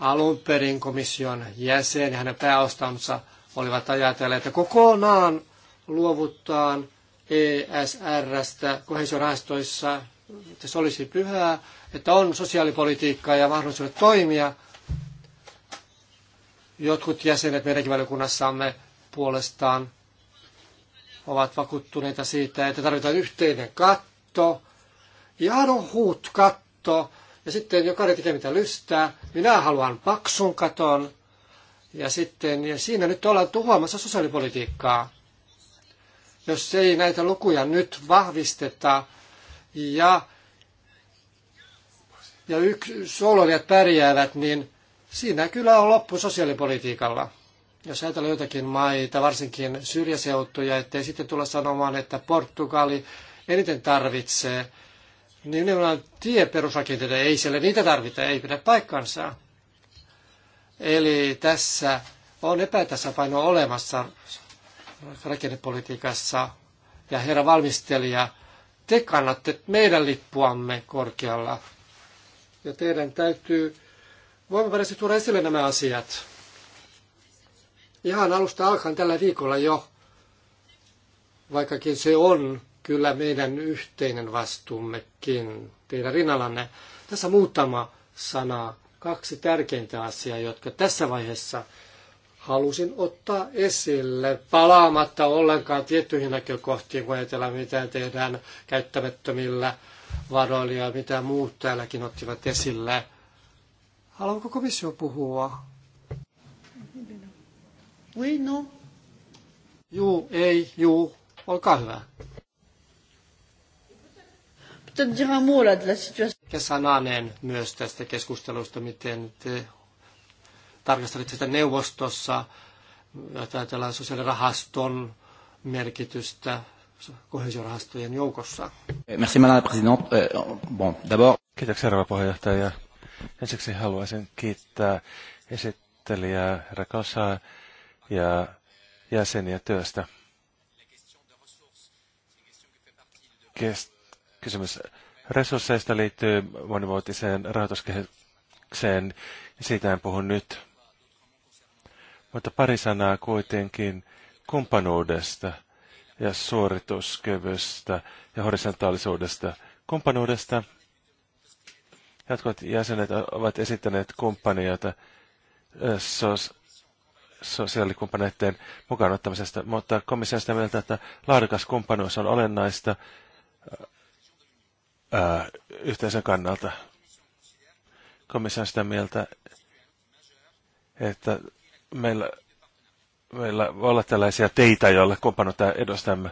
Alun perin komission jäsen ja hänen pääostansa olivat ajatelleet, että kokonaan ESR-stä kohesiorahastoissa, että se olisi pyhää, että on sosiaalipolitiikkaa ja mahdollisuudet toimia. Jotkut jäsenet meidänkin valiokunnassamme puolestaan ovat vakuuttuneita siitä, että tarvitaan yhteinen katto, ja no huut katto. Ja sitten jokainen tekee mitä lystää. Minä haluan paksun katon. Ja sitten ja siinä nyt ollaan tuhoamassa sosiaalipolitiikkaa. Jos ei näitä lukuja nyt vahvisteta ja, ja yksi pärjäävät, niin siinä kyllä on loppu sosiaalipolitiikalla. Jos ajatellaan jotakin maita, varsinkin syrjäseutuja, ettei sitten tulla sanomaan, että Portugali eniten tarvitsee niin on tie perusrakenteita ei siellä, niitä tarvita, ei pidä paikkansa. Eli tässä on epätasapaino olemassa rakennepolitiikassa. Ja herra valmistelija, te kannatte meidän lippuamme korkealla. Ja teidän täytyy voimavaraisesti tuoda esille nämä asiat. Ihan alusta alkaen tällä viikolla jo, vaikkakin se on kyllä meidän yhteinen vastuummekin teidän rinnallanne. Tässä muutama sana, kaksi tärkeintä asiaa, jotka tässä vaiheessa halusin ottaa esille palaamatta ollenkaan tiettyihin näkökohtiin, kun ajatellaan, mitä tehdään käyttämättömillä varoilla ja mitä muut täälläkin ottivat esille. Haluanko komissio puhua? Oui, no. Juu, ei, juu. Olkaa hyvä. Ehkä sananen myös tästä keskustelusta, miten te tarkastelitte sitä neuvostossa, jos ajatellaan sosiaalirahaston merkitystä kohesiorahastojen joukossa. Merci, madame la présidente. Euh, bon, d'abord... Kiitoksia, herra puheenjohtaja. Ensiksi haluaisin kiittää esittelijää herra Kasaa ja jäseniä työstä. Kest Kysymys resursseista liittyy monivuotiseen rahoituskehitykseen, ja siitä en puhu nyt. Mutta pari sanaa kuitenkin kumppanuudesta ja suorituskyvystä ja horisontaalisuudesta. Kumppanuudesta Jatkuvat jäsenet ovat esittäneet kumppanioita sos, sosiaalikumppaneiden mukaan ottamisesta, mutta komissio on sitä mieltä, että laadukas kumppanuus on olennaista ää, äh, yhteisön kannalta. Komissio on sitä mieltä, että meillä, meillä voi olla tällaisia teitä, joilla kumppanuutta edustamme.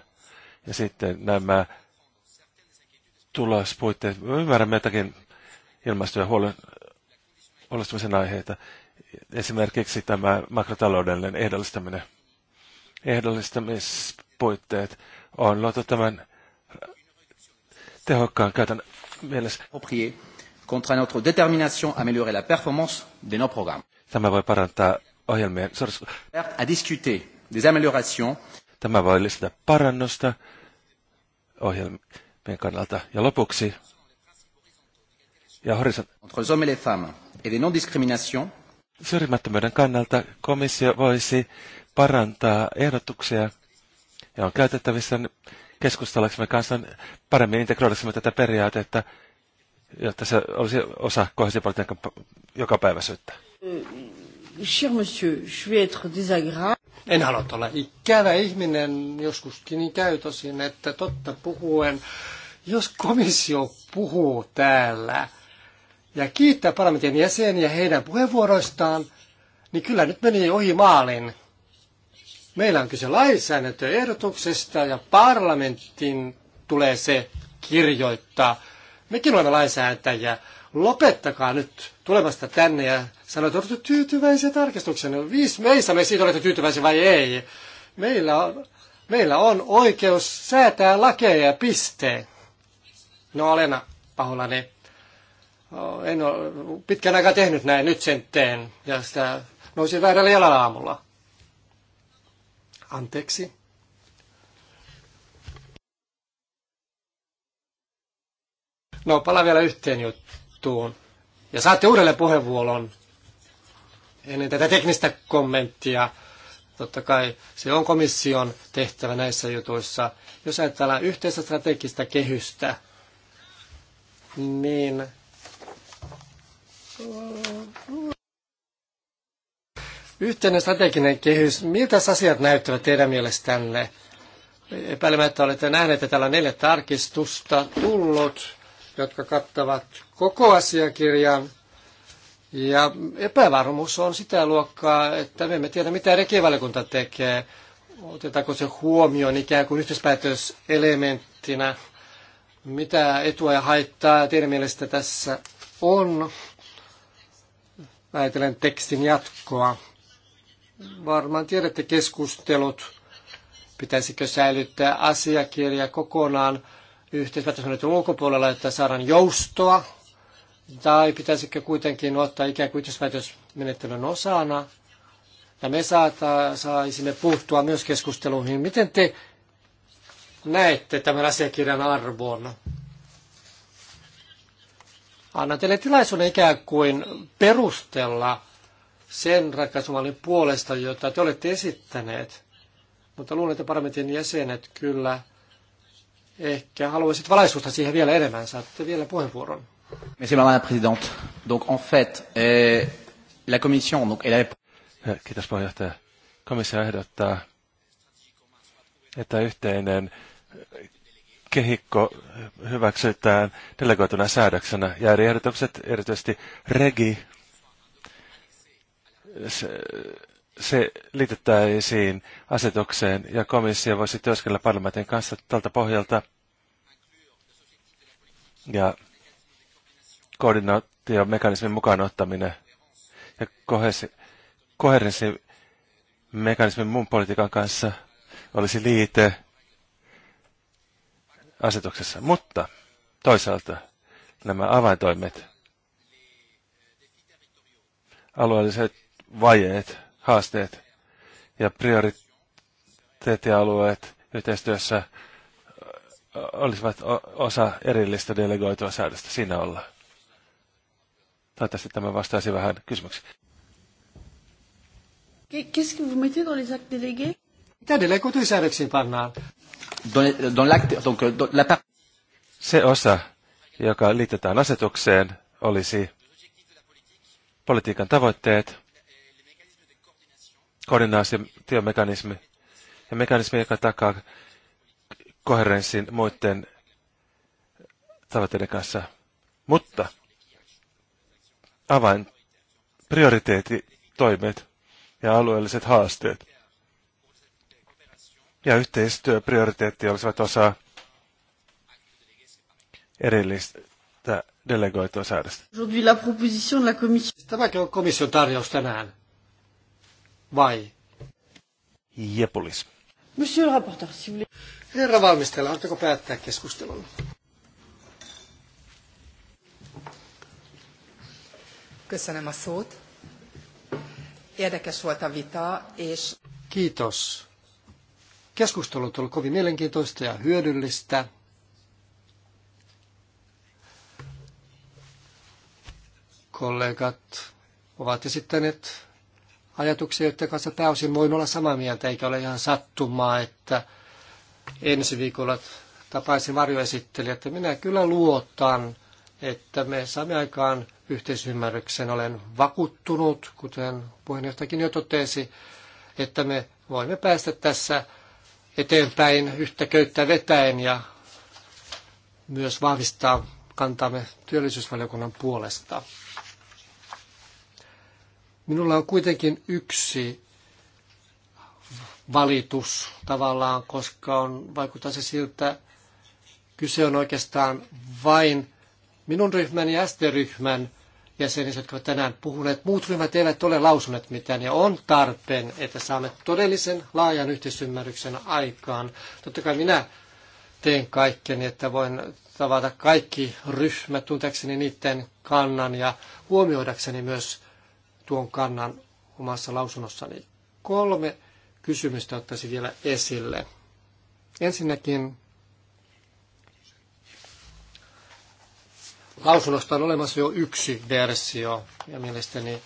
Ja sitten nämä tulospuitteet. Me ymmärrämme jotakin ilmasto- ja huolen, huolestumisen aiheita. Esimerkiksi tämä makrotaloudellinen ehdollistaminen. Ehdollistamispuitteet on luotu tämän tehokkaan käytön mielessä. Contra notre détermination améliorer la performance de nos programmes. Tämä voi parantaa ohjelmien... À discuter des améliorations. Tämä voi lisätä parannusta ohjelmien kannalta. Ja lopuksi ja horisont... Entre les hommes et les femmes et les non-discriminations. Syrjimättömyyden kannalta komissio voisi parantaa ehdotuksia ja on käytettävissä keskustellaksemme kanssa paremmin integroidaksemme tätä periaatetta, jotta se olisi osa kohdallisen joka päivä syyttä. Euh, cher monsieur, je vais être désagréable. En halua olla ikävä ihminen, joskuskin niin käy tosin, että totta puhuen, jos komissio puhuu täällä ja kiittää parlamentin jäseniä heidän puheenvuoroistaan, niin kyllä nyt meni ohi maalin. Meillä on kyse lainsäädäntöehdotuksesta ja parlamentin tulee se kirjoittaa. Mekin olemme lainsäätäjiä. Lopettakaa nyt tulemasta tänne ja sanoit, että olette tyytyväisiä tarkistuksen. No, Viisi meissä me siitä olette tyytyväisiä vai ei. Meillä on, meillä on oikeus säätää lakeja ja piste. No Alena paholani. En ole pitkän aikaa tehnyt näin, nyt sen teen. Ja sitä nousin väärällä jalalla aamulla. Anteeksi. No, palaan vielä yhteen juttuun. Ja saatte uudelleen puheenvuoron ennen tätä teknistä kommenttia. Totta kai se on komission tehtävä näissä jutuissa. Jos ajatellaan yhteistä strategista kehystä, niin Yhteinen strateginen kehys, miltä asiat näyttävät teidän mielestänne? Epäilemättä olette nähneet, että täällä on neljä tarkistusta tullut, jotka kattavat koko asiakirjan. Ja epävarmuus on sitä luokkaa, että me emme tiedä, mitä rekivaliokunta tekee. Otetaanko se huomioon ikään kuin yhteispäätöselementtinä? Mitä etua ja haittaa teidän mielestä tässä on? Ajatellen tekstin jatkoa varmaan tiedätte keskustelut, pitäisikö säilyttää asiakirja kokonaan yhteispäätösmenettelyn ulkopuolella, että saadaan joustoa, tai pitäisikö kuitenkin ottaa ikään kuin yhteispäätösmenettelyn osana, ja me saata, saisimme puuttua myös keskusteluihin. Miten te näette tämän asiakirjan arvon? Annan teille tilaisuuden ikään kuin perustella sen ratkaisumallin puolesta, jota te olette esittäneet. Mutta luulen, että parlamentin jäsenet kyllä ehkä haluaisit valaisuutta siihen vielä enemmän. Saatte vielä puheenvuoron. Monsieur Madame la Présidente, donc en fait, eh, la Commission, donc elle eh, Kiitos puheenjohtaja. Komissio ehdottaa, että yhteinen kehikko hyväksytään delegoituna säädöksenä ja eri ehdotukset, erityisesti regi, se, se liitettäisiin asetukseen ja komissio voisi työskennellä parlamentin kanssa tältä pohjalta ja koordinaatiomekanismin mukaan ottaminen ja koherenssi mekanismin muun politiikan kanssa olisi liite asetuksessa. Mutta toisaalta nämä avaintoimet, alueelliset vajeet, haasteet ja prioriteettialueet yhteistyössä olisivat osa erillistä delegoitua säädöstä. Siinä ollaan. Toivottavasti tämä vastaisi vähän kysymyksiin. Qu'est-ce que vous mettez dans les actes délégués? Mitä delegoituja säädöksiä pannaan? Dans l'acte, donc la Se osa, joka liitetään asetukseen, olisi politiikan tavoitteet, koordinaatiomekanismi ja mekanismi, joka takaa koherenssin muiden tavoitteiden kanssa. Mutta avain toimet ja alueelliset haasteet ja yhteistyöprioriteetti olisivat osa erillistä delegoitua säädöstä. Tämäkin on komission tarjous tänään vai? Jepolis. Monsieur le rapporteur, si vous Herra valmistella, antako päättää keskustelun? Köszönöm a szót. Érdekes volt a vita, és... Kiitos. Keskustelu on ollut kovin mielenkiintoista ja hyödyllistä. Kollegat ovat esittäneet ajatuksia, joiden kanssa pääosin voin olla samaa mieltä, eikä ole ihan sattumaa, että ensi viikolla tapaisin varjoesittelijä, että minä kyllä luotan, että me saamme aikaan yhteisymmärryksen. Olen vakuttunut, kuten puheenjohtajakin jo totesi, että me voimme päästä tässä eteenpäin yhtä köyttä vetäen ja myös vahvistaa kantamme työllisyysvaliokunnan puolesta. Minulla on kuitenkin yksi valitus tavallaan, koska on, vaikuttaa se siltä, kyse on oikeastaan vain minun ryhmän ja ST-ryhmän jäsenistä, jotka ovat tänään puhuneet. Muut ryhmät eivät ole lausuneet mitään ja on tarpeen, että saamme todellisen laajan yhteisymmärryksen aikaan. Totta kai minä teen kaikkeni, että voin tavata kaikki ryhmät, tunteakseni niiden kannan ja huomioidakseni myös tuon kannan omassa lausunnossani. Kolme kysymystä ottaisin vielä esille. Ensinnäkin lausunnosta on olemassa jo yksi versio, ja mielestäni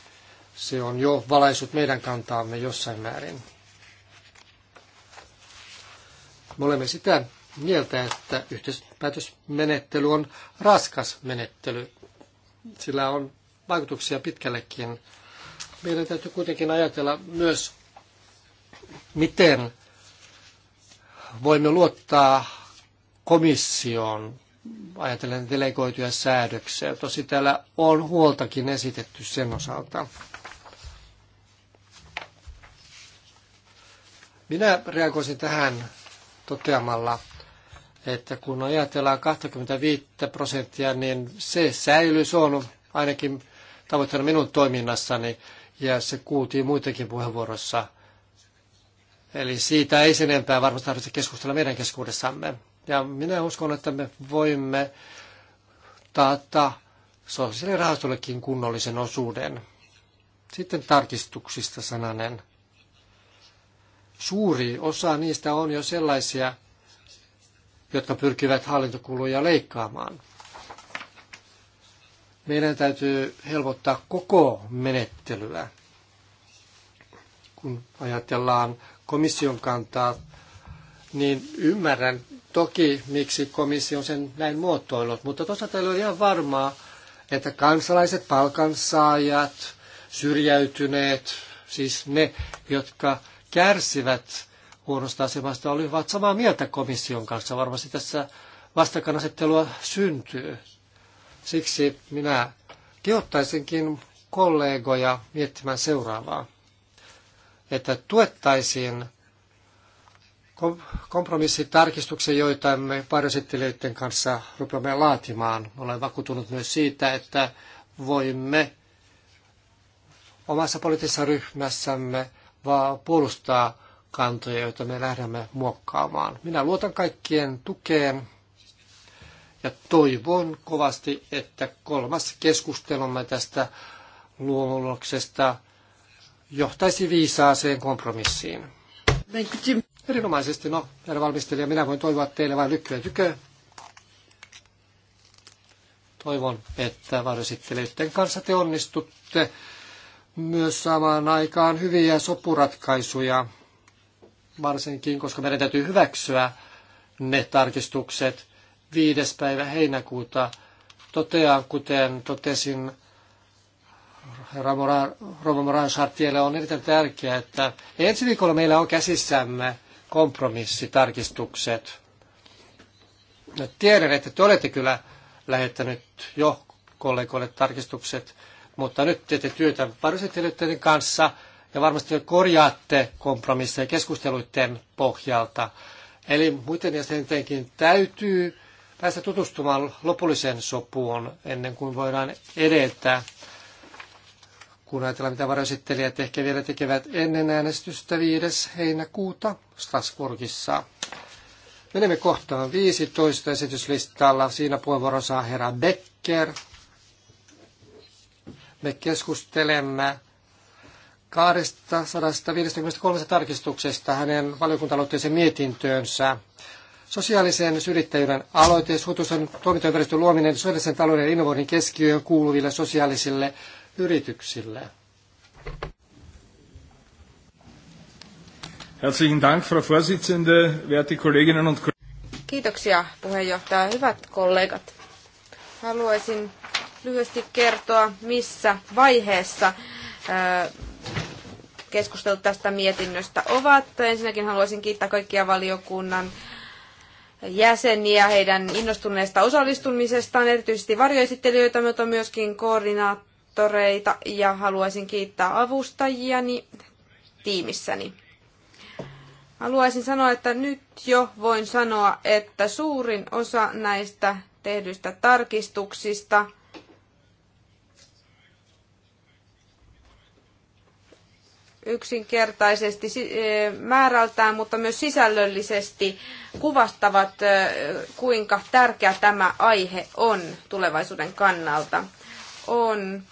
se on jo valaisut meidän kantaamme jossain määrin. Me olemme sitä mieltä, että yhteispäätösmenettely on raskas menettely. Sillä on vaikutuksia pitkällekin meidän täytyy kuitenkin ajatella myös, miten voimme luottaa komissioon ajatellen delegoituja säädöksiä. Tosi täällä on huoltakin esitetty sen osalta. Minä reagoisin tähän toteamalla, että kun ajatellaan 25 prosenttia, niin se säilyy, se on ainakin tavoitteena minun toiminnassani ja se kuultiin muitakin puheenvuorossa. Eli siitä ei sen enempää varmasti tarvitse keskustella meidän keskuudessamme. Ja minä uskon, että me voimme taata rahastollekin kunnollisen osuuden. Sitten tarkistuksista sananen. Suuri osa niistä on jo sellaisia, jotka pyrkivät hallintokuluja leikkaamaan. Meidän täytyy helpottaa koko menettelyä. Kun ajatellaan komission kantaa, niin ymmärrän toki, miksi komissio on sen näin muotoillut, mutta tuossa täällä on ihan varmaa, että kansalaiset, palkansaajat, syrjäytyneet, siis ne, jotka kärsivät huonosta asemasta, olivat samaa mieltä komission kanssa. Varmasti tässä vastakkainasettelua syntyy. Siksi minä kehottaisinkin kollegoja miettimään seuraavaa, että tuettaisiin kompromissitarkistuksia, joita me varjosittelijöiden kanssa rupeamme laatimaan. Olen vakuutunut myös siitä, että voimme omassa poliittisessa ryhmässämme vaan puolustaa kantoja, joita me lähdemme muokkaamaan. Minä luotan kaikkien tukeen ja toivon kovasti, että kolmas keskustelumme tästä luonnoksesta johtaisi viisaaseen kompromissiin. Erinomaisesti, no, herra valmistelija, minä voin toivoa teille vain lykkyä tykö. Toivon, että varsittelijöiden kanssa te onnistutte myös samaan aikaan hyviä sopuratkaisuja, varsinkin koska meidän täytyy hyväksyä ne tarkistukset, 5. päivä heinäkuuta toteaa, kuten totesin Rova Moran on erittäin tärkeää, että ensi viikolla meillä on käsissämme kompromissitarkistukset. No, tiedän, että te olette kyllä lähettänyt jo kollegoille tarkistukset, mutta nyt teette työtä varustetelijoiden kanssa ja varmasti korjaatte kompromisseja keskusteluiden pohjalta. Eli muiden jäsentenkin täytyy päästä tutustumaan lopulliseen sopuun ennen kuin voidaan edetä. Kun ajatellaan, mitä varjoesittelijät ehkä vielä tekevät ennen äänestystä 5. heinäkuuta Strasbourgissa. Menemme kohtaan 15 esityslistalla. Siinä puheenvuoro saa herra Becker. Me keskustelemme 253 tarkistuksesta hänen valiokuntaloitteeseen mietintöönsä Sosiaalisen yrittäjyyden aloite, suotuisan toimintaympäristön luominen sosiaalisen talouden ja innovoinnin keskiöön kuuluville sosiaalisille yrityksille. Herzlichen Dank, Frau Vorsitzende, werte Kolleginnen und Kiitoksia puheenjohtaja. Hyvät kollegat, haluaisin lyhyesti kertoa, missä vaiheessa keskustelut tästä mietinnöstä ovat. Ensinnäkin haluaisin kiittää kaikkia valiokunnan jäseniä heidän innostuneesta osallistumisestaan, erityisesti varjoesittelijöitä, mutta myöskin koordinaattoreita ja haluaisin kiittää avustajiani tiimissäni. Haluaisin sanoa, että nyt jo voin sanoa, että suurin osa näistä tehdyistä tarkistuksista – yksinkertaisesti eh, määrältään, mutta myös sisällöllisesti kuvastavat, eh, kuinka tärkeä tämä aihe on tulevaisuuden kannalta. On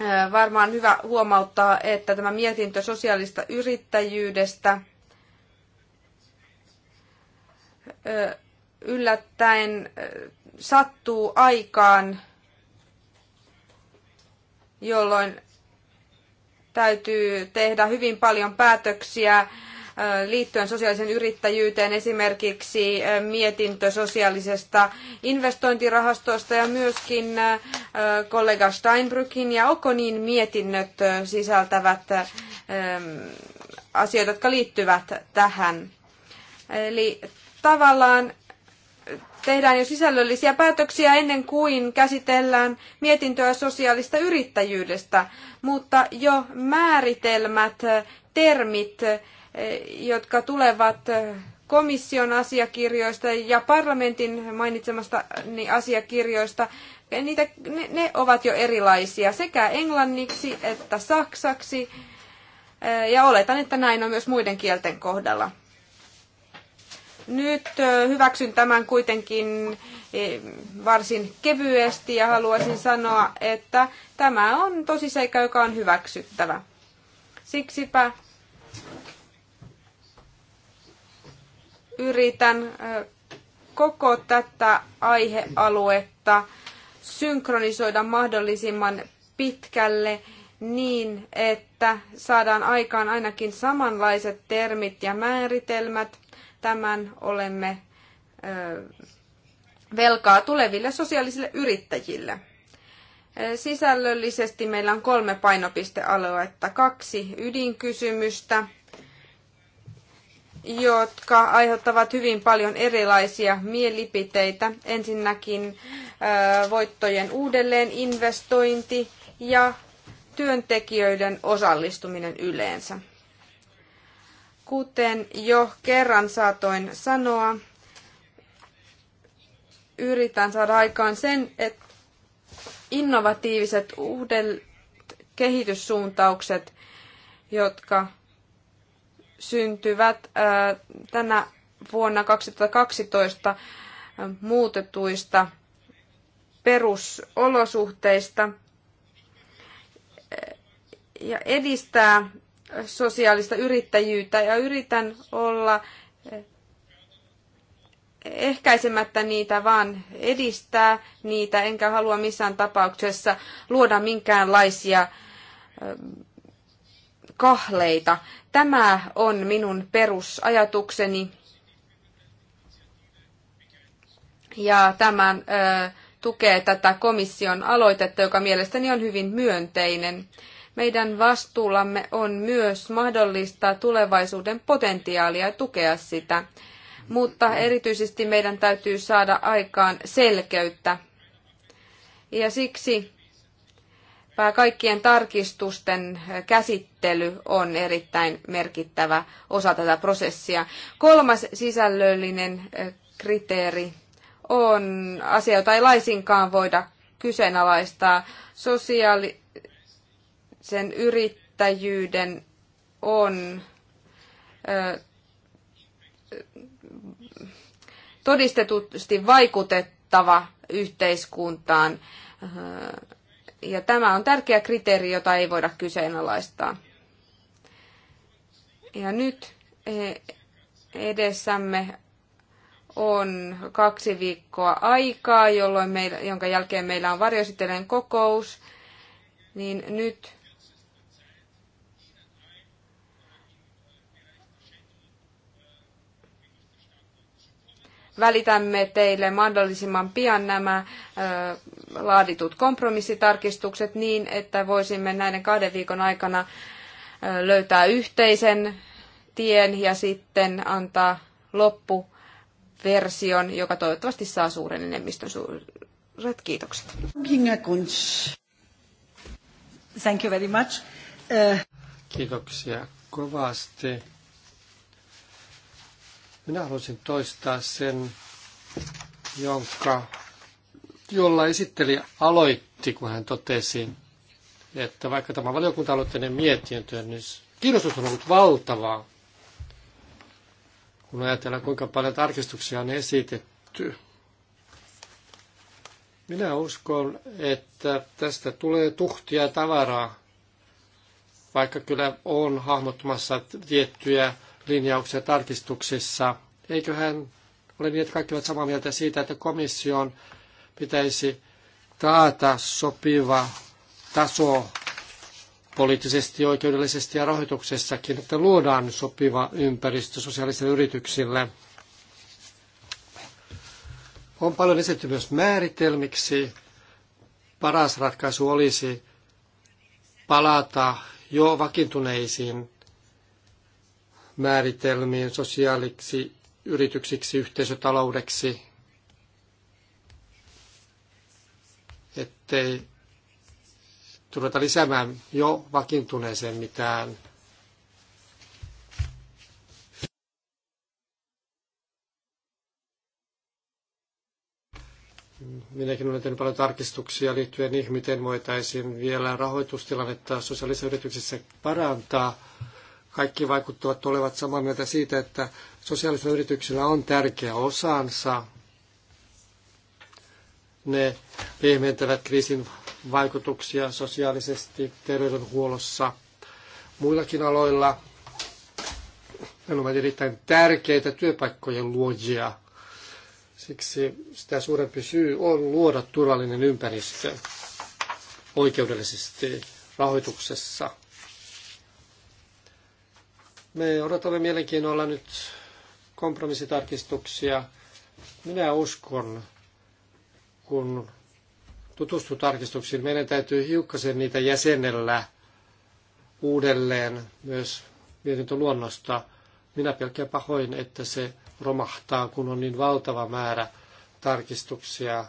eh, varmaan hyvä huomauttaa, että tämä mietintö sosiaalista yrittäjyydestä yllättäen sattuu aikaan, jolloin täytyy tehdä hyvin paljon päätöksiä liittyen sosiaalisen yrittäjyyteen, esimerkiksi mietintö sosiaalisesta investointirahastosta ja myöskin kollega Steinbrückin ja Okonin mietinnöt sisältävät asioita, jotka liittyvät tähän. Eli tavallaan tehdään jo sisällöllisiä päätöksiä ennen kuin käsitellään mietintöä sosiaalista yrittäjyydestä, mutta jo määritelmät, termit, eh, jotka tulevat komission asiakirjoista ja parlamentin mainitsemasta niin asiakirjoista, eh, niitä, ne, ne ovat jo erilaisia sekä englanniksi että saksaksi. Eh, ja oletan, että näin on myös muiden kielten kohdalla. Nyt hyväksyn tämän kuitenkin e, varsin kevyesti ja haluaisin sanoa, että tämä on tosiseikka, joka on hyväksyttävä. Siksipä yritän koko tätä aihealuetta synkronisoida mahdollisimman pitkälle niin, että saadaan aikaan ainakin samanlaiset termit ja määritelmät – Tämän olemme velkaa tuleville sosiaalisille yrittäjille. Sisällöllisesti meillä on kolme painopistealuetta, kaksi ydinkysymystä, jotka aiheuttavat hyvin paljon erilaisia mielipiteitä. Ensinnäkin voittojen uudelleen investointi ja työntekijöiden osallistuminen yleensä. Kuten jo kerran saatoin sanoa, yritän saada aikaan sen, että innovatiiviset uudet kehityssuuntaukset, jotka syntyvät tänä vuonna 2012 muutetuista perusolosuhteista ja edistää sosiaalista yrittäjyyttä ja yritän olla eh, ehkäisemättä niitä, vaan edistää niitä, enkä halua missään tapauksessa luoda minkäänlaisia eh, kahleita. Tämä on minun perusajatukseni ja tämän eh, tukee tätä komission aloitetta, joka mielestäni on hyvin myönteinen. Meidän vastuullamme on myös mahdollistaa tulevaisuuden potentiaalia ja tukea sitä. Mutta erityisesti meidän täytyy saada aikaan selkeyttä. Ja siksi kaikkien tarkistusten käsittely on erittäin merkittävä osa tätä prosessia. Kolmas sisällöllinen eh, kriteeri on asia, jota ei laisinkaan voida kyseenalaistaa. Sosiaali- sen yrittäjyyden on todistetusti vaikutettava yhteiskuntaan. Ja tämä on tärkeä kriteeri, jota ei voida kyseenalaistaa. Ja nyt e, edessämme on kaksi viikkoa aikaa, jolloin meillä, jonka jälkeen meillä on varjositellen kokous, niin nyt välitämme teille mahdollisimman pian nämä laaditut kompromissitarkistukset niin, että voisimme näiden kahden viikon aikana löytää yhteisen tien ja sitten antaa loppuversion, joka toivottavasti saa suuren enemmistön suuret kiitokset. Thank you very much. Uh, Kiitoksia kovasti. Minä haluaisin toistaa sen, jonka, jolla esitteli aloitti, kun hän totesi, että vaikka tämä valiokunta-aloitteinen mietintö, niin kiinnostus on ollut valtavaa, kun ajatellaan kuinka paljon tarkistuksia on esitetty. Minä uskon, että tästä tulee tuhtia tavaraa, vaikka kyllä on hahmottumassa tiettyjä linjauksia tarkistuksissa. Eiköhän ole niin, että kaikki ovat samaa mieltä siitä, että komission pitäisi taata sopiva taso poliittisesti, oikeudellisesti ja rahoituksessakin, että luodaan sopiva ympäristö sosiaalisille yrityksille. On paljon esitetty myös määritelmiksi. Paras ratkaisu olisi palata jo vakiintuneisiin määritelmiin sosiaaliksi yrityksiksi, yhteisötaloudeksi, ettei tuleta lisäämään jo vakiintuneeseen mitään. Minäkin olen tehnyt paljon tarkistuksia liittyen niihin, miten voitaisiin vielä rahoitustilannetta sosiaalisissa yrityksissä parantaa kaikki vaikuttavat olevat samaa mieltä siitä, että sosiaalisilla yrityksillä on tärkeä osansa. Ne pehmentävät kriisin vaikutuksia sosiaalisesti terveydenhuollossa muillakin aloilla. Ne ovat erittäin tärkeitä työpaikkojen luojia. Siksi sitä suurempi syy on luoda turvallinen ympäristö oikeudellisesti rahoituksessa me odotamme mielenkiinnolla nyt kompromissitarkistuksia. Minä uskon, kun tutustu tarkistuksiin, meidän täytyy hiukkasen niitä jäsenellä uudelleen myös mietintöluonnosta. Minä pelkään pahoin, että se romahtaa, kun on niin valtava määrä tarkistuksia.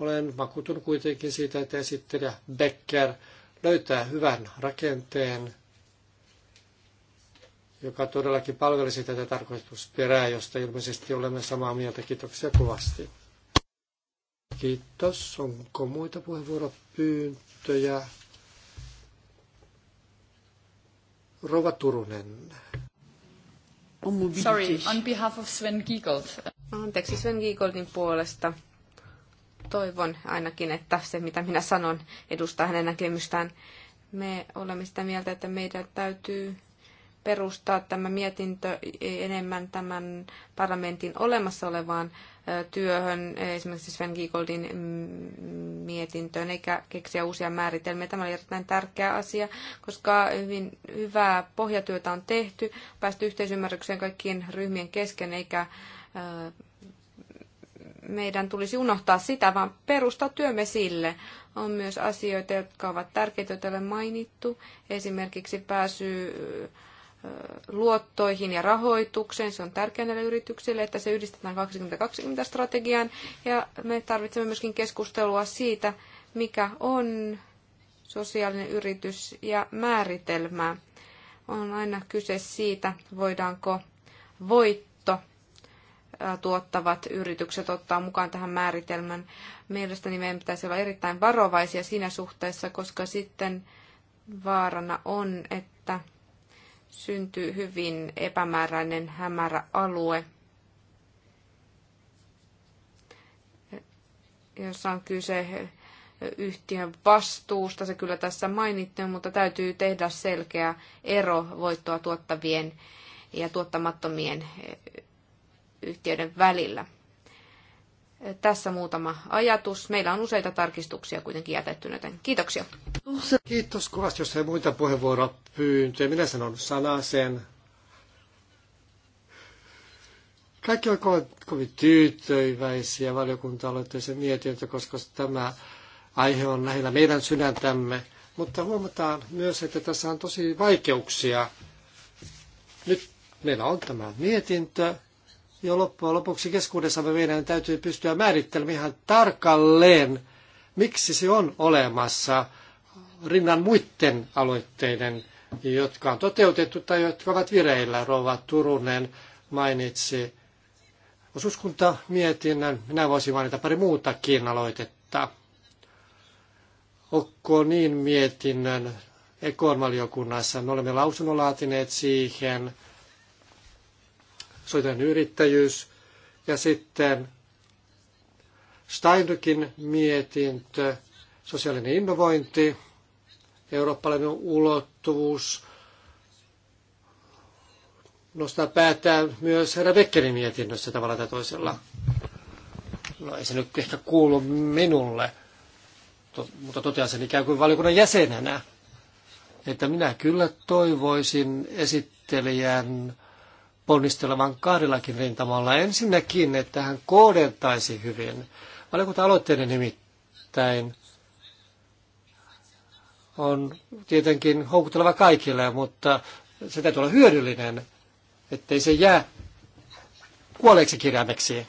Olen vakuutunut kuitenkin siitä, että esittelijä Becker löytää hyvän rakenteen joka todellakin palvelisi tätä tarkoitusperää, josta ilmeisesti olemme samaa mieltä. Kiitoksia kovasti. Kiitos. Onko muita puheenvuoropyyntöjä? Rova Turunen. Sorry, on behalf of Sven Giegold. Anteeksi Sven Giegoldin puolesta. Toivon ainakin, että se mitä minä sanon edustaa hänen näkemystään. Me olemme sitä mieltä, että meidän täytyy perustaa tämä mietintö enemmän tämän parlamentin olemassa olevaan työhön, esimerkiksi Sven Giegoldin mm, mietintöön, eikä keksiä uusia määritelmiä. Tämä oli erittäin tärkeä asia, koska hyvin hyvää pohjatyötä on tehty, päästy yhteisymmärrykseen kaikkien ryhmien kesken, eikä meidän tulisi unohtaa sitä, vaan perustaa työmme sille. On myös asioita, jotka ovat tärkeitä, joita mainittu. Esimerkiksi pääsy luottoihin ja rahoitukseen. Se on tärkeää näille yrityksille, että se yhdistetään 2020-strategiaan. Ja me tarvitsemme myöskin keskustelua siitä, mikä on sosiaalinen yritys ja määritelmä On aina kyse siitä, voidaanko voitto tuottavat yritykset ottaa mukaan tähän määritelmän. Mielestäni meidän pitäisi olla erittäin varovaisia siinä suhteessa, koska sitten vaarana on, että syntyy hyvin epämääräinen hämärä alue, jossa on kyse yhtiön vastuusta. Se kyllä tässä mainittiin, mutta täytyy tehdä selkeä ero voittoa tuottavien ja tuottamattomien yhtiöiden välillä. Tässä muutama ajatus. Meillä on useita tarkistuksia kuitenkin jätetty, näiden. kiitoksia. Kiitos kovasti, jos ei muita pyyntöjä Minä sanon sana sen. Kaikki kovin, kovin tyytyväisiä valiokunta-aloitteeseen mietintö, koska tämä aihe on lähellä meidän sydäntämme. Mutta huomataan myös, että tässä on tosi vaikeuksia. Nyt meillä on tämä mietintö, jo loppujen lopuksi keskuudessamme meidän täytyy pystyä määrittelemään ihan tarkalleen, miksi se on olemassa rinnan muiden aloitteiden, jotka on toteutettu tai jotka ovat vireillä. Rova Turunen mainitsi osuuskuntamietinnän. Minä voisin mainita pari muutakin aloitetta. Okko niin mietinnön ekonvaliokunnassa. Me olemme lausunnon laatineet siihen soiden yrittäjyys ja sitten Steinrykin mietintö, sosiaalinen innovointi, eurooppalainen ulottuvuus, nostaa päätään myös herra Beckerin mietinnössä tavalla tai toisella. No ei se nyt ehkä kuulu minulle, to, mutta totean sen ikään kuin valiokunnan jäsenenä, että minä kyllä toivoisin esittelijän ponnistelevan kahdellakin rintamalla. Ensinnäkin, että hän kohdentaisi hyvin. Valiokunta aloitteiden nimittäin on tietenkin houkutteleva kaikille, mutta se täytyy olla hyödyllinen, ettei se jää kuoleeksi kirjaimeksi.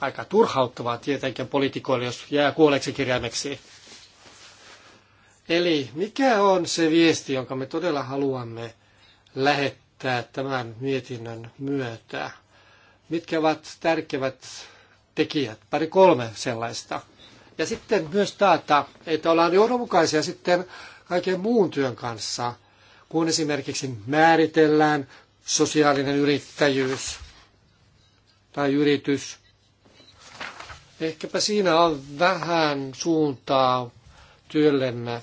Aika turhauttavaa tietenkin poliitikoille, jos jää kuoleeksi kirjaimeksi. Eli mikä on se viesti, jonka me todella haluamme lähettää? esittää tämän mietinnön myötä? Mitkä ovat tärkevät tekijät? Pari kolme sellaista. Ja sitten myös taata, että ollaan johdonmukaisia sitten kaiken muun työn kanssa, kun esimerkiksi määritellään sosiaalinen yrittäjyys tai yritys. Ehkäpä siinä on vähän suuntaa työllemme,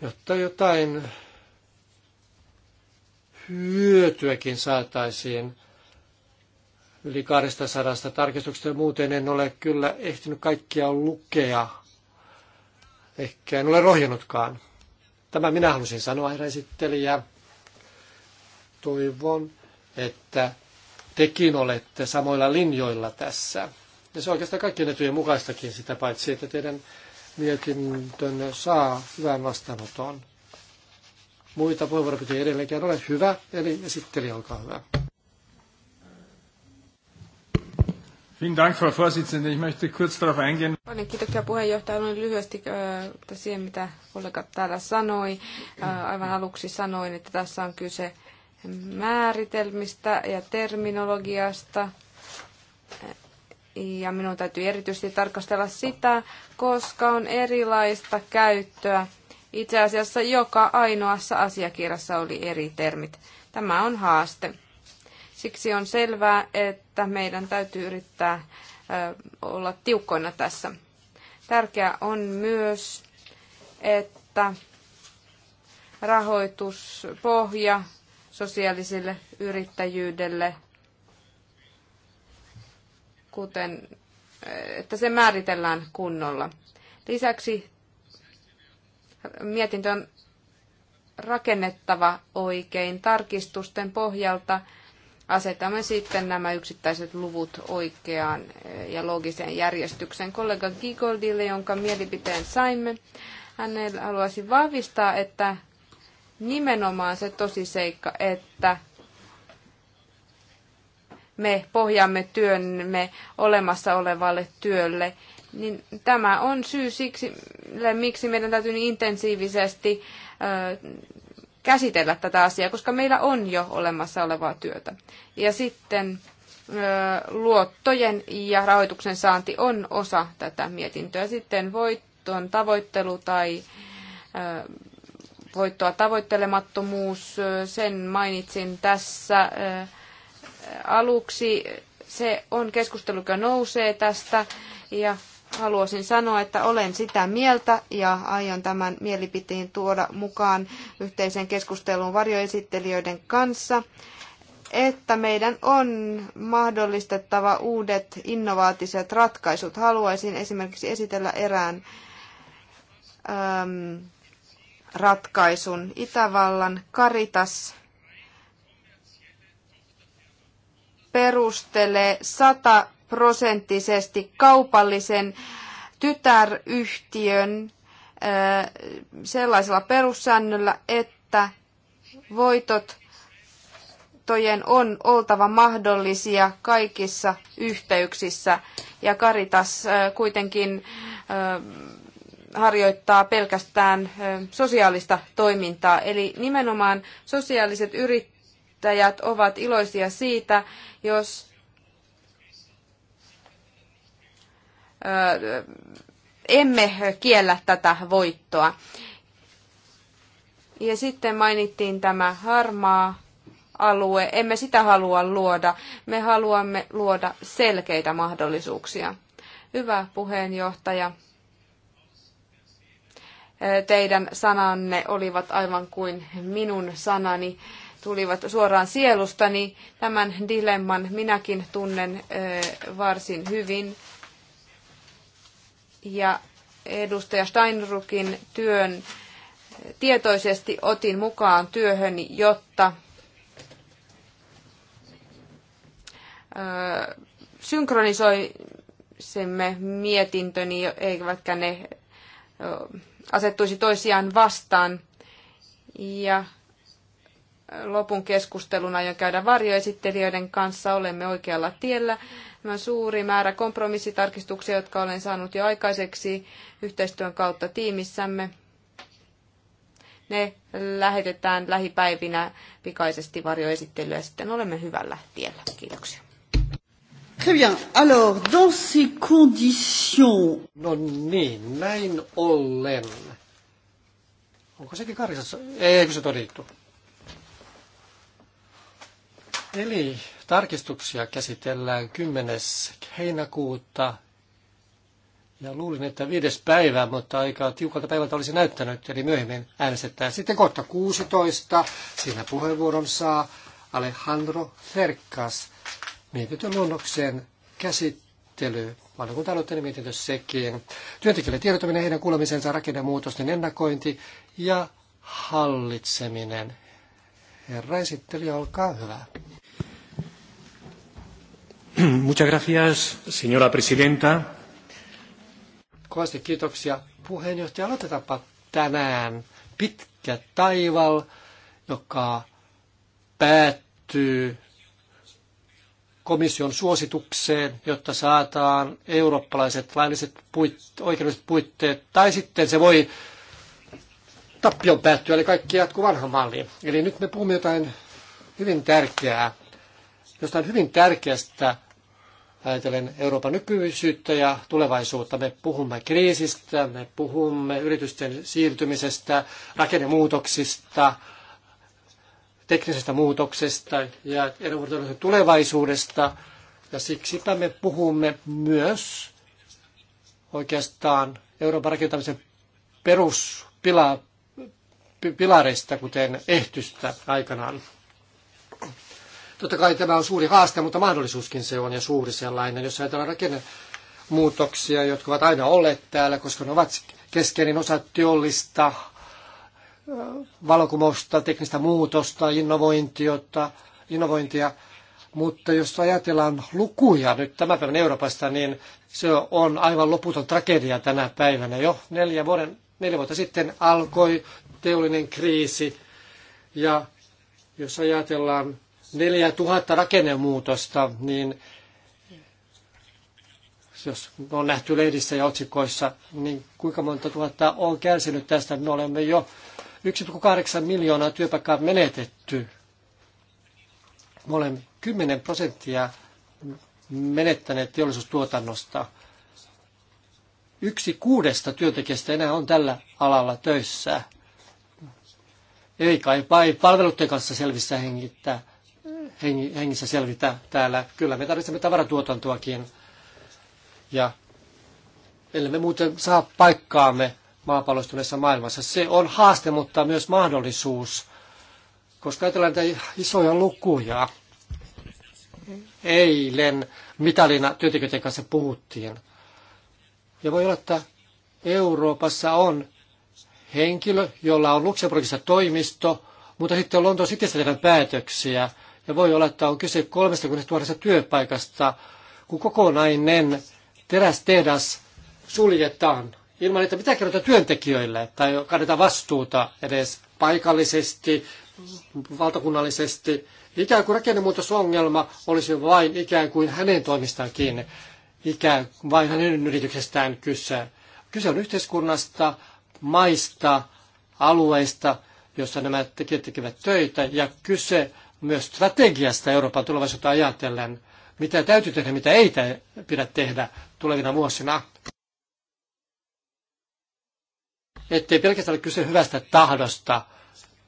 jotta jotain hyötyäkin saataisiin yli 200 tarkistuksesta. Muuten en ole kyllä ehtinyt kaikkia lukea. Ehkä en ole rohjennutkaan. Tämä minä halusin sanoa, herra esittelijä. Toivon, että tekin olette samoilla linjoilla tässä. Ja se on oikeastaan kaikkien etujen mukaistakin sitä paitsi, että teidän mietintönne saa hyvän vastaanoton. Muita puheenvuoropyyntöjä edelleenkään ole. Hyvä, eli esittelijä, olkaa hyvä. Vielen Dank, Frau Vorsitzende. Ich möchte kurz darauf eingehen. Paljon kiitoksia puheenjohtaja. Olen lyhyesti äh, siihen, mitä kollega täällä sanoi. Äh, aivan aluksi sanoin, että tässä on kyse määritelmistä ja terminologiasta. Ja minun täytyy erityisesti tarkastella sitä, koska on erilaista käyttöä itse asiassa joka ainoassa asiakirjassa oli eri termit. Tämä on haaste. Siksi on selvää, että meidän täytyy yrittää olla tiukkoina tässä. Tärkeää on myös, että rahoituspohja sosiaaliselle yrittäjyydelle, kuten, että se määritellään kunnolla. Lisäksi mietintö on rakennettava oikein tarkistusten pohjalta. Asetamme sitten nämä yksittäiset luvut oikeaan eh, ja loogiseen järjestykseen. Kollega Gigoldille, jonka mielipiteen saimme, hänellä haluaisi vahvistaa, että nimenomaan se tosiseikka, että me pohjaamme työnne olemassa olevalle työlle niin tämä on syy siksi, miksi meidän täytyy niin intensiivisesti käsitellä tätä asiaa, koska meillä on jo olemassa olevaa työtä. Ja sitten luottojen ja rahoituksen saanti on osa tätä mietintöä. Sitten voiton tavoittelu tai voittoa tavoittelemattomuus, sen mainitsin tässä aluksi. Se on keskustelu, joka nousee tästä ja haluaisin sanoa, että olen sitä mieltä ja aion tämän mielipiteen tuoda mukaan yhteiseen keskusteluun varjoesittelijöiden kanssa, että meidän on mahdollistettava uudet innovaatiset ratkaisut. Haluaisin esimerkiksi esitellä erään äm, ratkaisun Itävallan Karitas perustelee sata prosenttisesti kaupallisen tytäryhtiön sellaisella perussäännöllä, että voitot on oltava mahdollisia kaikissa yhteyksissä ja Karitas kuitenkin harjoittaa pelkästään sosiaalista toimintaa. Eli nimenomaan sosiaaliset yrittäjät ovat iloisia siitä, jos emme kiellä tätä voittoa. Ja sitten mainittiin tämä harmaa alue. Emme sitä halua luoda. Me haluamme luoda selkeitä mahdollisuuksia. Hyvä puheenjohtaja. Teidän sananne olivat aivan kuin minun sanani tulivat suoraan sielustani. Tämän dilemman minäkin tunnen varsin hyvin ja edustaja Steinrukin työn tietoisesti otin mukaan työhön, jotta synkronisoisimme mietintöni, eivätkä ne asettuisi toisiaan vastaan. Ja lopun keskustelun aion käydä varjoesittelijöiden kanssa. Olemme oikealla tiellä. Tämä suuri määrä kompromissitarkistuksia, jotka olen saanut jo aikaiseksi yhteistyön kautta tiimissämme, ne lähetetään lähipäivinä pikaisesti varjoesittelyä ja sitten olemme hyvällä tiellä. Kiitoksia. Très bien. Alors, dans ces conditions... No niin, näin ollen. Onko sekin Ei, se Eli tarkistuksia käsitellään 10. heinäkuuta ja luulin, että viides päivä, mutta aika tiukalta päivältä olisi näyttänyt, eli myöhemmin äänestetään. Sitten kohta 16, siinä puheenvuoron saa Alejandro Ferkas mietitön luonnoksen käsittely, valiokunta aloitteinen mietintö sekin, työntekijöiden tiedottaminen, heidän kuulemisensa, rakennemuutosten ennakointi ja hallitseminen. Herra esittelijä, olkaa hyvä. Muchas gracias, señora presidenta. Kovasti kiitoksia. Puheenjohtaja, aloitetaanpa tänään pitkä taival, joka päättyy komission suositukseen, jotta saataan eurooppalaiset lailliset puit, oikeudelliset puitteet, tai sitten se voi tappion päättyä, eli kaikki jatkuu vanhan malliin. Eli nyt me puhumme jotain hyvin tärkeää, jostain hyvin tärkeästä ajatellen Euroopan nykyisyyttä ja tulevaisuutta. Me puhumme kriisistä, me puhumme yritysten siirtymisestä, rakennemuutoksista, teknisestä muutoksesta ja Euroopan tulevaisuudesta. Ja siksipä me puhumme myös oikeastaan Euroopan rakentamisen peruspilaa pilareista, kuten ehtystä aikanaan. Totta kai tämä on suuri haaste, mutta mahdollisuuskin se on ja suuri sellainen, jos ajatellaan rakennemuutoksia, jotka ovat aina olleet täällä, koska ne ovat keskeinen osa teollista valokumousta, teknistä muutosta, innovointiota, innovointia. Mutta jos ajatellaan lukuja nyt tämän päivän Euroopasta, niin se on aivan loputon tragedia tänä päivänä. Jo neljä vuoden Neljä vuotta sitten alkoi teollinen kriisi ja jos ajatellaan 4000 rakennemuutosta, niin jos on nähty lehdissä ja otsikoissa, niin kuinka monta tuhatta on kärsinyt tästä. Me olemme jo 1,8 miljoonaa työpaikkaa menetetty. Me olemme 10 prosenttia menettäneet teollisuustuotannosta yksi kuudesta työntekijästä enää on tällä alalla töissä. Ei kai vai palveluiden kanssa selvissä hengittää, heng, hengissä selvitä täällä. Kyllä me tarvitsemme tavaratuotantoakin. Ja ellei me muuten saa paikkaamme maapallostuneessa maailmassa. Se on haaste, mutta myös mahdollisuus, koska ajatellaan näitä isoja lukuja. Eilen mitalina työntekijöiden kanssa puhuttiin ja voi olla, että Euroopassa on henkilö, jolla on Luxemburgissa toimisto, mutta sitten Lontoon sitissä tehdään päätöksiä. Ja voi olla, että on kyse 30 000 työpaikasta, kun kokonainen terästehdas suljetaan ilman, että mitä kerrotaan työntekijöille tai kannetaan vastuuta edes paikallisesti, valtakunnallisesti. Ikään kuin rakennemuutosongelma olisi vain ikään kuin hänen toimistaan kiinni kuin vain hänen yrityksestään kyse. Kyse on yhteiskunnasta, maista, alueista, jossa nämä tekijät tekevät töitä, ja kyse myös strategiasta Euroopan tulevaisuutta ajatellen, mitä täytyy tehdä, mitä ei pidä tehdä tulevina vuosina. Ettei pelkästään ole kyse hyvästä tahdosta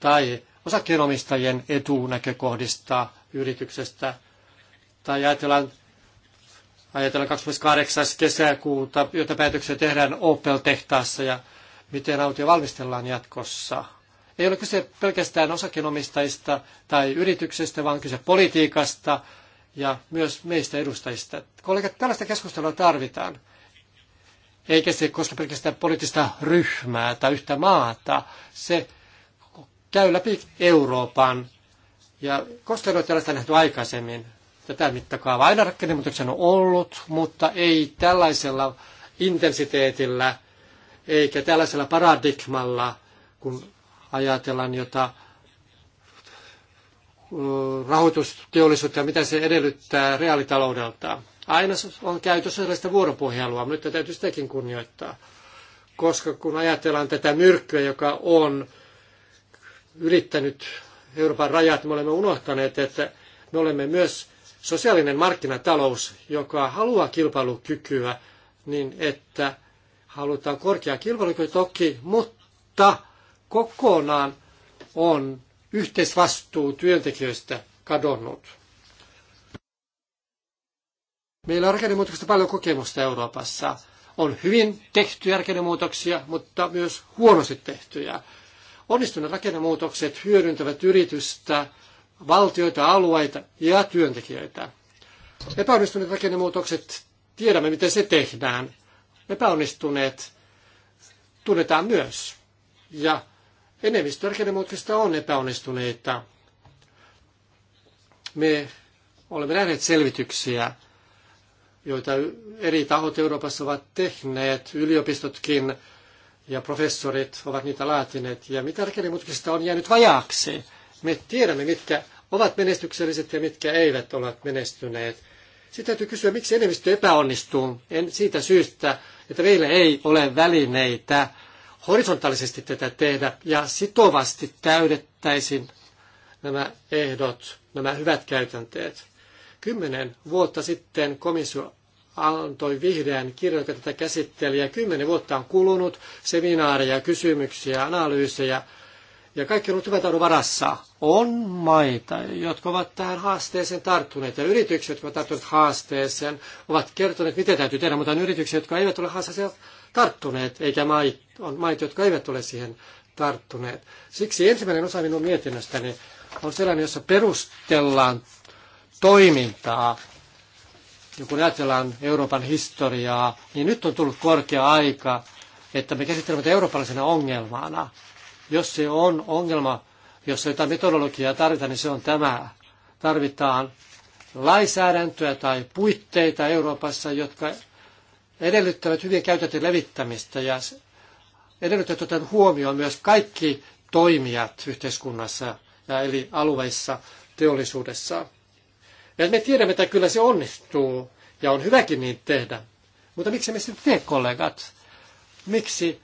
tai osakkeenomistajien etunäkökohdista yrityksestä, tai ajatellaan ajatellaan 28. kesäkuuta, jota päätöksiä tehdään Opel-tehtaassa ja miten autio valmistellaan jatkossa. Ei ole kyse pelkästään osakenomistajista tai yrityksestä, vaan kyse politiikasta ja myös meistä edustajista. Kollegat, tällaista keskustelua tarvitaan. Eikä se koske pelkästään poliittista ryhmää tai yhtä maata. Se käy läpi Euroopan ja koska ei ole tällaista nähty aikaisemmin, Tätä mittakaavaa aina rakennemuutoksen on ollut, mutta ei tällaisella intensiteetillä eikä tällaisella paradigmalla, kun ajatellaan jota rahoitusteollisuutta ja mitä se edellyttää reaalitaloudelta. Aina on käytössä sellaista vuoropuhelua, mutta nyt täytyy sitäkin kunnioittaa. Koska kun ajatellaan tätä myrkkyä, joka on ylittänyt Euroopan rajat, me olemme unohtaneet, että me olemme myös sosiaalinen markkinatalous, joka haluaa kilpailukykyä, niin että halutaan korkea kilpailukyky toki, mutta kokonaan on yhteisvastuu työntekijöistä kadonnut. Meillä on rakennemuutoksista paljon kokemusta Euroopassa. On hyvin tehtyjä rakennemuutoksia, mutta myös huonosti tehtyjä. Onnistuneet rakennemuutokset hyödyntävät yritystä, valtioita, alueita ja työntekijöitä. Epäonnistuneet rakennemuutokset, tiedämme miten se tehdään. Epäonnistuneet tunnetaan myös. Ja enemmistö rakennemuutoksista on epäonnistuneita. Me olemme nähneet selvityksiä, joita eri tahot Euroopassa ovat tehneet, yliopistotkin ja professorit ovat niitä laatineet. Ja mitä rakennemuutoksista on jäänyt vajaaksi? Me tiedämme, mitkä ovat menestykselliset ja mitkä eivät ole menestyneet. Sitten täytyy kysyä, miksi enemmistö epäonnistuu. En siitä syystä, että meillä ei ole välineitä horisontaalisesti tätä tehdä ja sitovasti täydettäisiin nämä ehdot, nämä hyvät käytänteet. Kymmenen vuotta sitten komissio antoi vihreän kirjan, joka tätä käsitteli, ja kymmenen vuotta on kulunut, seminaareja, kysymyksiä, analyysejä, ja kaikki on varassa. On maita, jotka ovat tähän haasteeseen tarttuneet, ja yritykset, jotka ovat tarttuneet haasteeseen, ovat kertoneet, miten täytyy tehdä, mutta on yrityksiä, jotka eivät ole haasteeseen tarttuneet, eikä maita on maita, jotka eivät ole siihen tarttuneet. Siksi ensimmäinen osa minun mietinnöstäni on sellainen, jossa perustellaan toimintaa. Ja kun ajatellaan Euroopan historiaa, niin nyt on tullut korkea aika, että me käsittelemme eurooppalaisena ongelmana – jos se on ongelma, jos jotain metodologiaa tarvitaan, niin se on tämä. Tarvitaan lainsäädäntöä tai puitteita Euroopassa, jotka edellyttävät hyvien käytäntöjen levittämistä ja edellyttävät otetaan huomioon myös kaikki toimijat yhteiskunnassa ja eli alueissa, teollisuudessa. Ja me tiedämme, että kyllä se onnistuu ja on hyväkin niin tehdä. Mutta miksi me sitten tee, kollegat? Miksi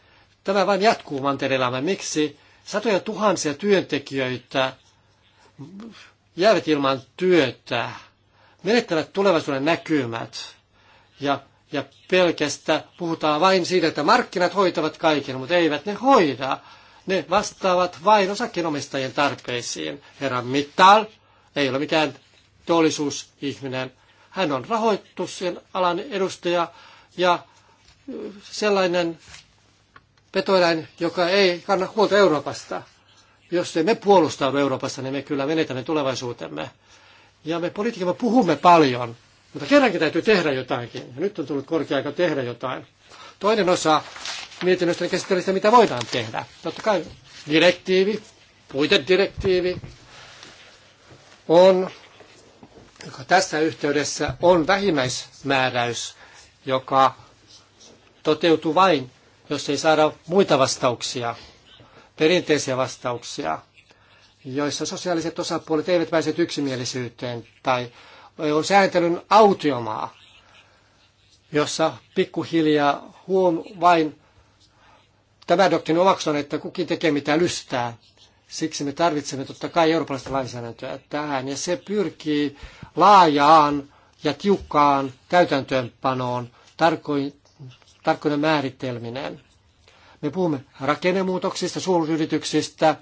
Tämä vain jatkuu mantereellamme. Miksi satoja tuhansia työntekijöitä jäävät ilman työtä, menettävät tulevaisuuden näkymät ja, ja pelkästään puhutaan vain siitä, että markkinat hoitavat kaiken, mutta eivät ne hoida. Ne vastaavat vain osakkeenomistajien tarpeisiin. Herra Mittal ei ole mikään teollisuusihminen. Hän on rahoitusalan alan edustaja ja sellainen petoeläin, joka ei kanna huolta Euroopasta. Jos emme puolustaudu Euroopassa, niin me kyllä menetämme tulevaisuutemme. Ja me poliitikkoja puhumme paljon, mutta kerrankin täytyy tehdä jotakin. Ja nyt on tullut korkea aika tehdä jotain. Toinen osa mietinnöstä käsittelee sitä, mitä voidaan tehdä. Totta kai direktiivi, puitedirektiivi on, joka tässä yhteydessä on vähimmäismääräys, joka toteutuu vain, jos ei saada muita vastauksia, perinteisiä vastauksia, joissa sosiaaliset osapuolet eivät pääse yksimielisyyteen tai on sääntelyn autiomaa, jossa pikkuhiljaa huom vain tämä doktrin omaksun, että kukin tekee mitä lystää. Siksi me tarvitsemme totta kai eurooppalaista lainsäädäntöä tähän, ja se pyrkii laajaan ja tiukkaan täytäntöönpanoon, tarkoin tarkkoina määritelminen. Me puhumme rakennemuutoksista, suuryrityksistä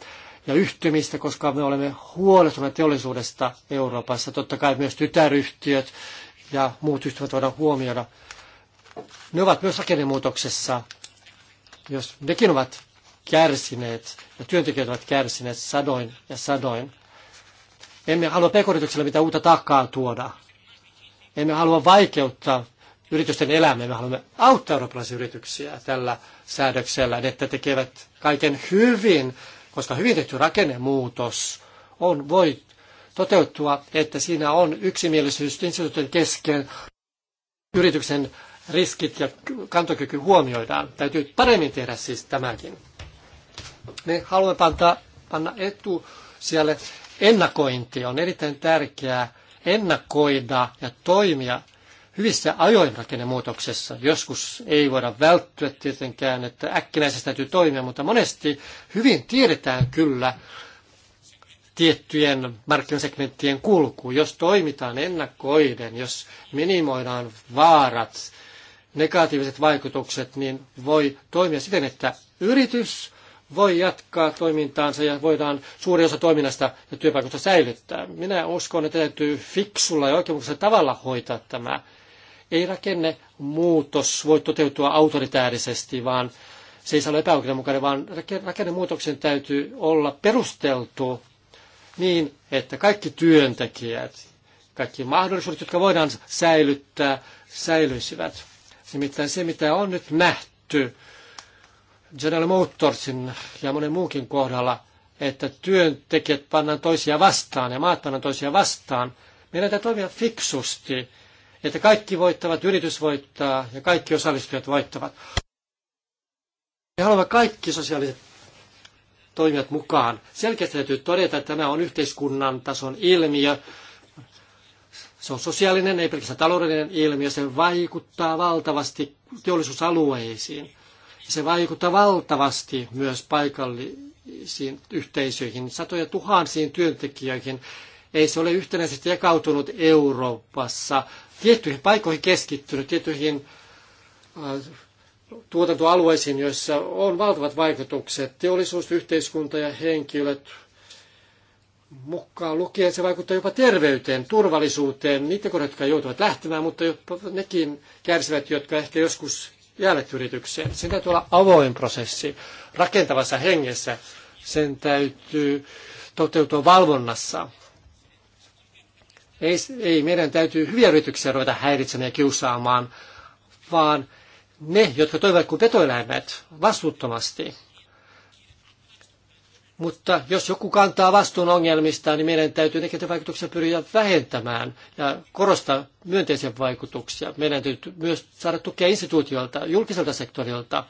ja yhtymistä, koska me olemme huolestuneet teollisuudesta Euroopassa. Totta kai myös tytäryhtiöt ja muut yhtymät voidaan huomioida. Ne ovat myös rakennemuutoksessa, jos nekin ovat kärsineet ja työntekijät ovat kärsineet sadoin ja sadoin. Emme halua pk mitään uutta takaa tuoda. Emme halua vaikeuttaa yritysten elämää. Me haluamme auttaa eurooppalaisia yrityksiä tällä säädöksellä, että tekevät kaiken hyvin, koska hyvin tehty rakennemuutos on, voi toteutua, että siinä on yksimielisyys instituutin kesken yrityksen riskit ja kantokyky huomioidaan. Täytyy paremmin tehdä siis tämäkin. Me haluamme panna panna etu siellä ennakointi on erittäin tärkeää ennakoida ja toimia hyvissä ajoin rakennemuutoksessa. Joskus ei voida välttyä tietenkään, että äkkinäisesti täytyy toimia, mutta monesti hyvin tiedetään kyllä tiettyjen markkinasegmenttien kulku. Jos toimitaan ennakoiden, jos minimoidaan vaarat, negatiiviset vaikutukset, niin voi toimia siten, että yritys voi jatkaa toimintaansa ja voidaan suuri osa toiminnasta ja työpaikoista säilyttää. Minä uskon, että täytyy fiksulla ja oikeuksella tavalla hoitaa tämä. Ei rakenne muutos voi toteutua autoritäärisesti, vaan se ei saa olla epäoikeudenmukainen, vaan rakennemuutoksen täytyy olla perusteltu niin, että kaikki työntekijät, kaikki mahdollisuudet, jotka voidaan säilyttää, säilyisivät. Nimittäin se, mitä on nyt nähty General Motorsin ja monen muunkin kohdalla, että työntekijät pannaan toisia vastaan ja maat pannaan toisia vastaan. Meidän täytyy toimia fiksusti että kaikki voittavat, yritys voittaa ja kaikki osallistujat voittavat. Me haluamme kaikki sosiaaliset toimijat mukaan. Selkeästi täytyy todeta, että tämä on yhteiskunnan tason ilmiö. Se on sosiaalinen, ei pelkästään taloudellinen ilmiö. Se vaikuttaa valtavasti teollisuusalueisiin. Se vaikuttaa valtavasti myös paikallisiin yhteisöihin, satoja tuhansiin työntekijöihin. Ei se ole yhtenäisesti jakautunut Euroopassa tiettyihin paikoihin keskittynyt, tiettyihin äh, tuotantoalueisiin, joissa on valtavat vaikutukset. Teollisuus, yhteiskunta ja henkilöt mukaan lukien se vaikuttaa jopa terveyteen, turvallisuuteen, niiden kohdat, jotka joutuvat lähtemään, mutta jopa nekin kärsivät, jotka ehkä joskus jäävät yritykseen. Sen täytyy olla avoin prosessi, rakentavassa hengessä. Sen täytyy toteutua valvonnassa. Ei, ei meidän täytyy hyviä yrityksiä ruveta häiritsemään ja kiusaamaan, vaan ne, jotka toivat kuin petoeläimet vastuuttomasti. Mutta jos joku kantaa vastuun ongelmista, niin meidän täytyy negatiivisia vaikutuksia pyrkiä vähentämään ja korostaa myönteisiä vaikutuksia. Meidän täytyy myös saada tukea instituutioilta, julkiselta sektorilta,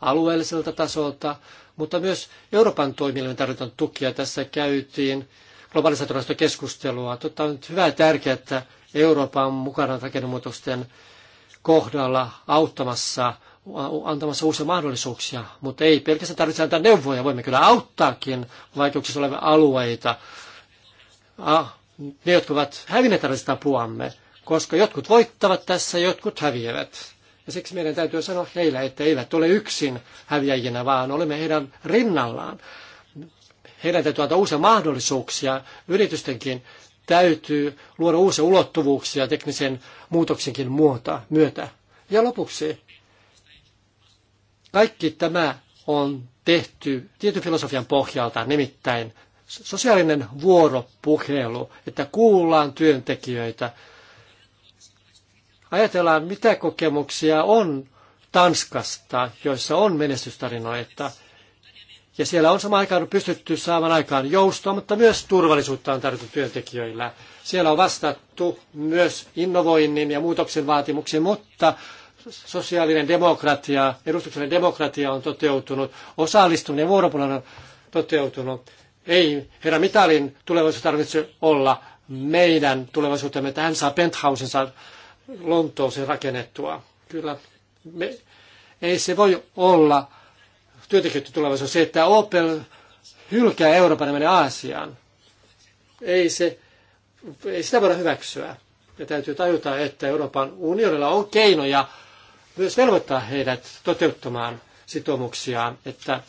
alueelliselta tasolta, mutta myös Euroopan toimijoille tarvitaan tukia Tässä käytiin globalisaatiorahasto keskustelua. Totta on hyvä ja tärkeää, että Eurooppa on mukana rakennemuutosten kohdalla auttamassa, antamassa uusia mahdollisuuksia, mutta ei pelkästään tarvitse antaa neuvoja, voimme kyllä auttaakin vaikeuksissa olevia alueita. Ah, ne, jotka ovat hävinneet, tarvitsevat apuamme, koska jotkut voittavat tässä, jotkut häviävät. Ja siksi meidän täytyy sanoa heille, että eivät ole yksin häviäjinä, vaan olemme heidän rinnallaan heidän täytyy antaa uusia mahdollisuuksia. Yritystenkin täytyy luoda uusia ulottuvuuksia teknisen muutoksenkin muuta, myötä. Ja lopuksi, kaikki tämä on tehty tietyn filosofian pohjalta, nimittäin sosiaalinen vuoropuhelu, että kuullaan työntekijöitä. Ajatellaan, mitä kokemuksia on Tanskasta, joissa on menestystarinoita. Ja siellä on samaan aikaan pystytty saamaan aikaan joustoa, mutta myös turvallisuutta on tarjottu työntekijöillä. Siellä on vastattu myös innovoinnin ja muutoksen vaatimuksiin, mutta sosiaalinen demokratia, edustuksellinen demokratia on toteutunut, osallistuminen ja vuoropuolella on toteutunut. Ei herra Mitalin tulevaisuus tarvitse olla meidän tulevaisuutemme, että hän saa penthousensa Lontooseen rakennettua. Kyllä, me, ei se voi olla työntekijöiden tulevaisuus. Se, että Opel hylkää Euroopan ja menee Aasiaan. Ei, se, ei sitä voida hyväksyä. Ja täytyy tajuta, että Euroopan unionilla on keinoja myös velvoittaa heidät toteuttamaan sitoumuksiaan, että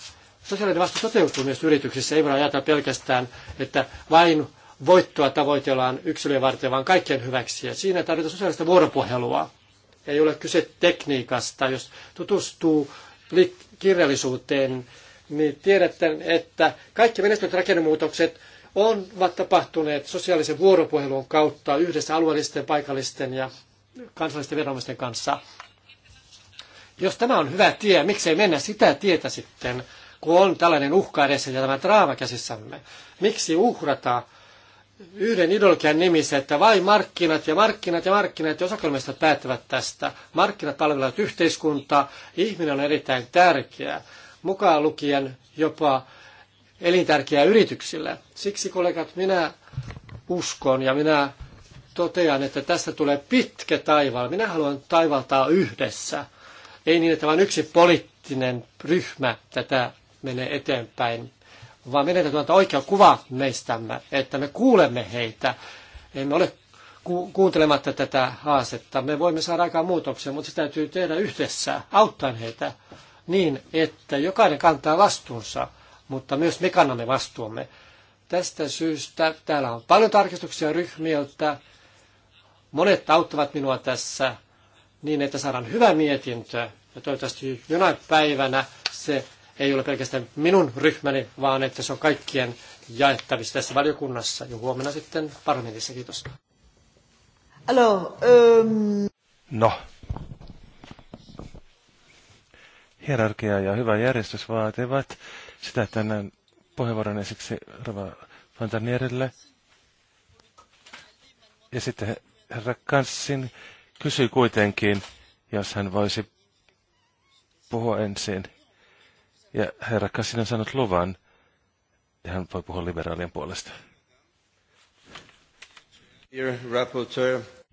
sosiaalinen vastuu toteutuu myös yrityksissä. Ei voida ajatella pelkästään, että vain voittoa tavoitellaan yksilöjen varten, vaan kaikkien hyväksi. Ja siinä tarvitaan sosiaalista vuoropuhelua. Ei ole kyse tekniikasta. Jos tutustuu kirjallisuuteen, niin tiedätte, että kaikki menestyneet rakennemuutokset ovat tapahtuneet sosiaalisen vuoropuhelun kautta yhdessä alueellisten, paikallisten ja kansallisten viranomaisten kanssa. Jos tämä on hyvä tie, miksei mennä sitä tietä sitten, kun on tällainen uhka edessä ja tämä draama käsissämme? Miksi uhrata yhden ideologian nimissä, että vain markkinat ja markkinat ja markkinat ja osakkeenomistajat päättävät tästä. Markkinat palvelevat yhteiskuntaa, ihminen on erittäin tärkeä, mukaan lukien jopa elintärkeä yrityksille. Siksi kollegat, minä uskon ja minä totean, että tästä tulee pitkä taivaalla. Minä haluan taivaltaa yhdessä. Ei niin, että vain yksi poliittinen ryhmä tätä menee eteenpäin vaan meidän täytyy antaa oikea kuva meistämme, että me kuulemme heitä. Emme ole ku- kuuntelematta tätä haastetta. Me voimme saada aikaan muutoksia, mutta se täytyy tehdä yhdessä, auttaa heitä niin, että jokainen kantaa vastuunsa, mutta myös me kannamme vastuumme. Tästä syystä täällä on paljon tarkistuksia ryhmiltä. Monet auttavat minua tässä niin, että saadaan hyvä mietintö ja toivottavasti jonain päivänä se ei ole pelkästään minun ryhmäni, vaan että se on kaikkien jaettavissa tässä valiokunnassa jo huomenna sitten parlamentissa. Kiitos. Hello, um... Ähm. No. Hierarkia ja hyvä järjestys vaativat sitä tänään puheenvuoron esiksi Rova Fantanierille. Ja sitten herra Kanssin kysyi kuitenkin, jos hän voisi puhua ensin. Ja herra Kassin on saanut luvan, ja hän voi puhua liberaalien puolesta.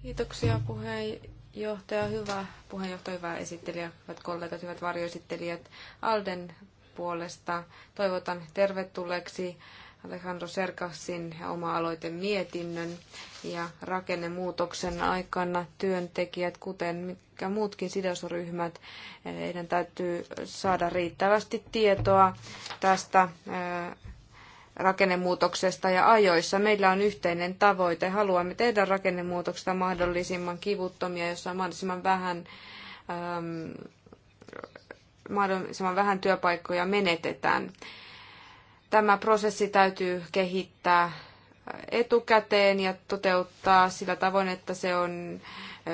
Kiitoksia puheenjohtaja, hyvä puheenjohtaja, hyvä esittelijä, hyvät kollegat, hyvät varjoesittelijät. Alden puolesta toivotan tervetulleeksi Alejandro Serkasin oma mietinnön ja rakennemuutoksen aikana työntekijät, kuten mikä muutkin sidosryhmät, heidän täytyy saada riittävästi tietoa tästä rakennemuutoksesta ja ajoissa. Meillä on yhteinen tavoite. Haluamme tehdä rakennemuutoksesta mahdollisimman kivuttomia, jossa on mahdollisimman vähän, ähm, mahdollisimman vähän työpaikkoja menetetään. Tämä prosessi täytyy kehittää etukäteen ja toteuttaa sillä tavoin, että se on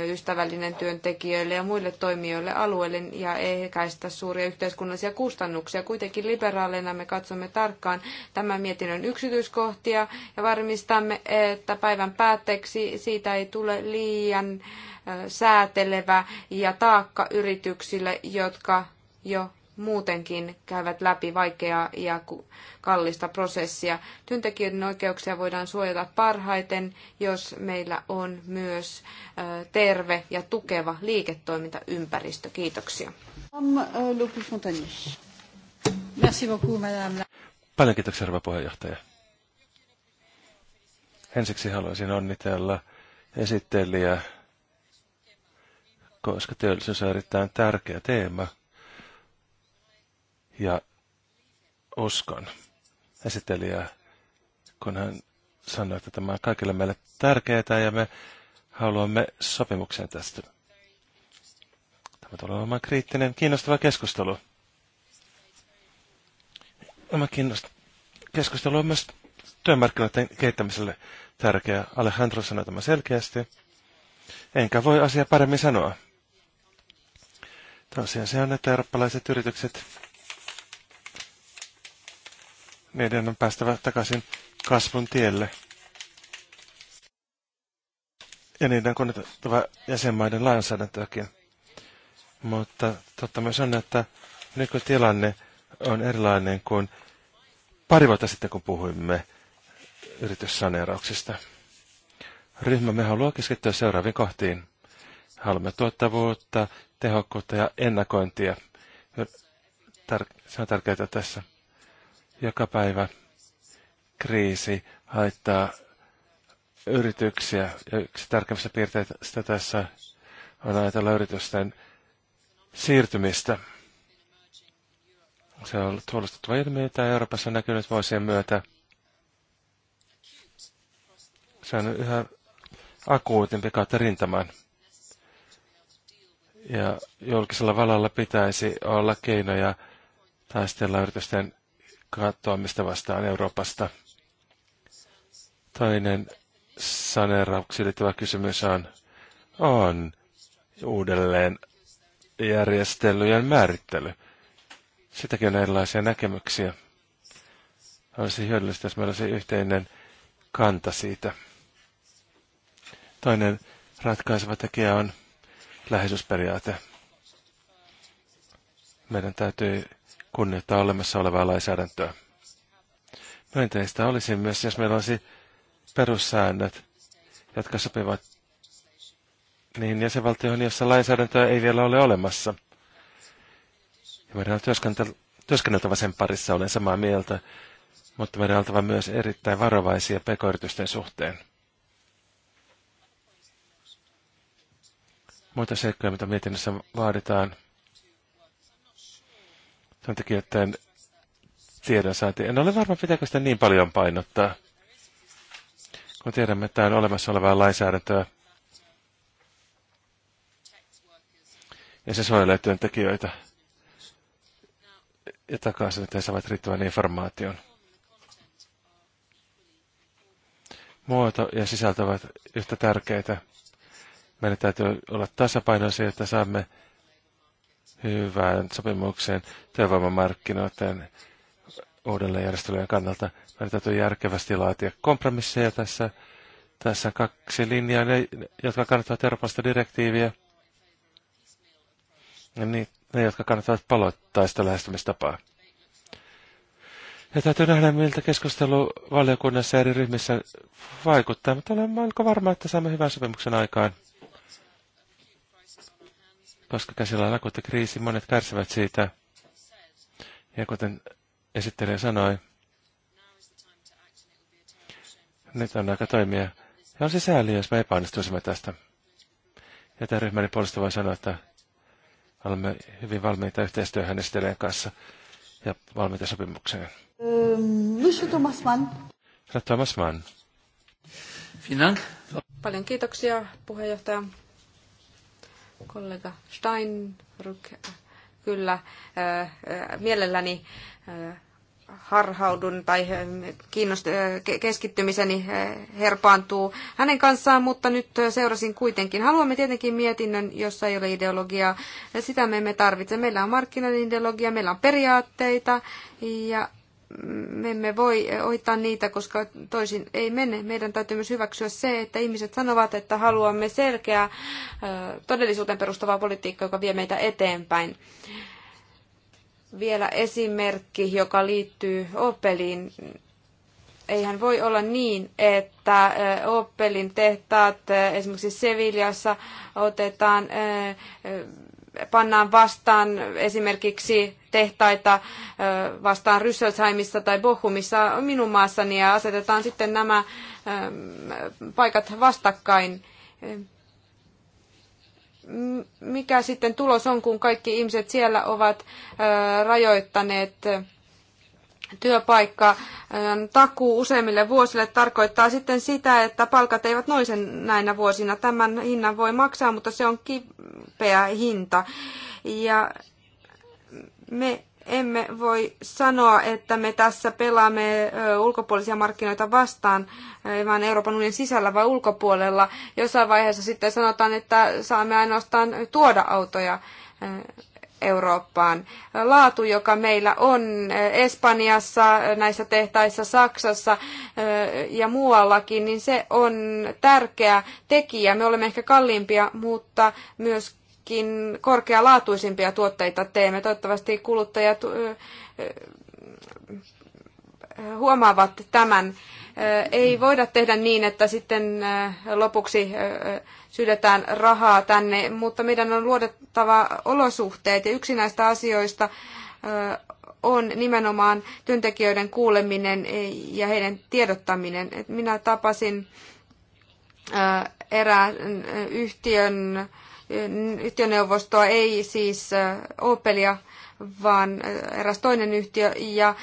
ystävällinen työntekijöille ja muille toimijoille alueelle ja ehkäistä suuria yhteiskunnallisia kustannuksia. Kuitenkin liberaaleina me katsomme tarkkaan tämän mietinnön yksityiskohtia ja varmistamme, että päivän päätteeksi siitä ei tule liian säätelevä ja taakka yrityksille, jotka jo muutenkin käyvät läpi vaikeaa ja kallista prosessia. Työntekijöiden oikeuksia voidaan suojata parhaiten, jos meillä on myös terve ja tukeva liiketoimintaympäristö. Kiitoksia. Paljon kiitoksia, rouva puheenjohtaja. Ensiksi haluaisin onnitella esittelijää, koska työllisyys on erittäin tärkeä teema – ja uskon esittelijä kun hän sanoi, että tämä on kaikille meille tärkeää ja me haluamme sopimuksen tästä. Tämä tulee olemaan kriittinen, kiinnostava keskustelu. Tämä keskustelu on myös työmarkkinoiden kehittämiselle tärkeä. Alejandro sanoi tämä selkeästi. Enkä voi asia paremmin sanoa. Tosiaan se on, että eurooppalaiset yritykset meidän on päästävä takaisin kasvun tielle. Ja niiden on konnettava jäsenmaiden lainsäädäntöäkin. Mutta totta myös on, että nykytilanne on erilainen kuin pari vuotta sitten, kun puhuimme yrityssaneerauksista. Ryhmämme haluaa keskittyä seuraaviin kohtiin. Haluamme tuottavuutta, tehokkuutta ja ennakointia. Se on tärkeää tässä. Joka päivä kriisi haittaa yrityksiä. Ja yksi tärkeimmistä piirteistä tässä on ajatella yritysten siirtymistä. Se on ollut huolestuttava ilmiö, mitä Euroopassa on näkynyt vuosien myötä. Se on yhä akuutimpi kautta rintamaan. Ja julkisella valalla pitäisi olla keinoja taistella yritysten katoamista vastaan Euroopasta. Toinen saneerauksiin liittyvä kysymys on, on uudelleen järjestelyjen määrittely. Sitäkin on erilaisia näkemyksiä. Olisi hyödyllistä, jos meillä olisi yhteinen kanta siitä. Toinen ratkaiseva tekijä on läheisyysperiaate. Meidän täytyy kunnioittaa olemassa olevaa lainsäädäntöä. Myönteistä olisi myös, jos meillä olisi perussäännöt, jotka sopivat niihin jäsenvaltioihin, jossa lainsäädäntöä ei vielä ole olemassa. Ja meidän on työskenneltävä sen parissa, olen samaa mieltä, mutta meidän on oltava myös erittäin varovaisia pk suhteen. Muita seikkoja, mitä mietinnössä vaaditaan – työntekijöiden tiedonsaanti. En ole varma, pitääkö sitä niin paljon painottaa, kun tiedämme, että on olemassa olevaa lainsäädäntöä. Ja se suojelee työntekijöitä ja takaa sen, että he saavat riittävän informaation. Muoto ja sisältö ovat yhtä tärkeitä. Meidän täytyy olla tasapainoisia, että saamme hyvään sopimukseen työvoimamarkkinoiden uudelleenjärjestelyjen kannalta. Meidän täytyy järkevästi laatia kompromisseja tässä. Tässä kaksi linjaa, ne, jotka kannattavat Euroopasta direktiiviä. Ja niin, ne, jotka kannattavat paloittaista lähestymistapaa. Ja täytyy nähdä, miltä keskustelu valiokunnassa eri ryhmissä vaikuttaa, mutta olen melko varma, että saamme hyvän sopimuksen aikaan. Koska käsillä on akuutti kriisi, monet kärsivät siitä. Ja kuten esittelijä sanoi, nyt on aika toimia. Ja on se sääli, jos me epäonnistuisimme tästä. Ja tämä ryhmäni puolesta voi sanoa, että olemme hyvin valmiita yhteistyöhön esittelijän kanssa ja valmiita sopimukseen. Ähm, Thomas Mann. Herra Thomas Mann. Paljon kiitoksia puheenjohtaja kollega Steinbrück, kyllä äh, äh, mielelläni äh, harhaudun tai kiinnost- keskittymiseni herpaantuu hänen kanssaan, mutta nyt seurasin kuitenkin. Haluamme tietenkin mietinnön, jossa ei ole ideologiaa. Sitä me emme tarvitse. Meillä on markkinoiden ideologia, meillä on periaatteita ja me emme voi ohittaa niitä, koska toisin ei mene. Meidän täytyy myös hyväksyä se, että ihmiset sanovat, että haluamme selkeää todellisuuteen perustuvaa politiikkaa, joka vie meitä eteenpäin. Vielä esimerkki, joka liittyy Opeliin. Eihän voi olla niin, että Opelin tehtaat esimerkiksi Sevillassa otetaan pannaan vastaan esimerkiksi tehtaita vastaan Rysselsheimissa tai Bochumissa minun maassani ja asetetaan sitten nämä paikat vastakkain. Mikä sitten tulos on, kun kaikki ihmiset siellä ovat rajoittaneet työpaikka ähm, takuu useimmille vuosille tarkoittaa sitten sitä, että palkat eivät noisen näinä vuosina. Tämän hinnan voi maksaa, mutta se on kipeä hinta. Ja me emme voi sanoa, että me tässä pelaamme ulkopuolisia markkinoita vastaan, vaan Euroopan unionin sisällä vai ulkopuolella. Jossain vaiheessa sitten sanotaan, että saamme ainoastaan tuoda autoja Eurooppaan. Laatu, joka meillä on eh, Espanjassa, näissä tehtaissa, Saksassa eh, ja muuallakin, niin se on tärkeä tekijä. Me olemme ehkä kalliimpia, mutta myöskin korkealaatuisimpia tuotteita teemme. Toivottavasti kuluttajat eh, huomaavat tämän. Ei voida tehdä niin, että sitten lopuksi syydetään rahaa tänne, mutta meidän on luodettava olosuhteet ja yksi näistä asioista on nimenomaan työntekijöiden kuuleminen e, ja heidän tiedottaminen. Minä tapasin erään yhtiön, yhtiöneuvostoa, ei siis Opelia, vaan eräs toinen yhtiö, ja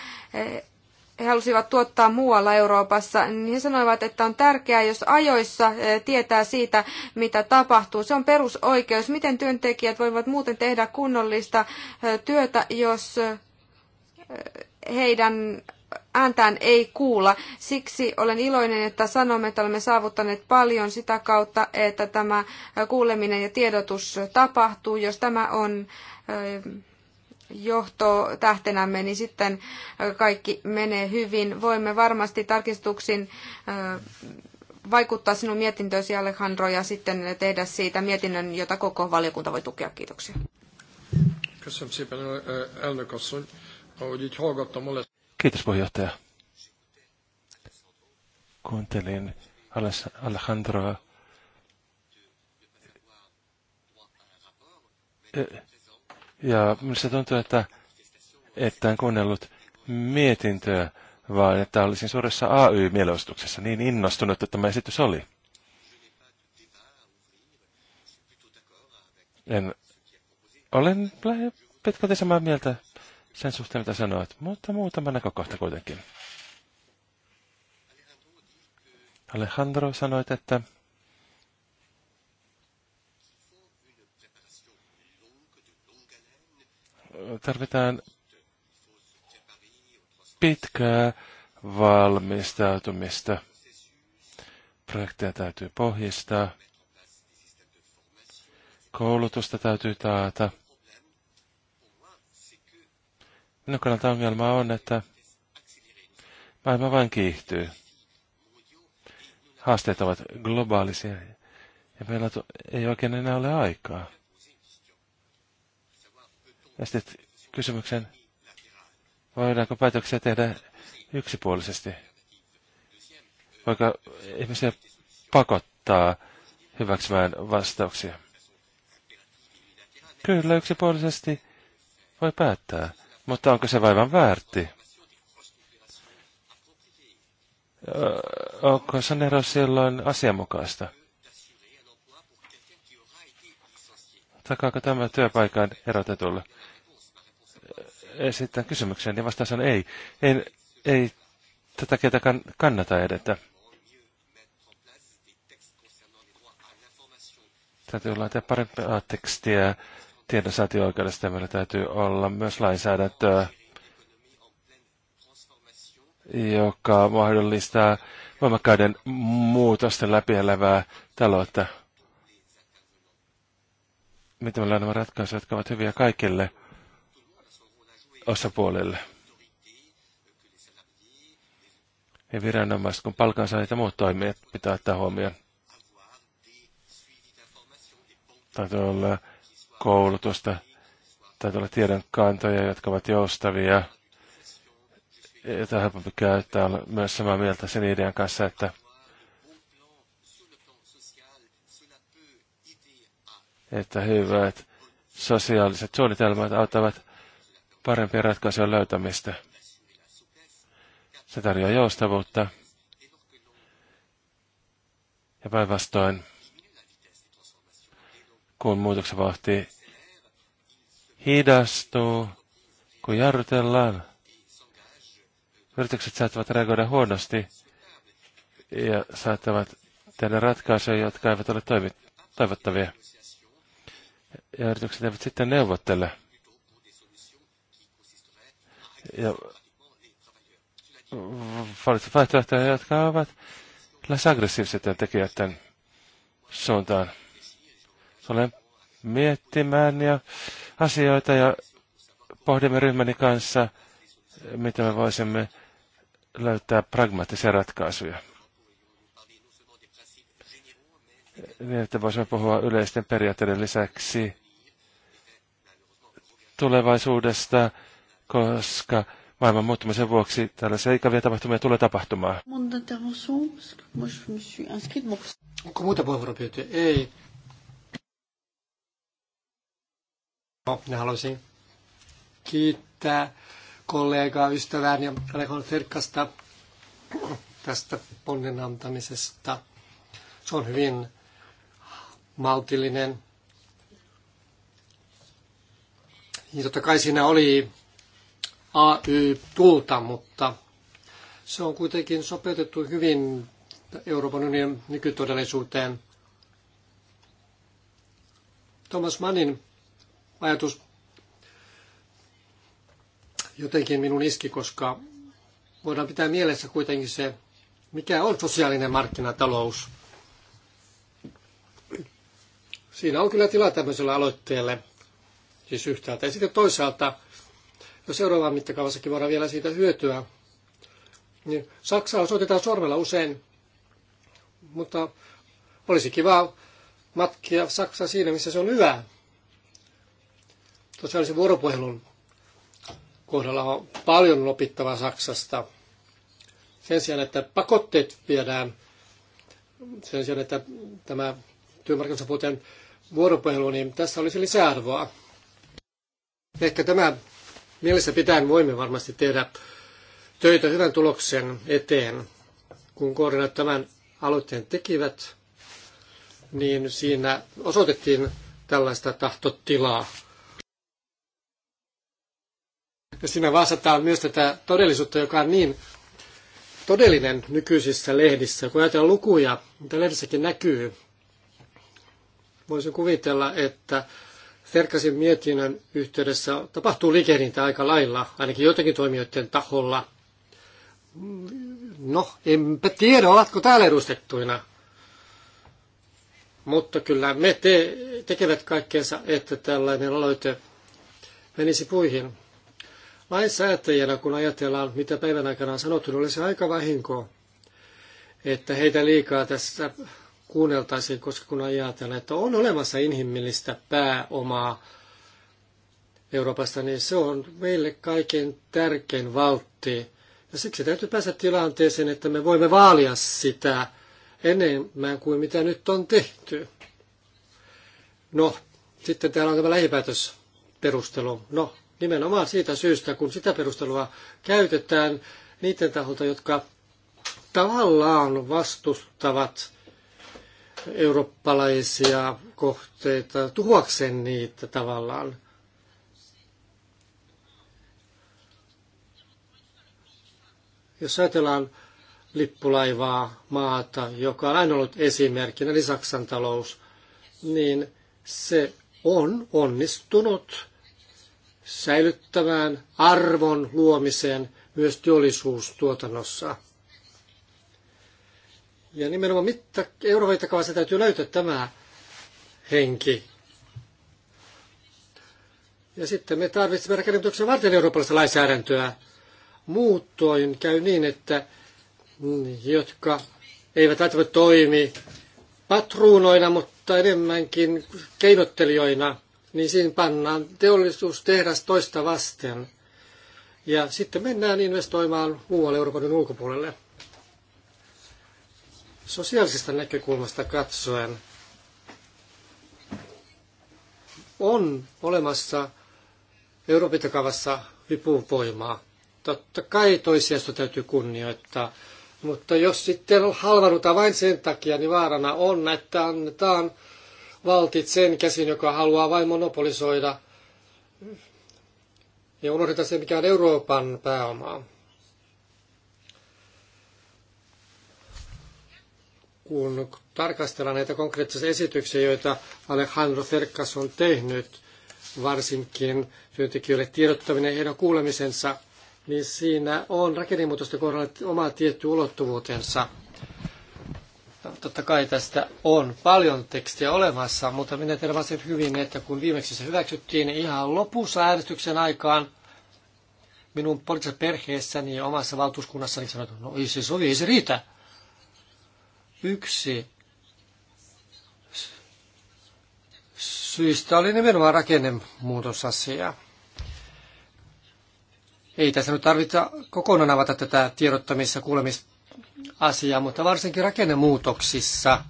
he halusivat tuottaa muualla Euroopassa, niin he sanoivat, että on tärkeää, jos ajoissa eh, tietää siitä, mitä tapahtuu. Se on perusoikeus. Miten työntekijät voivat muuten tehdä kunnollista eh, työtä, jos eh, heidän ääntään ei kuulla. Siksi olen iloinen, että sanomme, että olemme saavuttaneet paljon sitä kautta, että tämä kuuleminen ja tiedotus tapahtuu. Jos tämä on johto tähtenämme, niin sitten kaikki menee hyvin. Voimme varmasti tarkistuksin vaikuttaa sinun mietintöösi Alejandro ja sitten tehdä siitä mietinnön, jota koko valiokunta voi tukea. Kiitoksia. Kiitos puheenjohtaja. Kuuntelin Alejandroa. Ja minusta tuntuu, että, että en kuunnellut mietintöä, vaan että olisin suuressa ay mielostuksessa niin innostunut, että tämä esitys oli. En, olen pitkälti samaa mieltä sen suhteen, mitä sanoit, mutta muutama näkökohta kuitenkin. Alejandro sanoi, että tarvitaan pitkää valmistautumista. Projekteja täytyy pohjistaa. Koulutusta täytyy taata. Minun kannalta ongelma on, että maailma vain kiihtyy. Haasteet ovat globaalisia ja meillä ei oikein enää ole aikaa. Ja sitten kysymyksen, voidaanko päätöksiä tehdä yksipuolisesti? Voiko ihmisiä pakottaa hyväksymään vastauksia? Kyllä, yksipuolisesti voi päättää, mutta onko se vaivan väärti? Onko ero silloin asianmukaista? Takaako tämä työpaikan erotetulle? esittää kysymyksen ja niin vastaus on ei. Ei, ei tätä ketäkään kannata edetä. Täytyy laittaa parempaa tekstiä tiedonsaatio-oikeudesta, meillä täytyy olla myös lainsäädäntöä, joka mahdollistaa voimakkaiden muutosten läpielävää taloutta. Miten on nämä ratkaisut, jotka ovat hyviä kaikille – osapuolelle. Ja viranomaiset, kun palkansaajat ja muut toimijat pitää ottaa huomioon. Taitaa olla koulutusta, taitaa olla tiedonkantoja, jotka ovat joustavia. Jota helpompi käyttää, olla myös samaa mieltä sen idean kanssa, että että hyvät sosiaaliset suunnitelmat auttavat parempia ratkaisuja löytämistä. Se tarjoaa joustavuutta. Ja päinvastoin, kun muutoksen vauhti hidastuu, kun jarrutellaan, yritykset saattavat reagoida huonosti ja saattavat tehdä ratkaisuja, jotka eivät ole toivottavia. Ja yritykset eivät sitten neuvottele. Ja valitset vaihtoehtoja, jotka ovat lähes aggressiivisia tekijöiden suuntaan. Olen miettimään ja asioita ja pohdimme ryhmäni kanssa, mitä me voisimme löytää pragmaattisia ratkaisuja. Niin, että voisimme puhua yleisten periaatteiden lisäksi tulevaisuudesta, koska maailman muuttumisen vuoksi tällaisia ikäviä tapahtumia tulee tapahtumaan. Onko muuta puheenvuoropyyntöjä? Ei. No, minä haluaisin kiittää kollegaa, ystävää ja Alekon Firkkasta tästä ponnen antamisesta. Se on hyvin maltillinen. Niin totta kai siinä oli AY-tulta, mutta se on kuitenkin sopeutettu hyvin Euroopan unionin nykytodellisuuteen. Thomas Mannin ajatus jotenkin minun iski, koska voidaan pitää mielessä kuitenkin se, mikä on sosiaalinen markkinatalous. Siinä on kyllä tila tämmöiselle aloitteelle, siis yhtäältä. Ja sitten toisaalta jo no seuraavaan mittakaavassakin voidaan vielä siitä hyötyä. Niin Saksaa osoitetaan sormella usein, mutta olisi kiva matkia Saksaa siinä, missä se on hyvä. Tosiaan vuoropuhelun kohdalla on paljon lopittavaa Saksasta. Sen sijaan, että pakotteet viedään, sen sijaan, että tämä työmarkkinoiden vuoropuhelu, niin tässä olisi lisäarvoa. Ehkä tämä mielessä pitäen voimme varmasti tehdä töitä hyvän tuloksen eteen. Kun koordinaat tämän aloitteen tekivät, niin siinä osoitettiin tällaista tahtotilaa. Ja siinä vastataan myös tätä todellisuutta, joka on niin todellinen nykyisissä lehdissä. Kun ajatellaan lukuja, mitä lehdissäkin näkyy, voisin kuvitella, että Ferkasin mietinnän yhteydessä tapahtuu liikehdintä aika lailla, ainakin jotenkin toimijoiden taholla. No, enpä tiedä, ovatko täällä edustettuina. Mutta kyllä me te- tekevät kaikkeensa, että tällainen aloite menisi puihin. Lainsäätäjänä, kun ajatellaan, mitä päivän aikana on sanottu, niin olisi aika vahinko, että heitä liikaa tässä kuunneltaisiin, koska kun ajatellaan, että on olemassa inhimillistä pääomaa Euroopasta, niin se on meille kaiken tärkein valtti. Ja siksi täytyy päästä tilanteeseen, että me voimme vaalia sitä enemmän kuin mitä nyt on tehty. No, sitten täällä on tämä lähipäätösperustelu. No, nimenomaan siitä syystä, kun sitä perustelua käytetään niiden taholta, jotka tavallaan vastustavat eurooppalaisia kohteita, tuhoakseen niitä tavallaan. Jos ajatellaan lippulaivaa maata, joka on aina ollut esimerkkinä, eli Saksan talous, niin se on onnistunut säilyttämään arvon luomiseen myös teollisuustuotannossa. Ja nimenomaan mitta, eurohoitakaavassa täytyy löytää tämä henki. Ja sitten me tarvitsemme rakennetuksen varten eurooppalaista lainsäädäntöä. Muuttoin käy niin, että jotka eivät välttämättä toimi patruunoina, mutta enemmänkin keinottelijoina, niin siinä pannaan teollisuustehdas toista vasten. Ja sitten mennään investoimaan muualle Euroopan ulkopuolelle. Sosiaalisesta näkökulmasta katsoen on olemassa Euroopitokavassa vipuvoimaa. Totta kai toisiasta täytyy kunnioittaa, mutta jos sitten halvarutaan vain sen takia, niin vaarana on, että annetaan valtit sen käsin, joka haluaa vain monopolisoida ja unohdetaan se, mikä on Euroopan pääomaa. kun tarkastellaan näitä konkreettisia esityksiä, joita Alejandro Cercas on tehnyt, varsinkin työntekijöille tiedottaminen ja heidän kuulemisensa, niin siinä on rakennemuutosten kohdalla oma tietty ulottuvuutensa. Totta kai tästä on paljon tekstiä olemassa, mutta minä tiedän varsin hyvin, että kun viimeksi se hyväksyttiin niin ihan lopussa äänestyksen aikaan, minun poliittisessa perheessäni ja omassa valtuuskunnassani sanoin, että no ei se sovi, ei se riitä. Yksi syistä oli nimenomaan rakennemuutosasia. Ei tässä nyt tarvita kokonaan avata tätä tiedottamissa kuulemisasiaa, mutta varsinkin rakennemuutoksissa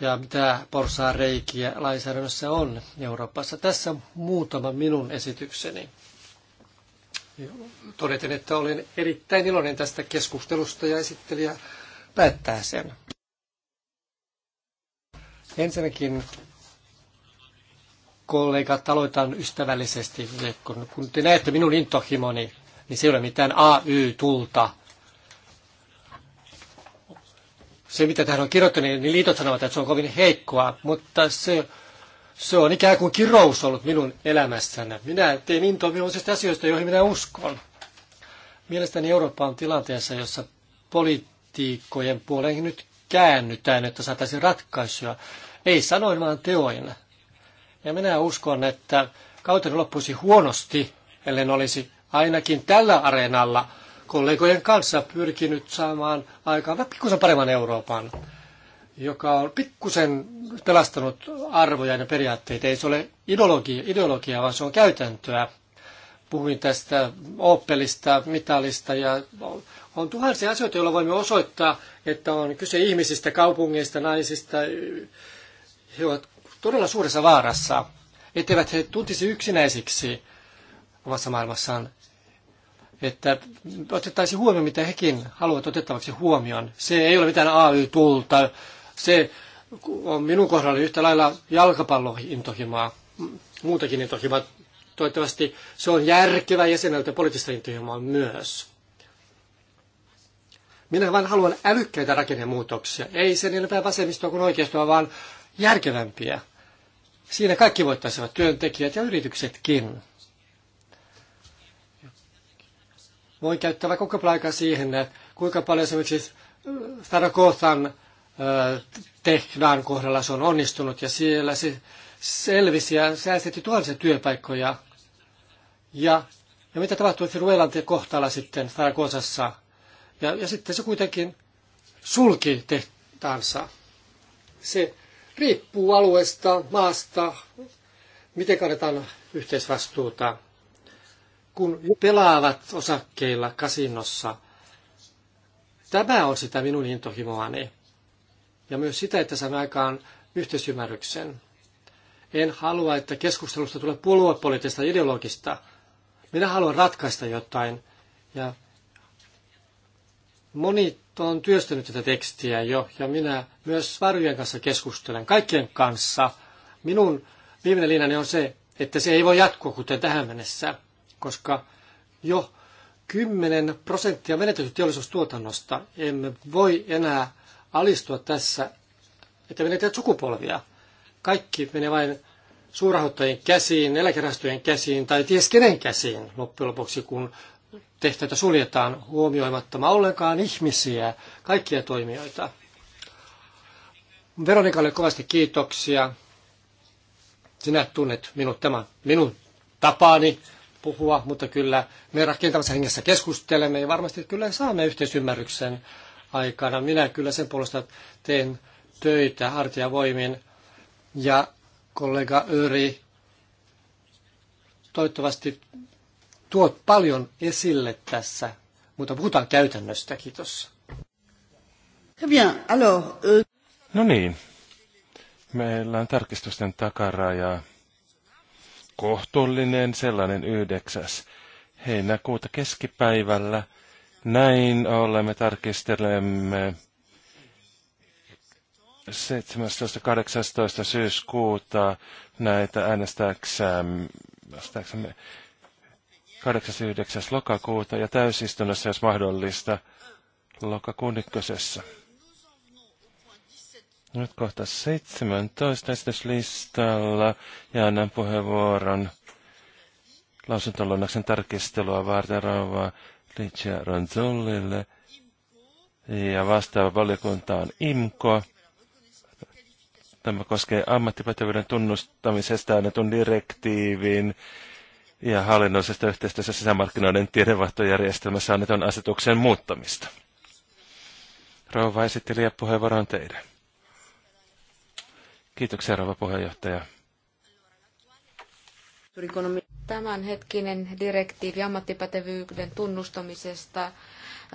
ja mitä porsaa reikiä lainsäädännössä on Euroopassa. Tässä muutama minun esitykseni. Todetin, että olen erittäin iloinen tästä keskustelusta ja esittelijä päättää sen. Ensinnäkin kollegat, aloitan ystävällisesti. Kun, kun te näette minun intohimoni, niin se ei ole mitään AY-tulta. Se, mitä tähän on kirjoittanut, niin-, niin liitot sanovat, että se on kovin heikkoa, mutta se, se on ikään kuin kirous ollut minun elämässäni. Minä teen intohimoisista asioista, joihin minä uskon. Mielestäni Eurooppa on tilanteessa, jossa poliitikkojen puoleen nyt käännytään, että saataisiin ratkaisuja. Ei sanoin, vaan teoin. Ja minä uskon, että kauteni loppuisi huonosti, ellen olisi ainakin tällä areenalla kollegojen kanssa pyrkinyt saamaan aikaan pikkusen paremman Euroopan, joka on pikkusen pelastanut arvoja ja periaatteita. Ei se ole ideologia, ideologia vaan se on käytäntöä. Puhuin tästä Opelista, mitalista ja on tuhansia asioita, joilla voimme osoittaa, että on kyse ihmisistä, kaupungeista, naisista, he ovat todella suuressa vaarassa, etteivät he tuntisi yksinäisiksi omassa maailmassaan, että otettaisiin huomioon, mitä hekin haluavat otettavaksi huomioon. Se ei ole mitään AY-tulta, se on minun kohdallani yhtä lailla jalkapallointohimaa, muutakin intohimaa, Toivottavasti se on järkevä jäseneltä poliittista intohimoa myös. Minä vain haluan älykkäitä rakennemuutoksia. Ei sen enempää vasemmistoa kuin oikeistoa, vaan järkevämpiä. Siinä kaikki voittaisivat työntekijät ja yrityksetkin. Voin käyttää vaikka koko aikaa siihen, kuinka paljon esimerkiksi Tarakothan äh, äh, tehdään kohdalla se on onnistunut ja siellä se selvisi ja säästetti tuhansia työpaikkoja. Ja, ja mitä tapahtui Ruelan kohtalla sitten Tarakosassa? Ja, ja sitten se kuitenkin sulki tehtaansa. Se riippuu alueesta, maasta, miten kannetaan yhteisvastuuta. Kun pelaavat osakkeilla kasinossa, tämä on sitä minun intohimoani. Ja myös sitä, että saamme aikaan yhteisymmärryksen. En halua, että keskustelusta tulee puoluepoliittista ideologista. Minä haluan ratkaista jotain ja Moni on työstänyt tätä tekstiä jo, ja minä myös varjojen kanssa keskustelen, kaikkien kanssa. Minun viimeinen linjani on se, että se ei voi jatkua kuten tähän mennessä, koska jo 10 prosenttia menetetty teollisuustuotannosta emme voi enää alistua tässä, että menetetään sukupolvia. Kaikki menee vain suurahoittajien käsiin, eläkerastojen käsiin tai ties kenen käsiin loppujen lopuksi, kun tehtäitä suljetaan huomioimatta ollenkaan ihmisiä, kaikkia toimijoita. Veronikalle kovasti kiitoksia. Sinä tunnet minut tämän minun tapaani puhua, mutta kyllä me rakentavassa hengessä keskustelemme ja varmasti kyllä saamme yhteisymmärryksen aikana. Minä kyllä sen puolesta teen töitä hartiavoimin ja kollega Öri toivottavasti tuot paljon esille tässä, mutta puhutaan käytännöstä. Kiitos. Bien, alors, euh, No niin. Meillä on tarkistusten takaraja. Kohtuullinen sellainen yhdeksäs heinäkuuta keskipäivällä. Näin olemme tarkistelemme 17.18. syyskuuta näitä äänestääksämme 8.9. lokakuuta ja täysistunnossa, jos mahdollista, lokakuun ykkösessä. Nyt kohta 17 esityslistalla ja annan puheenvuoron lausuntoluonnoksen tarkistelua varten rouva Licia Ronzullille. Ja vastaava valiokunta on IMKO. Tämä koskee ammattipätevyyden tunnustamisesta annetun direktiivin ja hallinnollisesta yhteistyössä sisämarkkinoiden tiedevaihtojärjestelmässä annetun asetuksen muuttamista. Rouva esittelijä, puheenvuoro on teidän. Kiitoksia, rouva puheenjohtaja. Tämänhetkinen direktiivi ammattipätevyyden tunnustamisesta 2005-36.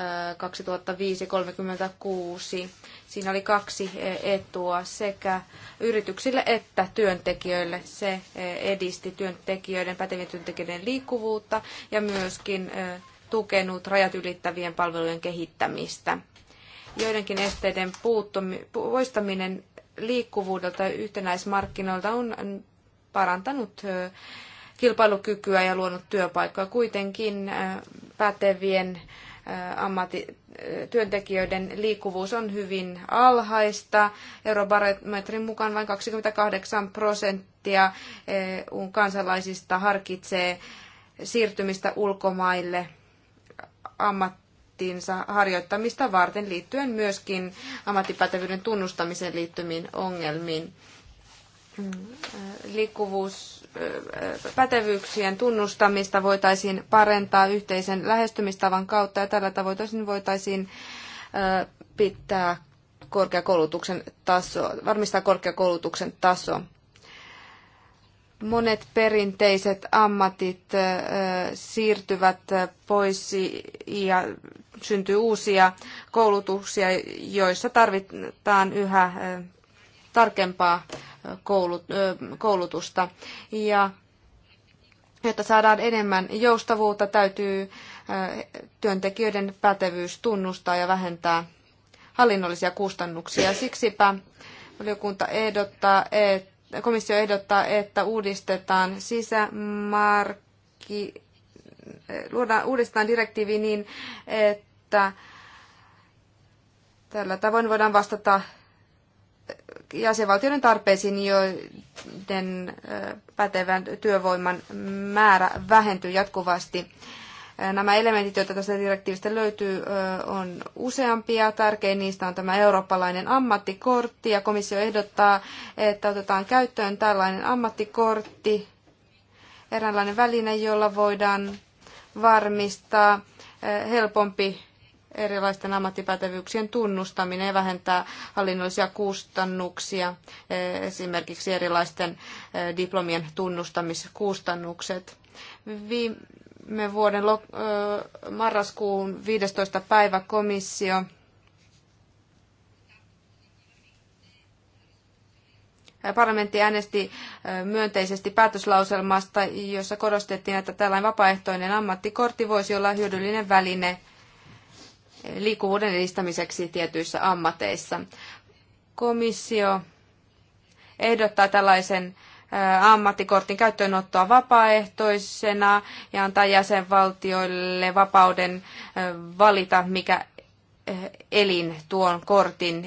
Siinä oli kaksi etua sekä yrityksille että työntekijöille. Se eh, edisti työntekijöiden, pätevien työntekijöiden liikkuvuutta ja myöskin eh, tukenut rajat ylittävien palvelujen kehittämistä. Joidenkin esteiden poistaminen liikkuvuudelta ja yhtenäismarkkinoilta on parantanut eh, kilpailukykyä ja luonut työpaikkoja. Kuitenkin pätevien ammattityöntekijöiden liikkuvuus on hyvin alhaista. Eurobarometrin mukaan vain 28 prosenttia EUn kansalaisista harkitsee siirtymistä ulkomaille ammattinsa harjoittamista varten liittyen myöskin ammattipätevyyden tunnustamiseen liittymiin ongelmiin. Mm, liikkuvuus pätevyyksien tunnustamista voitaisiin parentaa yhteisen lähestymistavan kautta ja tällä tavoin voitaisiin pitää korkeakoulutuksen taso, varmistaa korkeakoulutuksen taso. Monet perinteiset ammatit siirtyvät pois ja syntyy uusia koulutuksia, joissa tarvitaan yhä tarkempaa koulutusta. Ja jotta saadaan enemmän joustavuutta, täytyy työntekijöiden pätevyys tunnustaa ja vähentää hallinnollisia kustannuksia. Siksipä valiokunta ehdottaa, että, komissio ehdottaa, että uudistetaan sisämarkki, luodaan uudistetaan direktiivi niin, että tällä tavoin voidaan vastata jäsenvaltioiden tarpeisiin, joiden pätevän työvoiman määrä vähentyy jatkuvasti. Nämä elementit, joita tästä direktiivistä löytyy, on useampia. Tärkein niistä on tämä eurooppalainen ammattikortti, ja komissio ehdottaa, että otetaan käyttöön tällainen ammattikortti, eräänlainen väline, jolla voidaan varmistaa helpompi erilaisten ammattipätevyyksien tunnustaminen ja vähentää hallinnollisia kustannuksia, esimerkiksi erilaisten eh, diplomien tunnustamiskustannukset. Viime vuoden eh, marraskuun 15. päivä komissio Parlamentti äänesti eh, myönteisesti päätöslauselmasta, jossa korostettiin, että tällainen vapaaehtoinen ammattikortti voisi olla hyödyllinen väline liikkuvuuden edistämiseksi tietyissä ammateissa. Komissio ehdottaa tällaisen ammattikortin käyttöönottoa vapaaehtoisena ja antaa jäsenvaltioille vapauden valita, mikä elin tuon kortin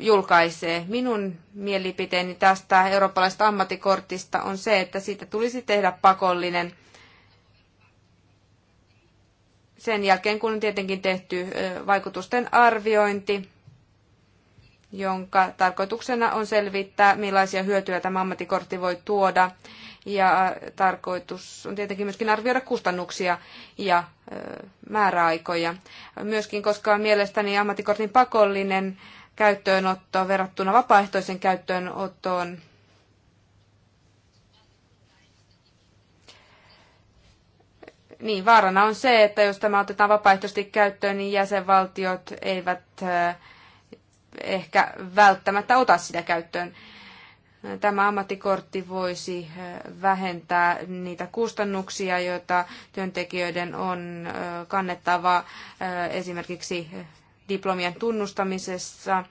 julkaisee. Minun mielipiteeni tästä eurooppalaisesta ammattikortista on se, että siitä tulisi tehdä pakollinen sen jälkeen, kun on tietenkin tehty vaikutusten arviointi, jonka tarkoituksena on selvittää, millaisia hyötyjä tämä ammattikortti voi tuoda. Ja tarkoitus on tietenkin myöskin arvioida kustannuksia ja määräaikoja. Myöskin, koska mielestäni ammattikortin pakollinen käyttöönotto verrattuna vapaaehtoisen käyttöönottoon Niin, vaarana on se, että jos tämä otetaan vapaaehtoisesti käyttöön, niin jäsenvaltiot eivät ehkä välttämättä ota sitä käyttöön. Tämä ammattikortti voisi vähentää niitä kustannuksia, joita työntekijöiden on kannettava esimerkiksi diplomien tunnustamisessa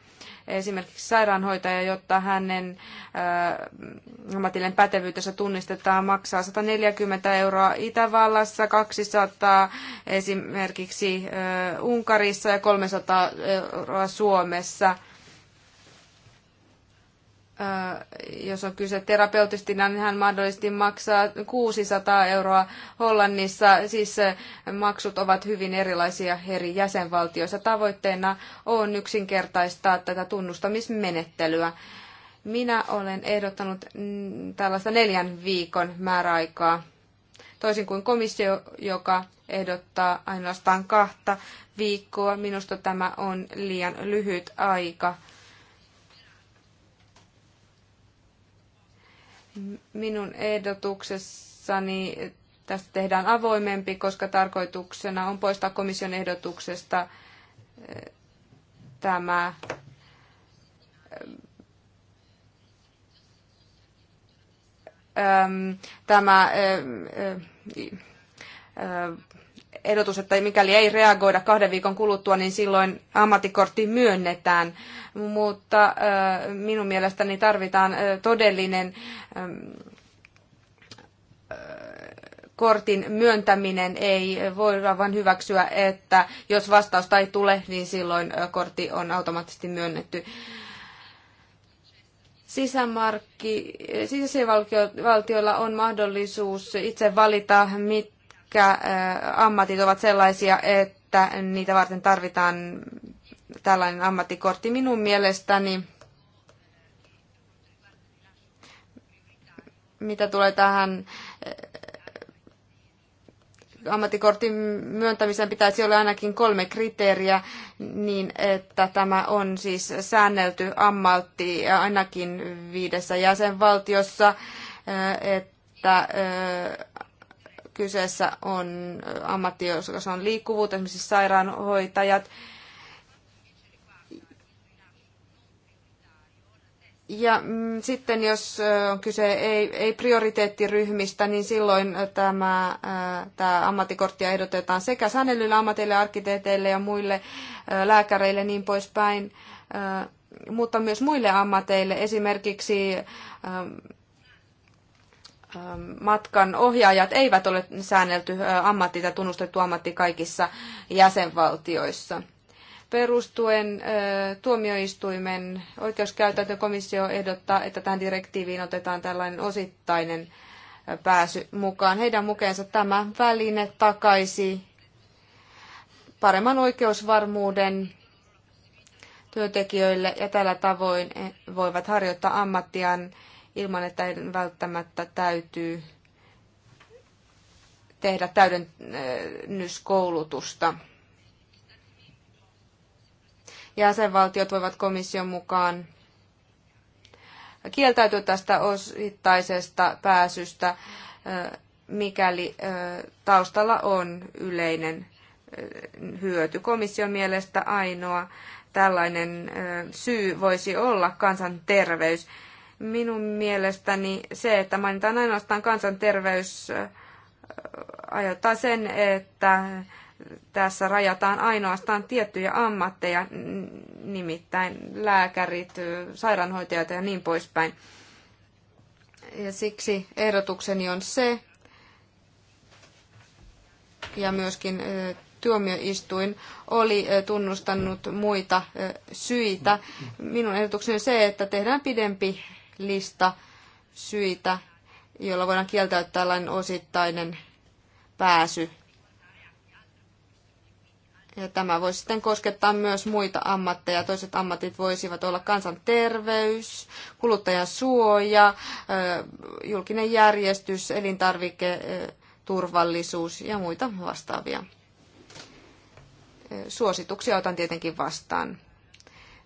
esimerkiksi sairaanhoitaja, jotta hänen äh, ammatillinen pätevyytensä tunnistetaan, maksaa 140 euroa Itävallassa, 200 esimerkiksi äh, Unkarissa ja 300 euroa Suomessa – Äh, jos on kyse terapeutista, niin hän mahdollisesti maksaa 600 euroa Hollannissa. Siis äh, maksut ovat hyvin erilaisia eri jäsenvaltioissa. Tavoitteena on yksinkertaistaa tätä tunnustamismenettelyä. Minä olen ehdottanut mm, tällaista neljän viikon määräaikaa, toisin kuin komissio, joka ehdottaa ainoastaan kahta viikkoa. Minusta tämä on liian lyhyt aika Minun ehdotuksessani tästä tehdään avoimempi, koska tarkoituksena on poistaa komission ehdotuksesta eh, tämä eh, tämä eh, ehdotus, että mikäli ei reagoida kahden viikon kuluttua, niin silloin ammattikortti myönnetään. Mutta minun mielestäni tarvitaan todellinen kortin myöntäminen ei voi vain hyväksyä, että jos vastausta ei tule, niin silloin kortti on automaattisesti myönnetty. Sisämarkki, sisävaltioilla on mahdollisuus itse valita, mit, mitkä äh, ammatit ovat sellaisia, että niitä varten tarvitaan tällainen ammattikortti. Minun mielestäni, mitä tulee tähän äh, ammattikortin myöntämiseen, pitäisi olla ainakin kolme kriteeriä, niin että tämä on siis säännelty ammatti ainakin viidessä jäsenvaltiossa, äh, että kyseessä on ammatti, jossa on liikkuvuutta, esimerkiksi sairaanhoitajat. Ja mm, sitten jos on kyse ei, ei prioriteettiryhmistä, niin silloin tämä, tämä ammattikorttia ehdotetaan sekä sanelyille ammateille, arkkiteeteille ja muille lääkäreille niin poispäin, mutta myös muille ammateille, esimerkiksi matkan ohjaajat eivät ole säännelty ammatti tai tunnustettu ammatti kaikissa jäsenvaltioissa. Perustuen tuomioistuimen oikeuskäytäntökomissio ehdottaa, että tähän direktiiviin otetaan tällainen osittainen pääsy mukaan. Heidän mukeensa tämä väline takaisi paremman oikeusvarmuuden työntekijöille ja tällä tavoin e, voivat harjoittaa ammattiaan ilman, että välttämättä täytyy tehdä täydennyskoulutusta. Äh, Jäsenvaltiot voivat komission mukaan kieltäytyä tästä osittaisesta pääsystä, äh, mikäli äh, taustalla on yleinen hyöty. Komission mielestä ainoa tällainen syy voisi olla kansanterveys. Minun mielestäni se, että mainitaan ainoastaan kansanterveys, aiheuttaa sen, että tässä rajataan ainoastaan tiettyjä ammatteja, nimittäin lääkärit, sairaanhoitajat ja niin poispäin. Ja siksi ehdotukseni on se, ja myöskin tuomioistuin oli tunnustanut muita syitä. Minun ehdotukseni on se, että tehdään pidempi lista syitä, joilla voidaan kieltää tällainen osittainen pääsy. Ja tämä voisi sitten koskettaa myös muita ammatteja. Toiset ammatit voisivat olla kansanterveys, kuluttajan suoja, julkinen järjestys, elintarviketurvallisuus ja muita vastaavia. Suosituksia otan tietenkin vastaan.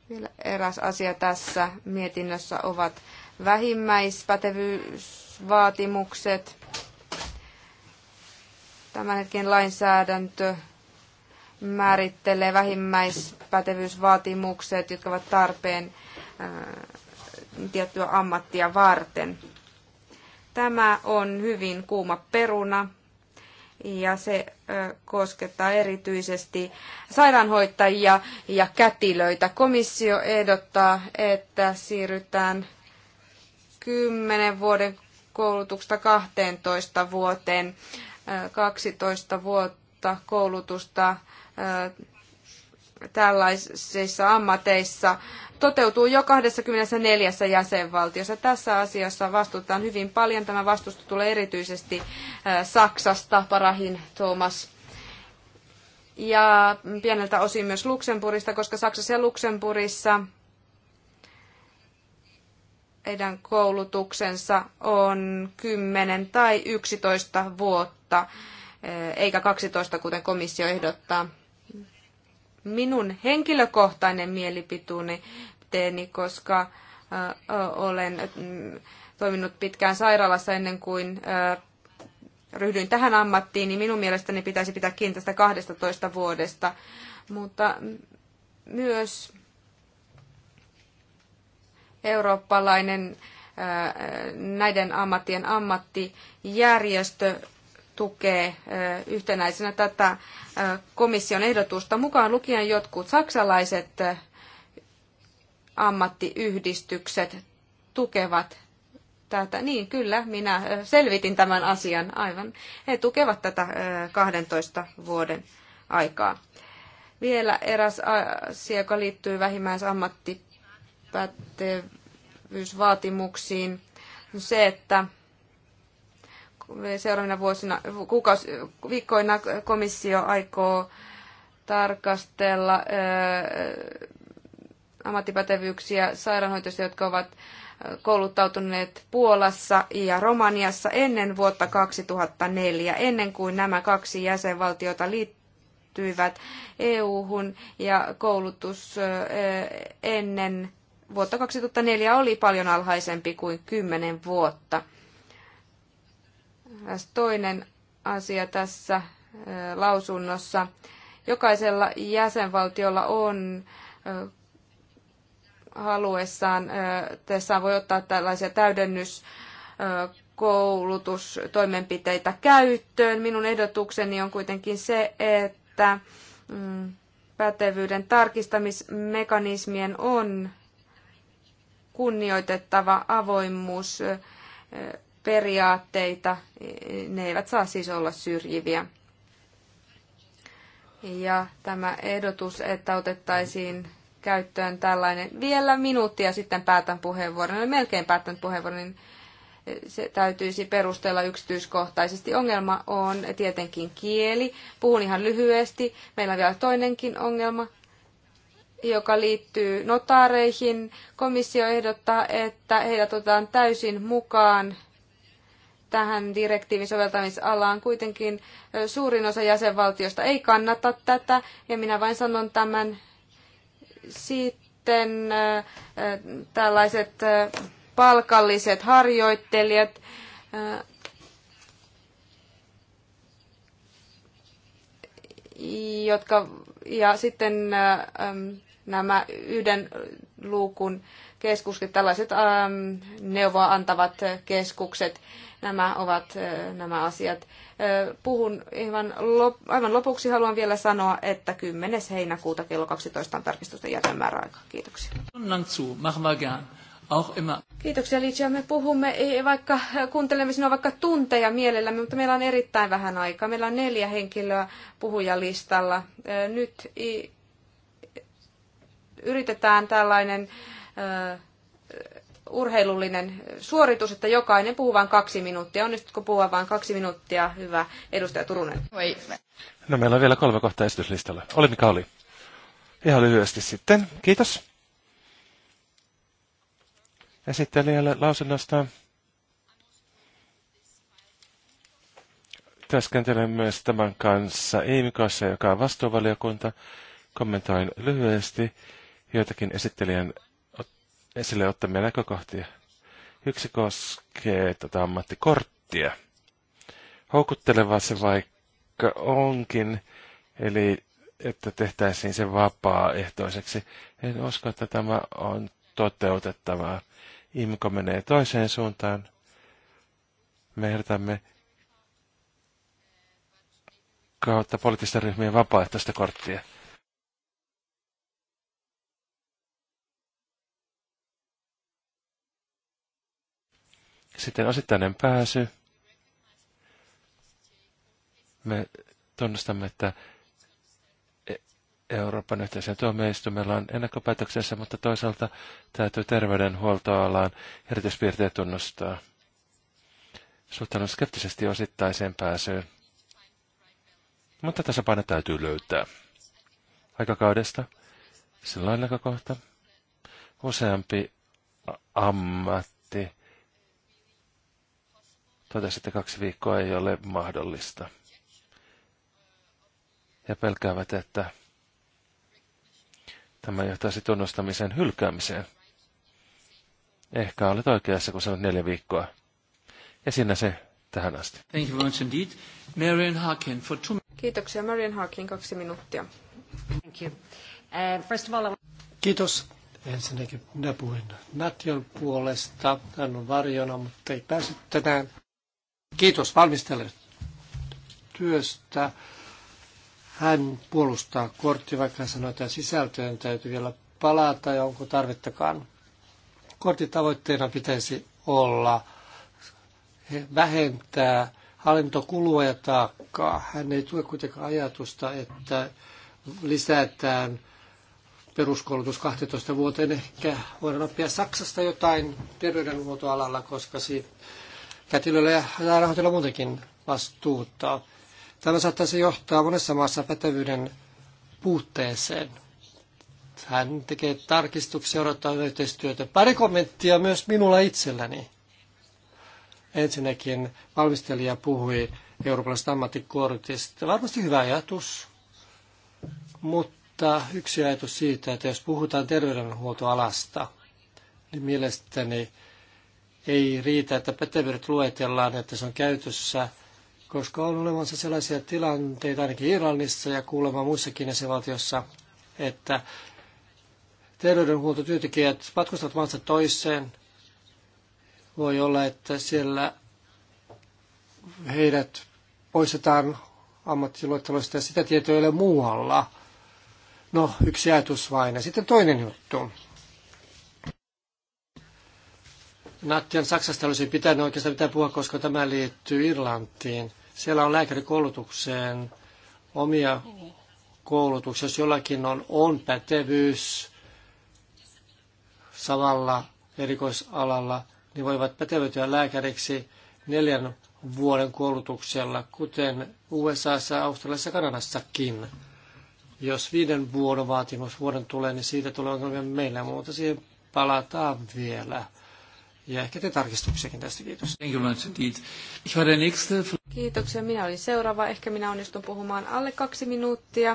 Vielä eräs asia tässä mietinnössä ovat vähimmäispätevyysvaatimukset. Tämän hetken lainsäädäntö määrittelee vähimmäispätevyysvaatimukset, jotka ovat tarpeen äh, tiettyä ammattia varten. Tämä on hyvin kuuma peruna ja se koskettaa erityisesti sairaanhoitajia ja kätilöitä. Komissio ehdottaa, että siirrytään 10 vuoden koulutuksesta 12 vuoteen, 12 vuotta koulutusta tällaisissa ammateissa toteutuu jo 24 jäsenvaltiossa. Tässä asiassa vastuutaan hyvin paljon. Tämä vastustu tulee erityisesti äh, Saksasta, parahin Thomas ja pieneltä osin myös Luxemburgista, koska Saksassa ja Luxemburgissa heidän koulutuksensa on 10 tai 11 vuotta, äh, eikä 12, kuten komissio ehdottaa minun henkilökohtainen mielipiteeni, koska olen toiminut pitkään sairaalassa ennen kuin ryhdyin tähän ammattiin, niin minun mielestäni pitäisi pitää kiinni tästä 12 vuodesta. Mutta myös eurooppalainen näiden ammattien ammattijärjestö tukee yhtenäisenä tätä komission ehdotusta, mukaan lukien jotkut saksalaiset ammattiyhdistykset tukevat tätä. Niin, kyllä, minä selvitin tämän asian aivan. He tukevat tätä 12 vuoden aikaa. Vielä eräs asia, joka liittyy vähimmäisammattipätevyysvaatimuksiin, on se, että seuraavina vuosina, kuukausi, viikkoina komissio aikoo tarkastella äh, ammattipätevyyksiä sairaanhoitajista, jotka ovat äh, kouluttautuneet Puolassa ja Romaniassa ennen vuotta 2004, ennen kuin nämä kaksi jäsenvaltiota liittyivät EU-hun ja koulutus äh, ennen vuotta 2004 oli paljon alhaisempi kuin kymmenen vuotta Äh, toinen asia tässä äh, lausunnossa. Jokaisella jäsenvaltiolla on äh, haluessaan, tässä voi ottaa tällaisia täydennys koulutustoimenpiteitä käyttöön. Minun ehdotukseni on kuitenkin se, että mm, pätevyyden tarkistamismekanismien on kunnioitettava avoimuus periaatteita. Ne eivät saa siis olla syrjiviä. Ja tämä ehdotus, että otettaisiin käyttöön tällainen vielä minuuttia sitten päätän puheenvuoron, eli melkein päätän puheenvuoron, niin se täytyisi perustella yksityiskohtaisesti. Ongelma on tietenkin kieli. Puhun ihan lyhyesti. Meillä on vielä toinenkin ongelma, joka liittyy notaareihin. Komissio ehdottaa, että heidät otetaan täysin mukaan tähän direktiivin soveltamisalaan. Kuitenkin suurin osa jäsenvaltiosta ei kannata tätä, ja minä vain sanon tämän sitten tällaiset palkalliset harjoittelijat. Jotka, ja sitten nämä yhden luukun keskukset, tällaiset neuvoa antavat keskukset nämä ovat nämä asiat. Puhun aivan, lop- aivan lopuksi haluan vielä sanoa, että 10. heinäkuuta kello 12 on tarkistusten jätemääräaika. Kiitoksia. Kiitoksia Liitsiä. Me puhumme ei vaikka kuuntelemme sinua vaikka tunteja mielellämme, mutta meillä on erittäin vähän aikaa. Meillä on neljä henkilöä puhujalistalla. Nyt yritetään tällainen urheilullinen suoritus, että jokainen puhuu vain kaksi minuuttia. Onnistutko puhua vain kaksi minuuttia? Hyvä, edustaja Turunen. Oi. No meillä on vielä kolme kohtaa esityslistalla. Oli mikä oli. Ihan lyhyesti sitten. Kiitos. Esittelijälle lausunnosta. Työskentelen myös tämän kanssa Iimikossa, joka on vastuuvaliokunta. Kommentoin lyhyesti joitakin esittelijän esille ottamia näkökohtia. Yksi koskee tätä ammattikorttia. Houkuttelevaa se vaikka onkin, eli että tehtäisiin se vapaaehtoiseksi. En usko, että tämä on toteutettavaa. IMKO menee toiseen suuntaan. Me ehdotamme kautta poliittisten ryhmien vapaaehtoista korttia. Sitten osittainen pääsy. Me tunnustamme, että e- Euroopan yhteisön tuomioistuimella on ennakkopäätöksessä, mutta toisaalta täytyy terveydenhuoltoalan erityispiirteet tunnustaa. Suhtaudun skeptisesti osittaiseen pääsyyn. Mutta tasapaino täytyy löytää. Aikakaudesta. Silloin näkökohta. Useampi ammatti Totesi, että kaksi viikkoa ei ole mahdollista. Ja pelkäävät, että tämä johtaisi tunnustamisen hylkäämiseen. Ehkä olet oikeassa, kun sanot neljä viikkoa. Ja siinä se tähän asti. Thank you very much indeed. Marian Harkin for two... Kiitoksia. Marian Harkin, kaksi minuuttia. Thank you. Uh, first of all, I... Kiitos. Ensinnäkin minä puhuin Natjon puolesta. Hän on varjona, mutta ei päässyt tänään. Kiitos valmistelijat työstä. Hän puolustaa kortti, vaikka hän sanoi, että sisältöön täytyy vielä palata ja onko tarvittakaan. Kortin tavoitteena pitäisi olla vähentää hallintokulua ja taakkaa. Hän ei tue kuitenkaan ajatusta, että lisätään peruskoulutus 12 vuoteen. Ehkä voidaan oppia Saksasta jotain terveydenhuoltoalalla, koska siitä kätilöillä ja sairaanhoitajilla muutenkin vastuuta. Tämä saattaisi johtaa monessa maassa pätevyyden puutteeseen. Hän tekee tarkistuksia, odottaa yhteistyötä. Pari kommenttia myös minulla itselläni. Ensinnäkin valmistelija puhui eurooppalaisesta ammattikortista. Varmasti hyvä ajatus, mutta yksi ajatus siitä, että jos puhutaan terveydenhuoltoalasta, niin mielestäni ei riitä, että pätevyydet luetellaan, että se on käytössä, koska on olemassa sellaisia tilanteita ainakin Irlannissa ja kuulemma muissakin jäsenvaltiossa, että terveydenhuoltotyöntekijät matkustavat maasta toiseen. Voi olla, että siellä heidät poistetaan ammattiluetteloista ja sitä tietoa ei ole muualla. No, yksi ajatus vain. Ja sitten toinen juttu. Nattian Saksasta olisi pitänyt oikeastaan pitää puhua, koska tämä liittyy Irlantiin. Siellä on lääkärikoulutukseen omia koulutuksia. Jos jollakin on, on pätevyys samalla erikoisalalla, niin voivat pätevöityä lääkäriksi neljän vuoden koulutuksella, kuten USAssa, Australiassa ja Kanadassakin. Jos viiden vuoden vaatimus vuoden tulee, niin siitä tulee ongelmia meillä, mutta siihen palataan vielä ja ehkä te tarkistuksiakin tästä. Kiitos. Kiitoksia. Minä olin seuraava. Ehkä minä onnistun puhumaan alle kaksi minuuttia.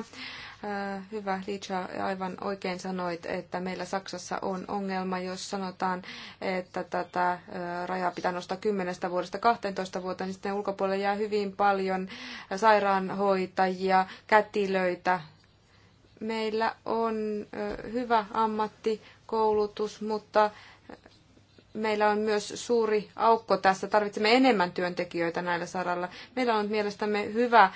Äh, hyvä, Licha, aivan oikein sanoit, että meillä Saksassa on ongelma, jos sanotaan, että tätä äh, rajaa pitää nostaa 10 vuodesta 12 vuotta, niin sitten ulkopuolelle jää hyvin paljon sairaanhoitajia, kätilöitä. Meillä on äh, hyvä ammattikoulutus, mutta meillä on myös suuri aukko tässä. Tarvitsemme enemmän työntekijöitä näillä saralla. Meillä on mielestämme hyvä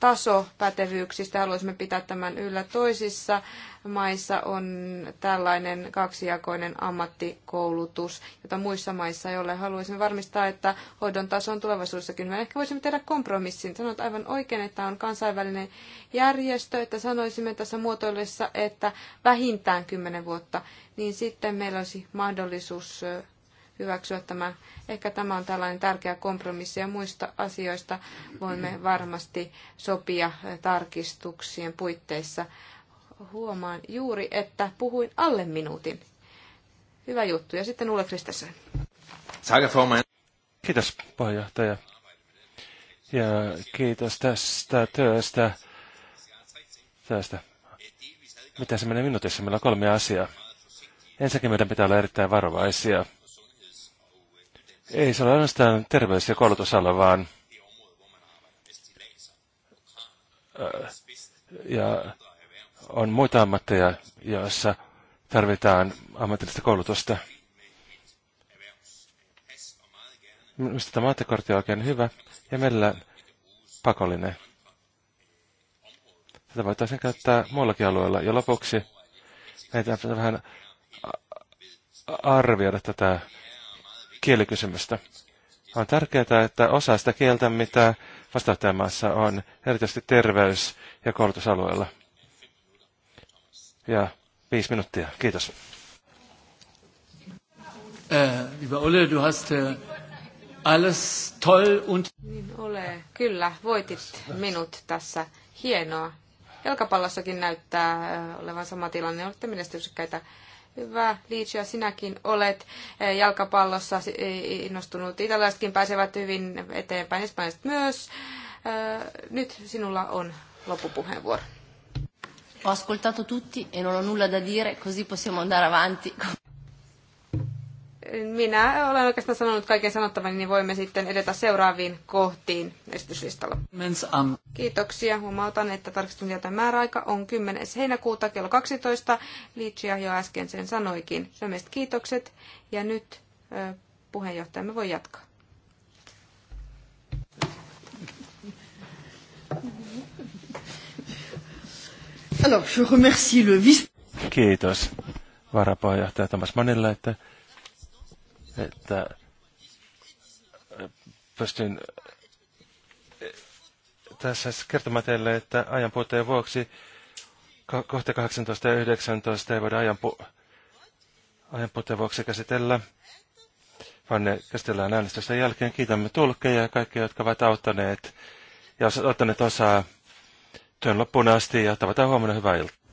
taso pätevyyksistä. Haluaisimme pitää tämän yllä. Toisissa maissa on tällainen kaksijakoinen ammattikoulutus, jota muissa maissa ei ole. Haluaisimme varmistaa, että hoidon taso on tulevaisuudessakin. Me ehkä voisimme tehdä kompromissin. Sanoit aivan oikein, että on kansainvälinen järjestö, että sanoisimme tässä muotoilussa, että vähintään kymmenen vuotta niin sitten meillä olisi mahdollisuus hyväksyä tämä. Ehkä tämä on tällainen tärkeä kompromissi ja muista asioista voimme varmasti sopia tarkistuksien puitteissa. Huomaan juuri, että puhuin alle minuutin. Hyvä juttu. Ja sitten Ulle Kristensen. Kiitos puheenjohtaja. Ja kiitos tästä työstä. Tästä. Mitä se menee minuutissa? Meillä on kolme asiaa. Ensinnäkin meidän pitää olla erittäin varovaisia. Ei se ole ainoastaan terveys- ja koulutusala, vaan äh, ja on muita ammatteja, joissa tarvitaan ammatillista koulutusta. Minusta tämä ammattikortti on oikein hyvä ja meillä pakollinen. Tätä voitaisiin käyttää muillakin alueilla. Ja lopuksi meitä vähän arvioida tätä kielikysymystä. On tärkeää, että osa sitä kieltä, mitä vastaanottajamaassa on, erityisesti terveys- ja koulutusalueella. Ja viisi minuuttia. Kiitos. Äh, Ole, du hast äh, alles toll und... Niin ole, kyllä, voitit minut tässä. Hienoa. Jalkapallossakin näyttää äh, olevan sama tilanne. Olette menestyksekkäitä. Hyvä, Liitsia, sinäkin olet eh, jalkapallossa eh, innostunut. Italaisetkin pääsevät hyvin eteenpäin, espanjalaiset myös. Eh, nyt sinulla on loppupuheenvuoro. Ho ascoltato tutti e non ho nulla da dire, così possiamo andare avanti con minä olen oikeastaan sanonut kaiken sanottavan, niin voimme sitten edetä seuraaviin kohtiin esityslistalla. Kiitoksia. Huomautan, että tarkistusjätön määräaika on 10. heinäkuuta kello 12. Liitsyä jo äsken sen sanoikin. Syömestä kiitokset. Ja nyt puheenjohtajamme voi jatkaa. Alors, je remercie le vice... Kiitos varapuheenjohtaja Thomas Manilla, että että äh, pystyn äh, tässä kertomaan teille, että ajan puutteen vuoksi kohta 18 ja 19 ei voida ajan, pu- ajan puutteen vuoksi käsitellä, vaan ne käsitellään äänestysten jälkeen. Kiitämme tulkkeja ja kaikkia, jotka ovat auttaneet ja ottaneet osaa työn loppuun asti ja tavataan huomenna hyvää iltaa.